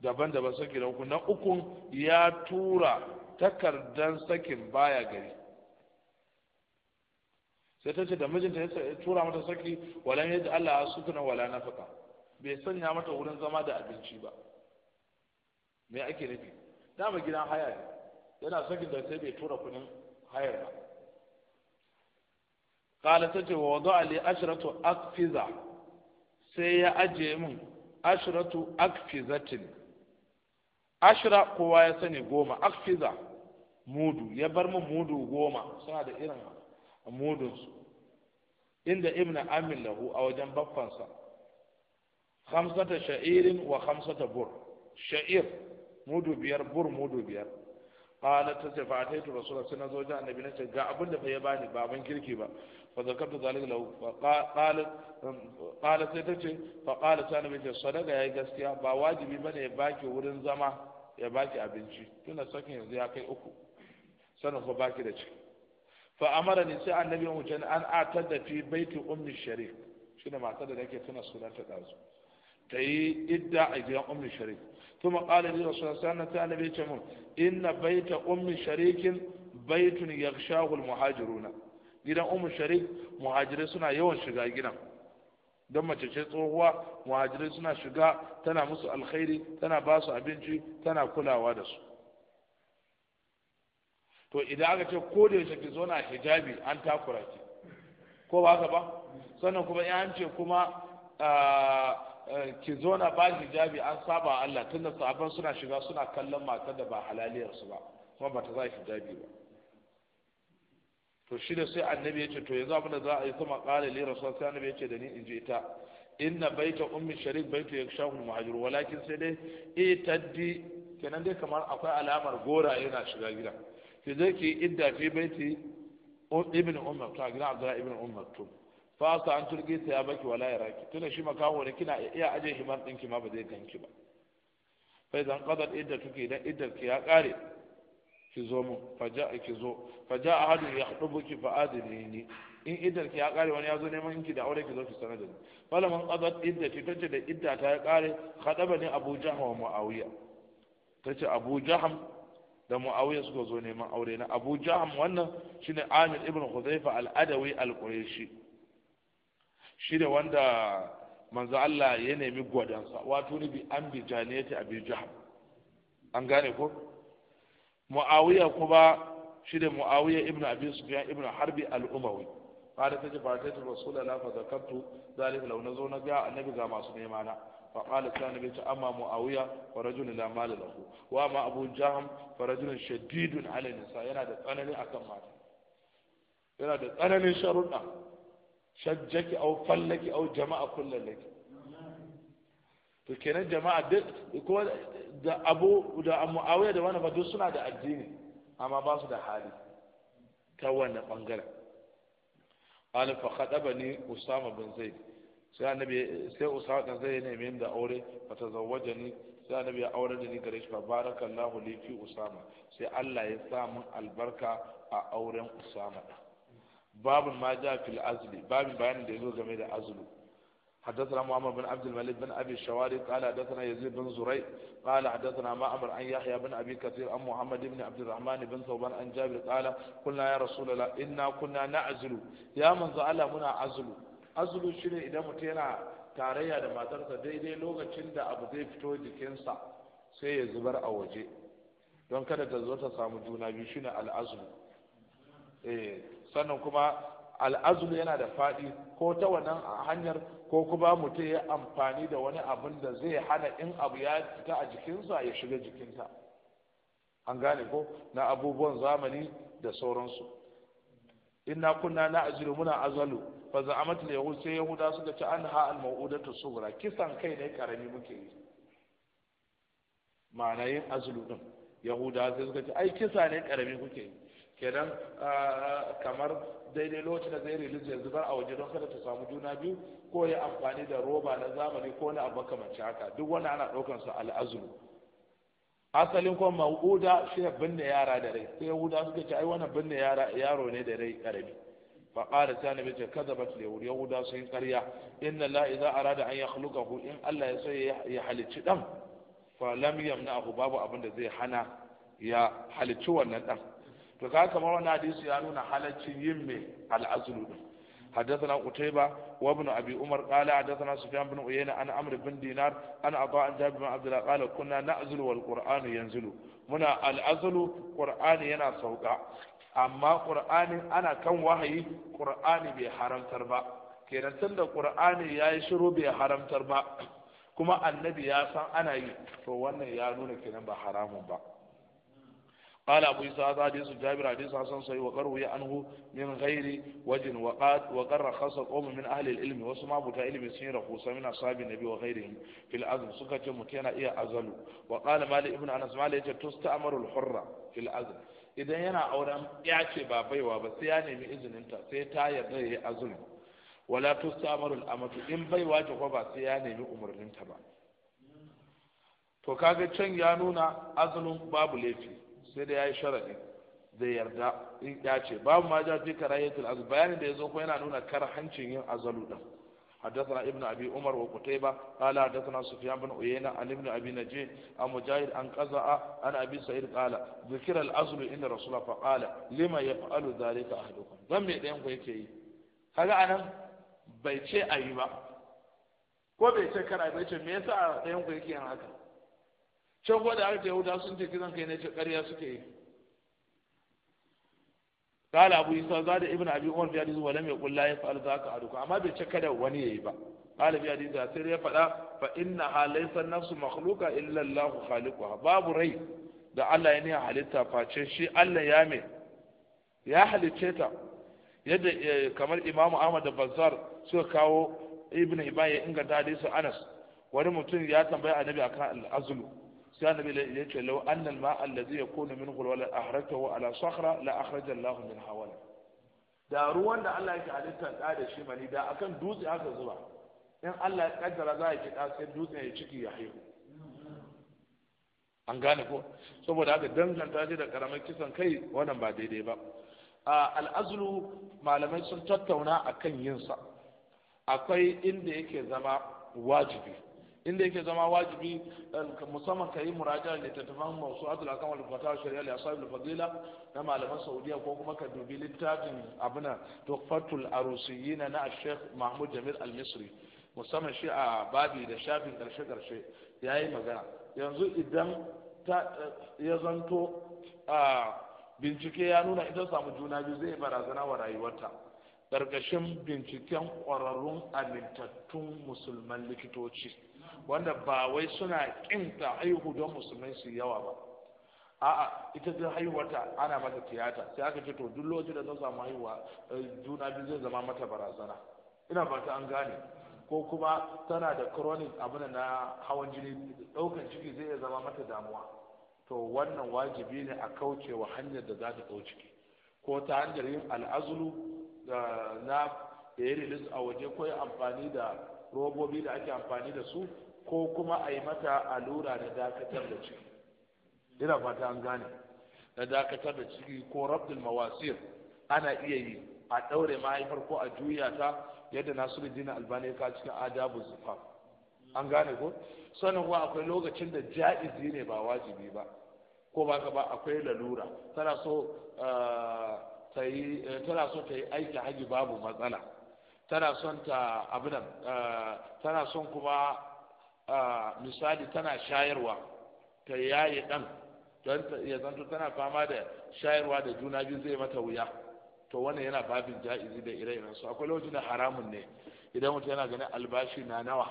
daban-daban saki na uku na ukun ya tura takardan sakin baya gari sai ta ce da mijinta ya tura mata saki walan yadda Allah ya sutura wala nafaka bai sanya mata wurin zama da abinci ba me ake nufi dama gidan haya ne yana sakin da sai bai tura kuɗin hayar ba kala ta ce wa wadu ali ashratu akfiza sai ya aje min ashratu akfizatin ashra kowa ya sani goma akfiza mudu ya bar min mudu goma suna da irin mudunsu inda ibn amin lahu a wajen baffansa hamsata sha'irin wa hamsata bur sha'ir mudu biyar bur mudu biyar qala ta ce fa ataitu rasulullah sai zo da annabi nace ga abin da fa bani bani baban kirki ba fa zakartu zalika lahu qala qala sai ta ce fa qala ta annabi ce sadaka yayi gaskiya ba wajibi bane ya baki wurin zama ya baki abinci tunda sakin yanzu ya kai uku sanin ko baki da ciki fa ni sai annabi ya wuce an atar da fi baiti ummi sharif shine matar da nake tuna sunan ta ta yi idda a gidan ummi sharif kuma qala li rasulullah sallallahu alaihi wasallam ta mun inna baita ummi sharikin baitun yaghshahu muhajiruna. gidan ummi sharif muhajirai suna yawan shiga gidan don mace ce tsohuwa muhajirai suna shiga tana musu alkhairi tana ba su abinci tana kulawa da su to idan aka ce ko da yake zo na hijabi an takura ki ko ba haka ba sannan kuma in an ce kuma ki zo na ba hijabi an saba Allah tunda sahabban suna shiga suna kallon matar da ba halaliyar su ba kuma ba ta za hijabi ba to shi da sai annabi ya ce to yanzu abin da za a yi sama ƙara lera rasul sai annabi ya ce da ni in ji ita inna baita ummi sharik baitu yakshahu muhajiru walakin sai dai itaddi kenan dai kamar akwai alamar gora yana shiga gidan ki zai ki idda fi baiti ibn umar ta gidan abdullahi ibn umar to fa ka turge ta ya baki wala yaraki tunda shi makawo ne kina iya aje himar ɗinki ma ba zai ganki ba fa idan qadar idda tuke idan iddar ya kare ki zo mun a ja'a ki zo fa ja'a hadu yahdubuki fa adilini in iddar ya kare wani ya zo neman ki da aure ki da ni falaman qadat idda tace da idda ta ya kare khadaba ni abu jahwa wa muawiya tace abu jaham da muawiya suka zo neman aure na abu jaham wannan shine amir ibn huzaifa al-adawi al-qurayshi shi da wanda manzo Allah ya nemi gwadansa wato ni bi an bi janiyati abi jaham an gane ko muawiya kuma shi da muawiya ibn abi sufyan ibn harbi al-umawi ta تجب على رسول الله فذكرت ذلك لو نزو نجا النبي masu nema na. ta فقال كان بيت أما معاوية فرجل لا مال له وأما أبو جهم فرجل شديد على النساء yana da tsanani akan mata yana da tsananin sharuɗa shajjaki au fallaki au jama'a kullallaki to kenan jama'a duk ko da abu da muawiya da wani duk suna da addini amma ba su da hali ta wannan bangaren qala fa khadabani usama bin zaid sai annabi sai usaka zai neme da aure fa ni sai annabi ya aure da ni gare shi fa barakallahu li fi usama sai Allah ya sa mun albarka a auren usama babun ma ja fil azli babin bayanin da yazo game da azlu حدثنا محمد بن عبد الملك بن ابي الشواري قال حدثنا يزيد بن زريع قال حدثنا ما امر عن يحيى بن ابي كثير عن محمد بن عبد الرحمن بن ثوبان عن جابر قال قلنا يا رسول الله انا كنا نعزل يا من زعل منا azulu shi ne idan mutum yana tarayya da matarsa daidai lokacin da abu zai fito jikinsa sai ya zubar a waje don kada ta zo ta samu juna biyu shi ne al'azulu eh, sannan kuma al'azulu yana da faɗi ko ta wannan hanyar ko kuma mutum ya amfani da wani abin da zai hana in abu ya fita a jikinsa ya shiga jikinta an gane ko na abubuwan zamani da sauransu inna kunna na azulu muna azalu fa za'amat al yahud sai yahuda suka ce anha al mau'udatu sughra kisan kai ne karami muke yi ma'ana yin azlu din yahuda sai suka ce ai kisa ne karami kuke yi kenan kamar daidai lokacin da zai release ya zubar a waje don kada ta samu juna biyu ko ya amfani da roba na zamani ko na abu makamanci haka duk wani ana ɗaukar su azlu asalin kuma ma'uda shi binne yara da rai sai yahuda suka ce ai wannan binne yara yaro ne da rai karami fa qala ta nabi ta kadabat li yahuda sun karya inna la idza arada an yakhluqahu in Allah ya sai ya halicci dan fa lam yamna'hu babu abin da zai hana ya halicci wannan dan to ka ya nuna halaccin yin mai al'azlu din حدثنا قتيبة وابن أبي عمر قال حدثنا سفيان بن عيينة عن عمرو بن دينار عن عطاء جابر بن عبد الله قال كنا نعزل والقرآن ينزل منا العزل قرآن ينا سوقا amma ƙur'ani ana kan wahayi ƙur'ani bai haramtar ba kenan tun da ƙur'ani ya yi shiru bai haramtar ba kuma annabi ya san ana yi to wannan ya nuna kenan ba haramun ba قال أبو عيسى هذا حديث جابر حديث حسن صحيح وقروي عنه من غير وجه وقاد وقر خاص قوم من أهل العلم وسمع بتاع علم سين رخوصة من أصحاب النبي وغيرهم في العزم سكة مكينة إيه أزلوا وقال مالك ابن أنس مالك تستأمر الحرة في العزم idan yana auren ya ce ba baiwa ba sai ya nemi izininta sai ta yarda ya yi azumi wala tusamaru al'amatu in baiwa ta ba sai ya nemi umarninta ba to kaga can ya nuna azumin babu laifi sai da ya yi sharadi zai yarda in ya ce babu ma ja fi karayatul azumi bayanin da ya zo ko yana nuna kar hancin yin azalu din حدثنا ابن ابي عمر وقتيبه قال حدثنا سفيان بن عيينه عن ابن ابي نجيه عن مجاهد عن قزاء عن ابي سعيد قال ذكر الاصل ان الرسول فقال لما يفعل ذلك احدكم لم يدين كويكي هذا انا بيتشي ايبا ko bai ce kana bai ce me yasa a ɗayan ku yake yin haka can ko da aka yahuda sun ce kisan kai ne ce ƙarya suke yi قال أبو يسوع زاد ابن أبي عمر في حديث ولم يقل لا يفعل ذاك أحدكم أما بشكل وني يبا قال في faɗa أسير يفعل فإنها ليس النفس مخلوقة إلا الله خالقها باب ري da Allah ya ne halitta face shi Allah ya me ya halicce ta yadda kamar Imam Ahmad da Bazzar suka kawo Ibn Hibban ya inganta hadisin Anas wani mutum ya tambaya annabi akan al'azulu. sai annabi ya ce law annal ma'a allazi yakunu min ghulwal ahratahu ala sakhra la akhraja Allah min hawala da ruwan da Allah yake halitta da da shi mani da akan dutse haka zuba in Allah ya kaddara za ya kida sai dutse ya ciki ya haihu an gane ko saboda haka danganta shi da karamar kisan kai wannan ba daidai ba A al'azlu malamai sun tattauna akan yinsa akwai inda yake zama wajibi inda yake zama wajibi eh, musamman ka yi muraja littattafan masu adul akan wani fatawa shari'a li ashabul fadila na malaman saudiya ko kuma ka dubi littafin abuna tuhfatul arusiyina na na Sheikh Mahmud Jamil Al-Misri musamman shi a babi da shafin karshe karshe yi magana yanzu idan ta eh, ya zanto a bincike ya nuna idan samu juna biyu zai barazana wa rayuwarta ƙarƙashin binciken ƙwararrun amintattun musulman likitoci wanda ba wai suna ƙin ta haihu don musulmai su yawa ba a'a ita ta haihuwarta ana mata tiyata sai aka ce to duk lokacin da zan samu haihuwa eh, juna biyu zai zama mata barazana ina ba an gane ko kuma tana da chronic abin na hawan jini daukan ciki zai iya zama mata damuwa to wannan wajibi ne a kauce wa hanyar da za ta ɗau ciki ko ta hanyar yin al'azulu eh, na da ya rilis a waje ko amfani da robobi da ake amfani da su ko kuma a yi mata allura da dakatar da ciki ina fata an gane da dakatar da ciki ko rabdul mawasir ana iya yi a daure mahaifar ko a juya ta yadda nasiruddin albani ya kawo cikin adabu zufa an gane ko sannan kuma akwai lokacin da ja'izi ne ba wajibi ba ko ba ka ba akwai lalura tana so eh, eh, ta yi aiki haji babu matsala tana son ta nan eh, tana son kuma eh, misali tana shayarwa ta yaye ɗan don ya zanto tana fama da shayarwa da juna biyu zai mata wuya to wannan yana babin ja'izi da ire-iren su akwai lokacin da haramun ne idan mutum yana ganin albashi na nawa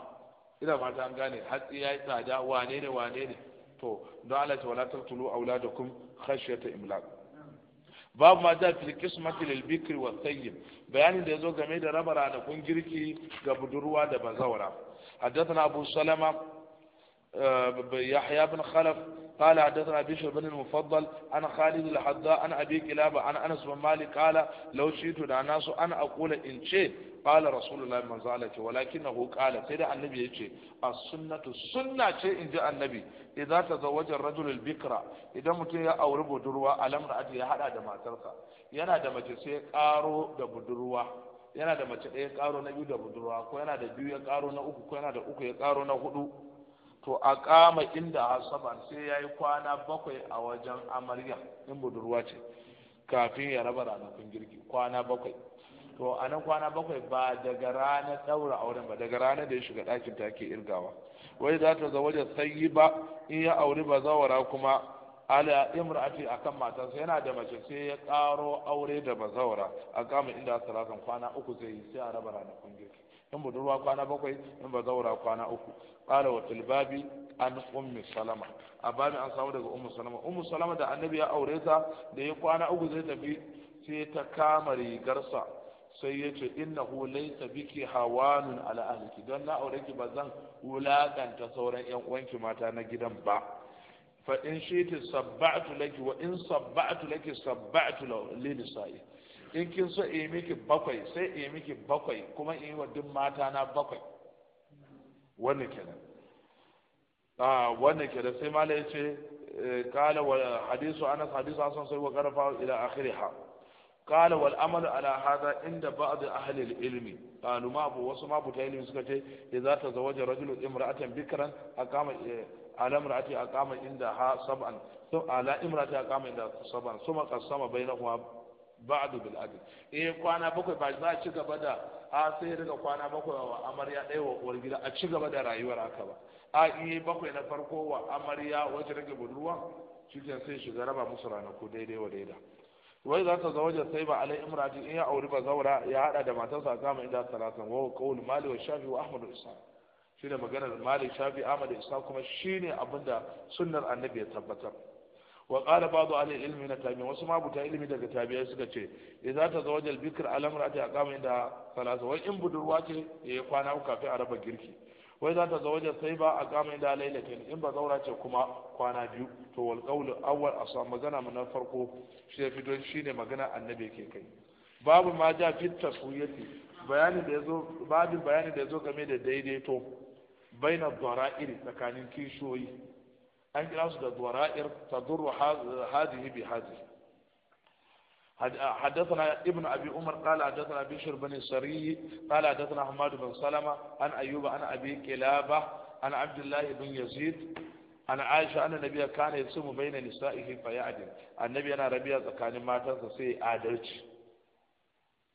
ina fata an gane hatsi ya yi tsada wane ne wane ne to don Allah ta wala taktulu auladakum khashyata imlaq babu ma da fil qismati lil bikr wa tayyib bayanin da ya zo game da raba ranakun girki ga budurwa da bazawara حدثنا abu salama يحيى eh, bin khalaf. قال حدثنا بشر بن المفضل عن خالد الحذاء عن أبي كلابة عن أنس بن مالك قال لو شئت الناس أن أقول إن شئت قال رسول الله من زالت ولكنه قال سيدة النبي يجي السنة السنة شيء إن جاء النبي إذا تزوج الرجل البكرة إذا متي أو ربو دروا على مرأتي يا حدا دما تلقى ينا دما تسي قارو دبو دروا yana da mace ɗaya ƙaro na biyu da budurwa ko yana da biyu ya ƙaro na uku ko yana da uku ya ƙaro na hudu to a kama inda asabar sai ya yi kwana bakwai a wajen amarya in budurwa ce kafin ya raba ranakun girki kwana bakwai to a nan kwana bakwai ba daga ranar daura auren ba daga ranar da ya shiga ɗakin ta ke irgawa wai za ta ga wajen sanyi ba in ya auri ba zawara kuma ala imra'ati akan matarsa yana da mace sai ya karo aure da bazawara a kama inda salasan kwana uku zai yi sai a raba ranakun girki in budurwa kwana bakwai in ba zaura kwana uku qala wa fil an ummi salama a an samu daga ummu salama ummu salama da annabi ya aure ta da ya kwana uku zai tafi sai ta kama rigarsa sai ya ce innahu laysa biki hawanun ala ahliki don na aure ki bazan wulakanta sauran yan uwanki mata na gidan ba fa in shi sabba'tu laki wa in sabba'tu laki sabba'tu lil in kin so in eh yi miki bakwai sai in eh yi miki bakwai kuma in yi wa duk mata na bakwai wannan kenan a ah, wannan kenan sai mala ya ce kala eh, wa hadisu anas hadisu asan sai wa karfa ila akhiriha kala wal amal ala hada inda ba'd ahli al ilmi qalu ma bu wasu ma bu ta ilmi suka ce idza tazawaja rajulun imra'atan bikran aqama imra'ati aqama inda ha sab'an to ala imra'ati aqama inda sab'an suma qasama bainahuma ba'du bil adl eh kwana bakwai ba za a ci gaba da a sai daga kwana bakwai wa amarya ɗaya wa uwar gida a ci gaba da rayuwar haka ba a iya bakwai na farko wa amarya wacce rage budurwa shi sai shiga raba musu ranaku daidai wa daida wai za ta zawajar sai ba alai imrati in ya auri ba zaura ya hada da matarsa kama inda talatin wa qaul mali wa shafi wa ahmadu isa da maganar mali shafi Ahmadu isa kuma shine abinda sunnar annabi ya tabbatar wa qala ba'du ahli ilmi na tabi'in wasu ma buta ilmi daga tabi'ai suka ce idza tazawajal bikr alam ra'ati aqama inda salasa wai in budurwa ce yayi kwana uku kafin a raba girki wai za ta zawajar sai ba a kama inda lailatin in ba zaura ce kuma kwana biyu to wal qawlu awwal asa magana mu na farko shi ya fito shine magana annabi ke kai babu ma ja fi taswiyati bayani da yazo babu bayani da yazo game da daidaito baina dhara'iri tsakanin kishoyi an kira su da dwara'ir tadurru hadihi bi hadihi حدثنا ابن ابي عمر قال حدثنا بشر بن السري قال حدثنا حماد بن سلمه عن ايوب عن ابي كلابه عن عبد الله بن يزيد عن عائشه ان النبي كان يصوم بين نسائه فيعدل النبي انا ربيع زكان ماتنسا سي عدلتي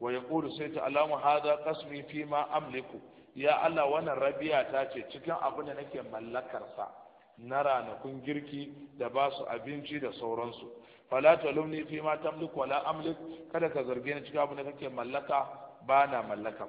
ويقول سيت اللهم هذا قسمي فيما املك يا الله وانا ربيع تاتي cikin abin da nake mallakarsa na ranakun girki da ba su abinci da sauransu fala talumni fi ma tamlik wala amlik kada ka zarge ni cikin abin da kake mallaka ba na mallaka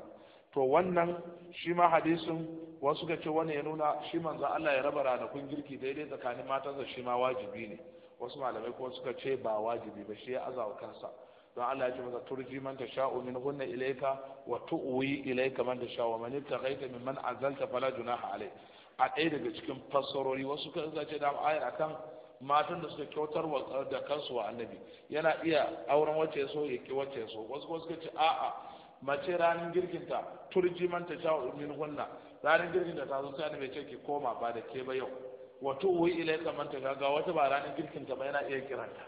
to wannan shi ma hadisin wasu ga ce wani ya nuna shi manzo Allah ya raba ranakun girki daidai tsakanin da shi ma wajibi ne wasu malamai kuma suka ce ba wajibi ba shi ya azawa kansa don Allah ya ce masa turji man ta sha'u min hunna ilayka wa tu'wi ilayka man ta sha'u man ittaqaita mimman azalta fala junaha alayka a ɗaya daga cikin fassarori wasu kan ce da ayar akan matan da suka kyautar da kansu wa annabi yana iya auren wacce ya so ya ke wacce ya so wasu kuma suka ce a'a mace ranar girkinta man ta sha min hunna ranar girkinta ta zo sai annabi ce ki koma ba da ke ba yau wato wai ilai kamar ta ga wata ba ranar girkinta ba yana iya kiranta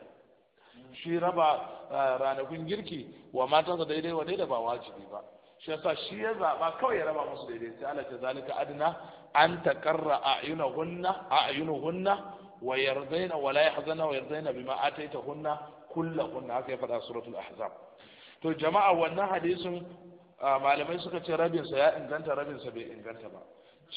shi raba eh, ranakun girki wa matansa daidai wa daidai ba wajibi ba shi yasa shi ya zaba kawai ya raba musu daidai sai Allah ta zalika adna an takarra a a'yunuhunna hunna wa yardaina wa la yahzana wa yardaina bima ataitahunna kullahunna haka ya faɗa suratul ahzab to jama'a wannan hadisin malamai suka ce rabinsa ya inganta rabinsa bai inganta ba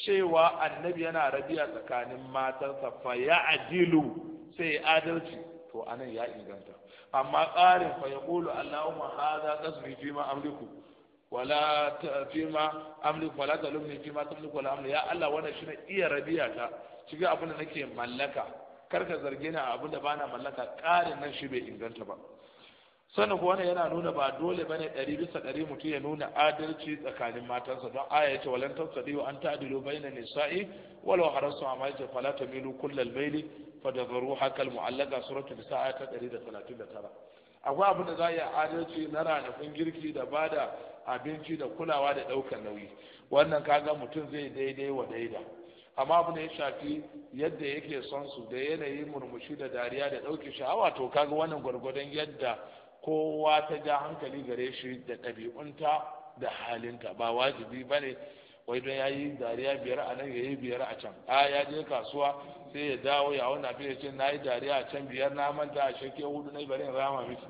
cewa annabi yana rabiya tsakanin matarsa fa ya adilu sai adalci to anan ya inganta amma ƙarin fa ya ƙulu allahumma hadha qasmi fi ma amliku wala fima amlik wala talumni fima tamlik wala amlik ya Allah wannan shine iya rabiya ta shiga abin da nake mallaka kar ka zarge ni abin da bana mallaka ƙarin nan shi bai inganta ba sannan kuwa wannan yana nuna ba dole bane ɗari bisa ɗari mutum ya nuna adalci tsakanin matansa don aya ce walan tasadi wa an ta'dilu baina nisa'i walau harasu amma yace fala tamilu kullal maili fadharu hakal mu'allaka suratul nisa ayat 139 akwai abin da za a yi adalci na ranakun girki da ba da abinci da kulawa da ɗaukar nauyi wannan kaga mutum zai daidai wa daida amma abin da ya shafi yadda yake son su da yanayi murmushi da dariya da ɗauki sha'awa to kaga wannan gwargwadon yadda kowa ta ja hankali gare shi da ɗabi'unta da halinta ba wajibi ba ne wai don ya yi dariya biyar a nan ya yi biyar a can a ya je kasuwa sai ya dawo ya wani abin ya ce na yi dariya a can biyar na manta a shekke hudu na bari rama miki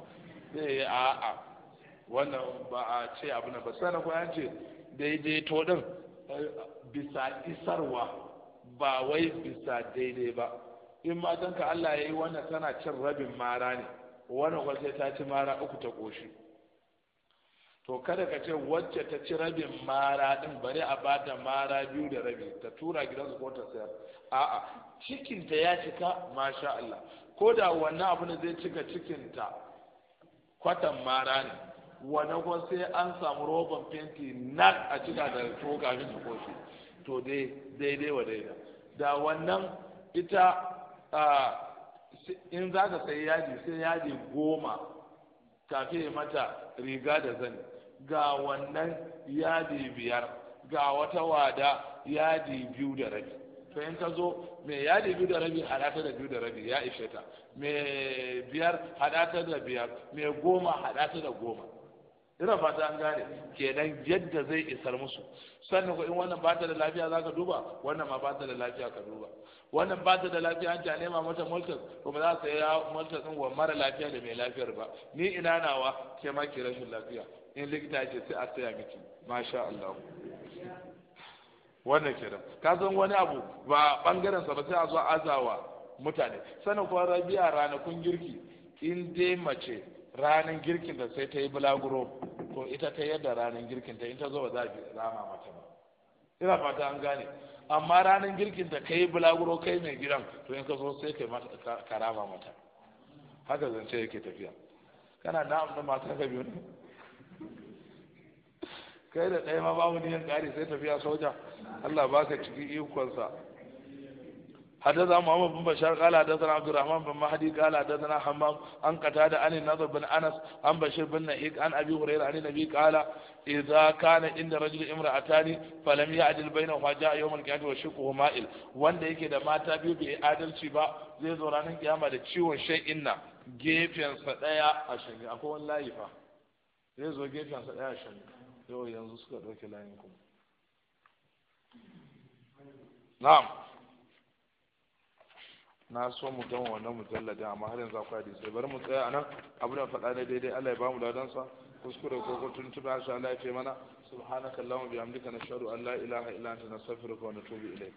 sai ya yi a'a wannan ba a ce abu na ba sai na an ce daidaito din bisa isarwa ba wai bisa daidai ba in ma ka Allah ya yi wannan tana cin rabin mara ne wannan kwa ta ci mara uku ta ƙoshi to kada ka ce wacce ta ci rabin mara din bari a bata mara biyu da rabi ta tura gidansu ko ta sayar a'a cikinta ya cika masha Allah ko da wannan abu ne zai cika cikinta kwatan mara ne wani ko sai an samu roban fenti na a cika da to kafin ta koshi to dai daidai wa daida da wannan ita in za ka sai yadi sai yadi goma kafin mata riga da zani ga wannan yadi biyar ga wata wada yadi biyu da rabi to in ka zo mai yadi biyu da rabi haɗata da biyu da rabi ya ishe ta mai biyar haɗata da biyar mai goma haɗata da goma ina fata an gane kenan yadda zai isar musu sannan ko in wannan ba ta da lafiya za ka duba wannan ma ba ta da lafiya ka duba wannan ba ta da lafiya an ta nema mata mulkin kuma za ta yi mulkin wa mara lafiya da mai lafiyar ba ni ina nawa ke ma ki rashin lafiya in likita ce sai a saya miki masha Allah wannan kenan ka san wani abu ba bangaren sa ba sai a zo azawa mutane sanin kuma rabi'a ranakun girki in dai mace ranan girkin da sai ta yi bulaguro ko ita ta yadda ranan girkin ta in ta zo ba za a rama mata ba ina fata an gane amma ranan girkin ta kai bulaguro kai mai gidan to in ka zo sai ka rama mata haka zance yake tafiya kana da amma mata ka biyu ne kai da ɗaya ma babu niyan ƙari sai tafiya soja Allah ba ka ciki ikonsa حدثنا محمد بن بشار قال حدثنا عبد الرحمن بن مهدي قال حدثنا حمام عن قتادة عن النضر بن أنس عن بشير بن نهيك عن أبي هريرة عن النبي قال إذا كان عند رجل امرأتان فلم يعدل بينهما جاء يوم القيامة وشقه مائل wanda yake da mata biyu bai adalci ba zai zo ranar kiyama da ciwon shay'in na gefen sa daya a shari'a akwai sai zo gefen ɗaya daya shan yau yanzu suka ɗauki layin kuma na'am na so mu gama wannan mujalladin amma har yanzu akwai hadisi bari mu tsaya anan abu da faɗa ne daidai Allah ya bamu ladan sa kuskure ko ko tuntuba sha Allah ya ce mana subhanaka allahumma bihamdika nashhadu an la ilaha illa anta nastaghfiruka wa natubu ilayk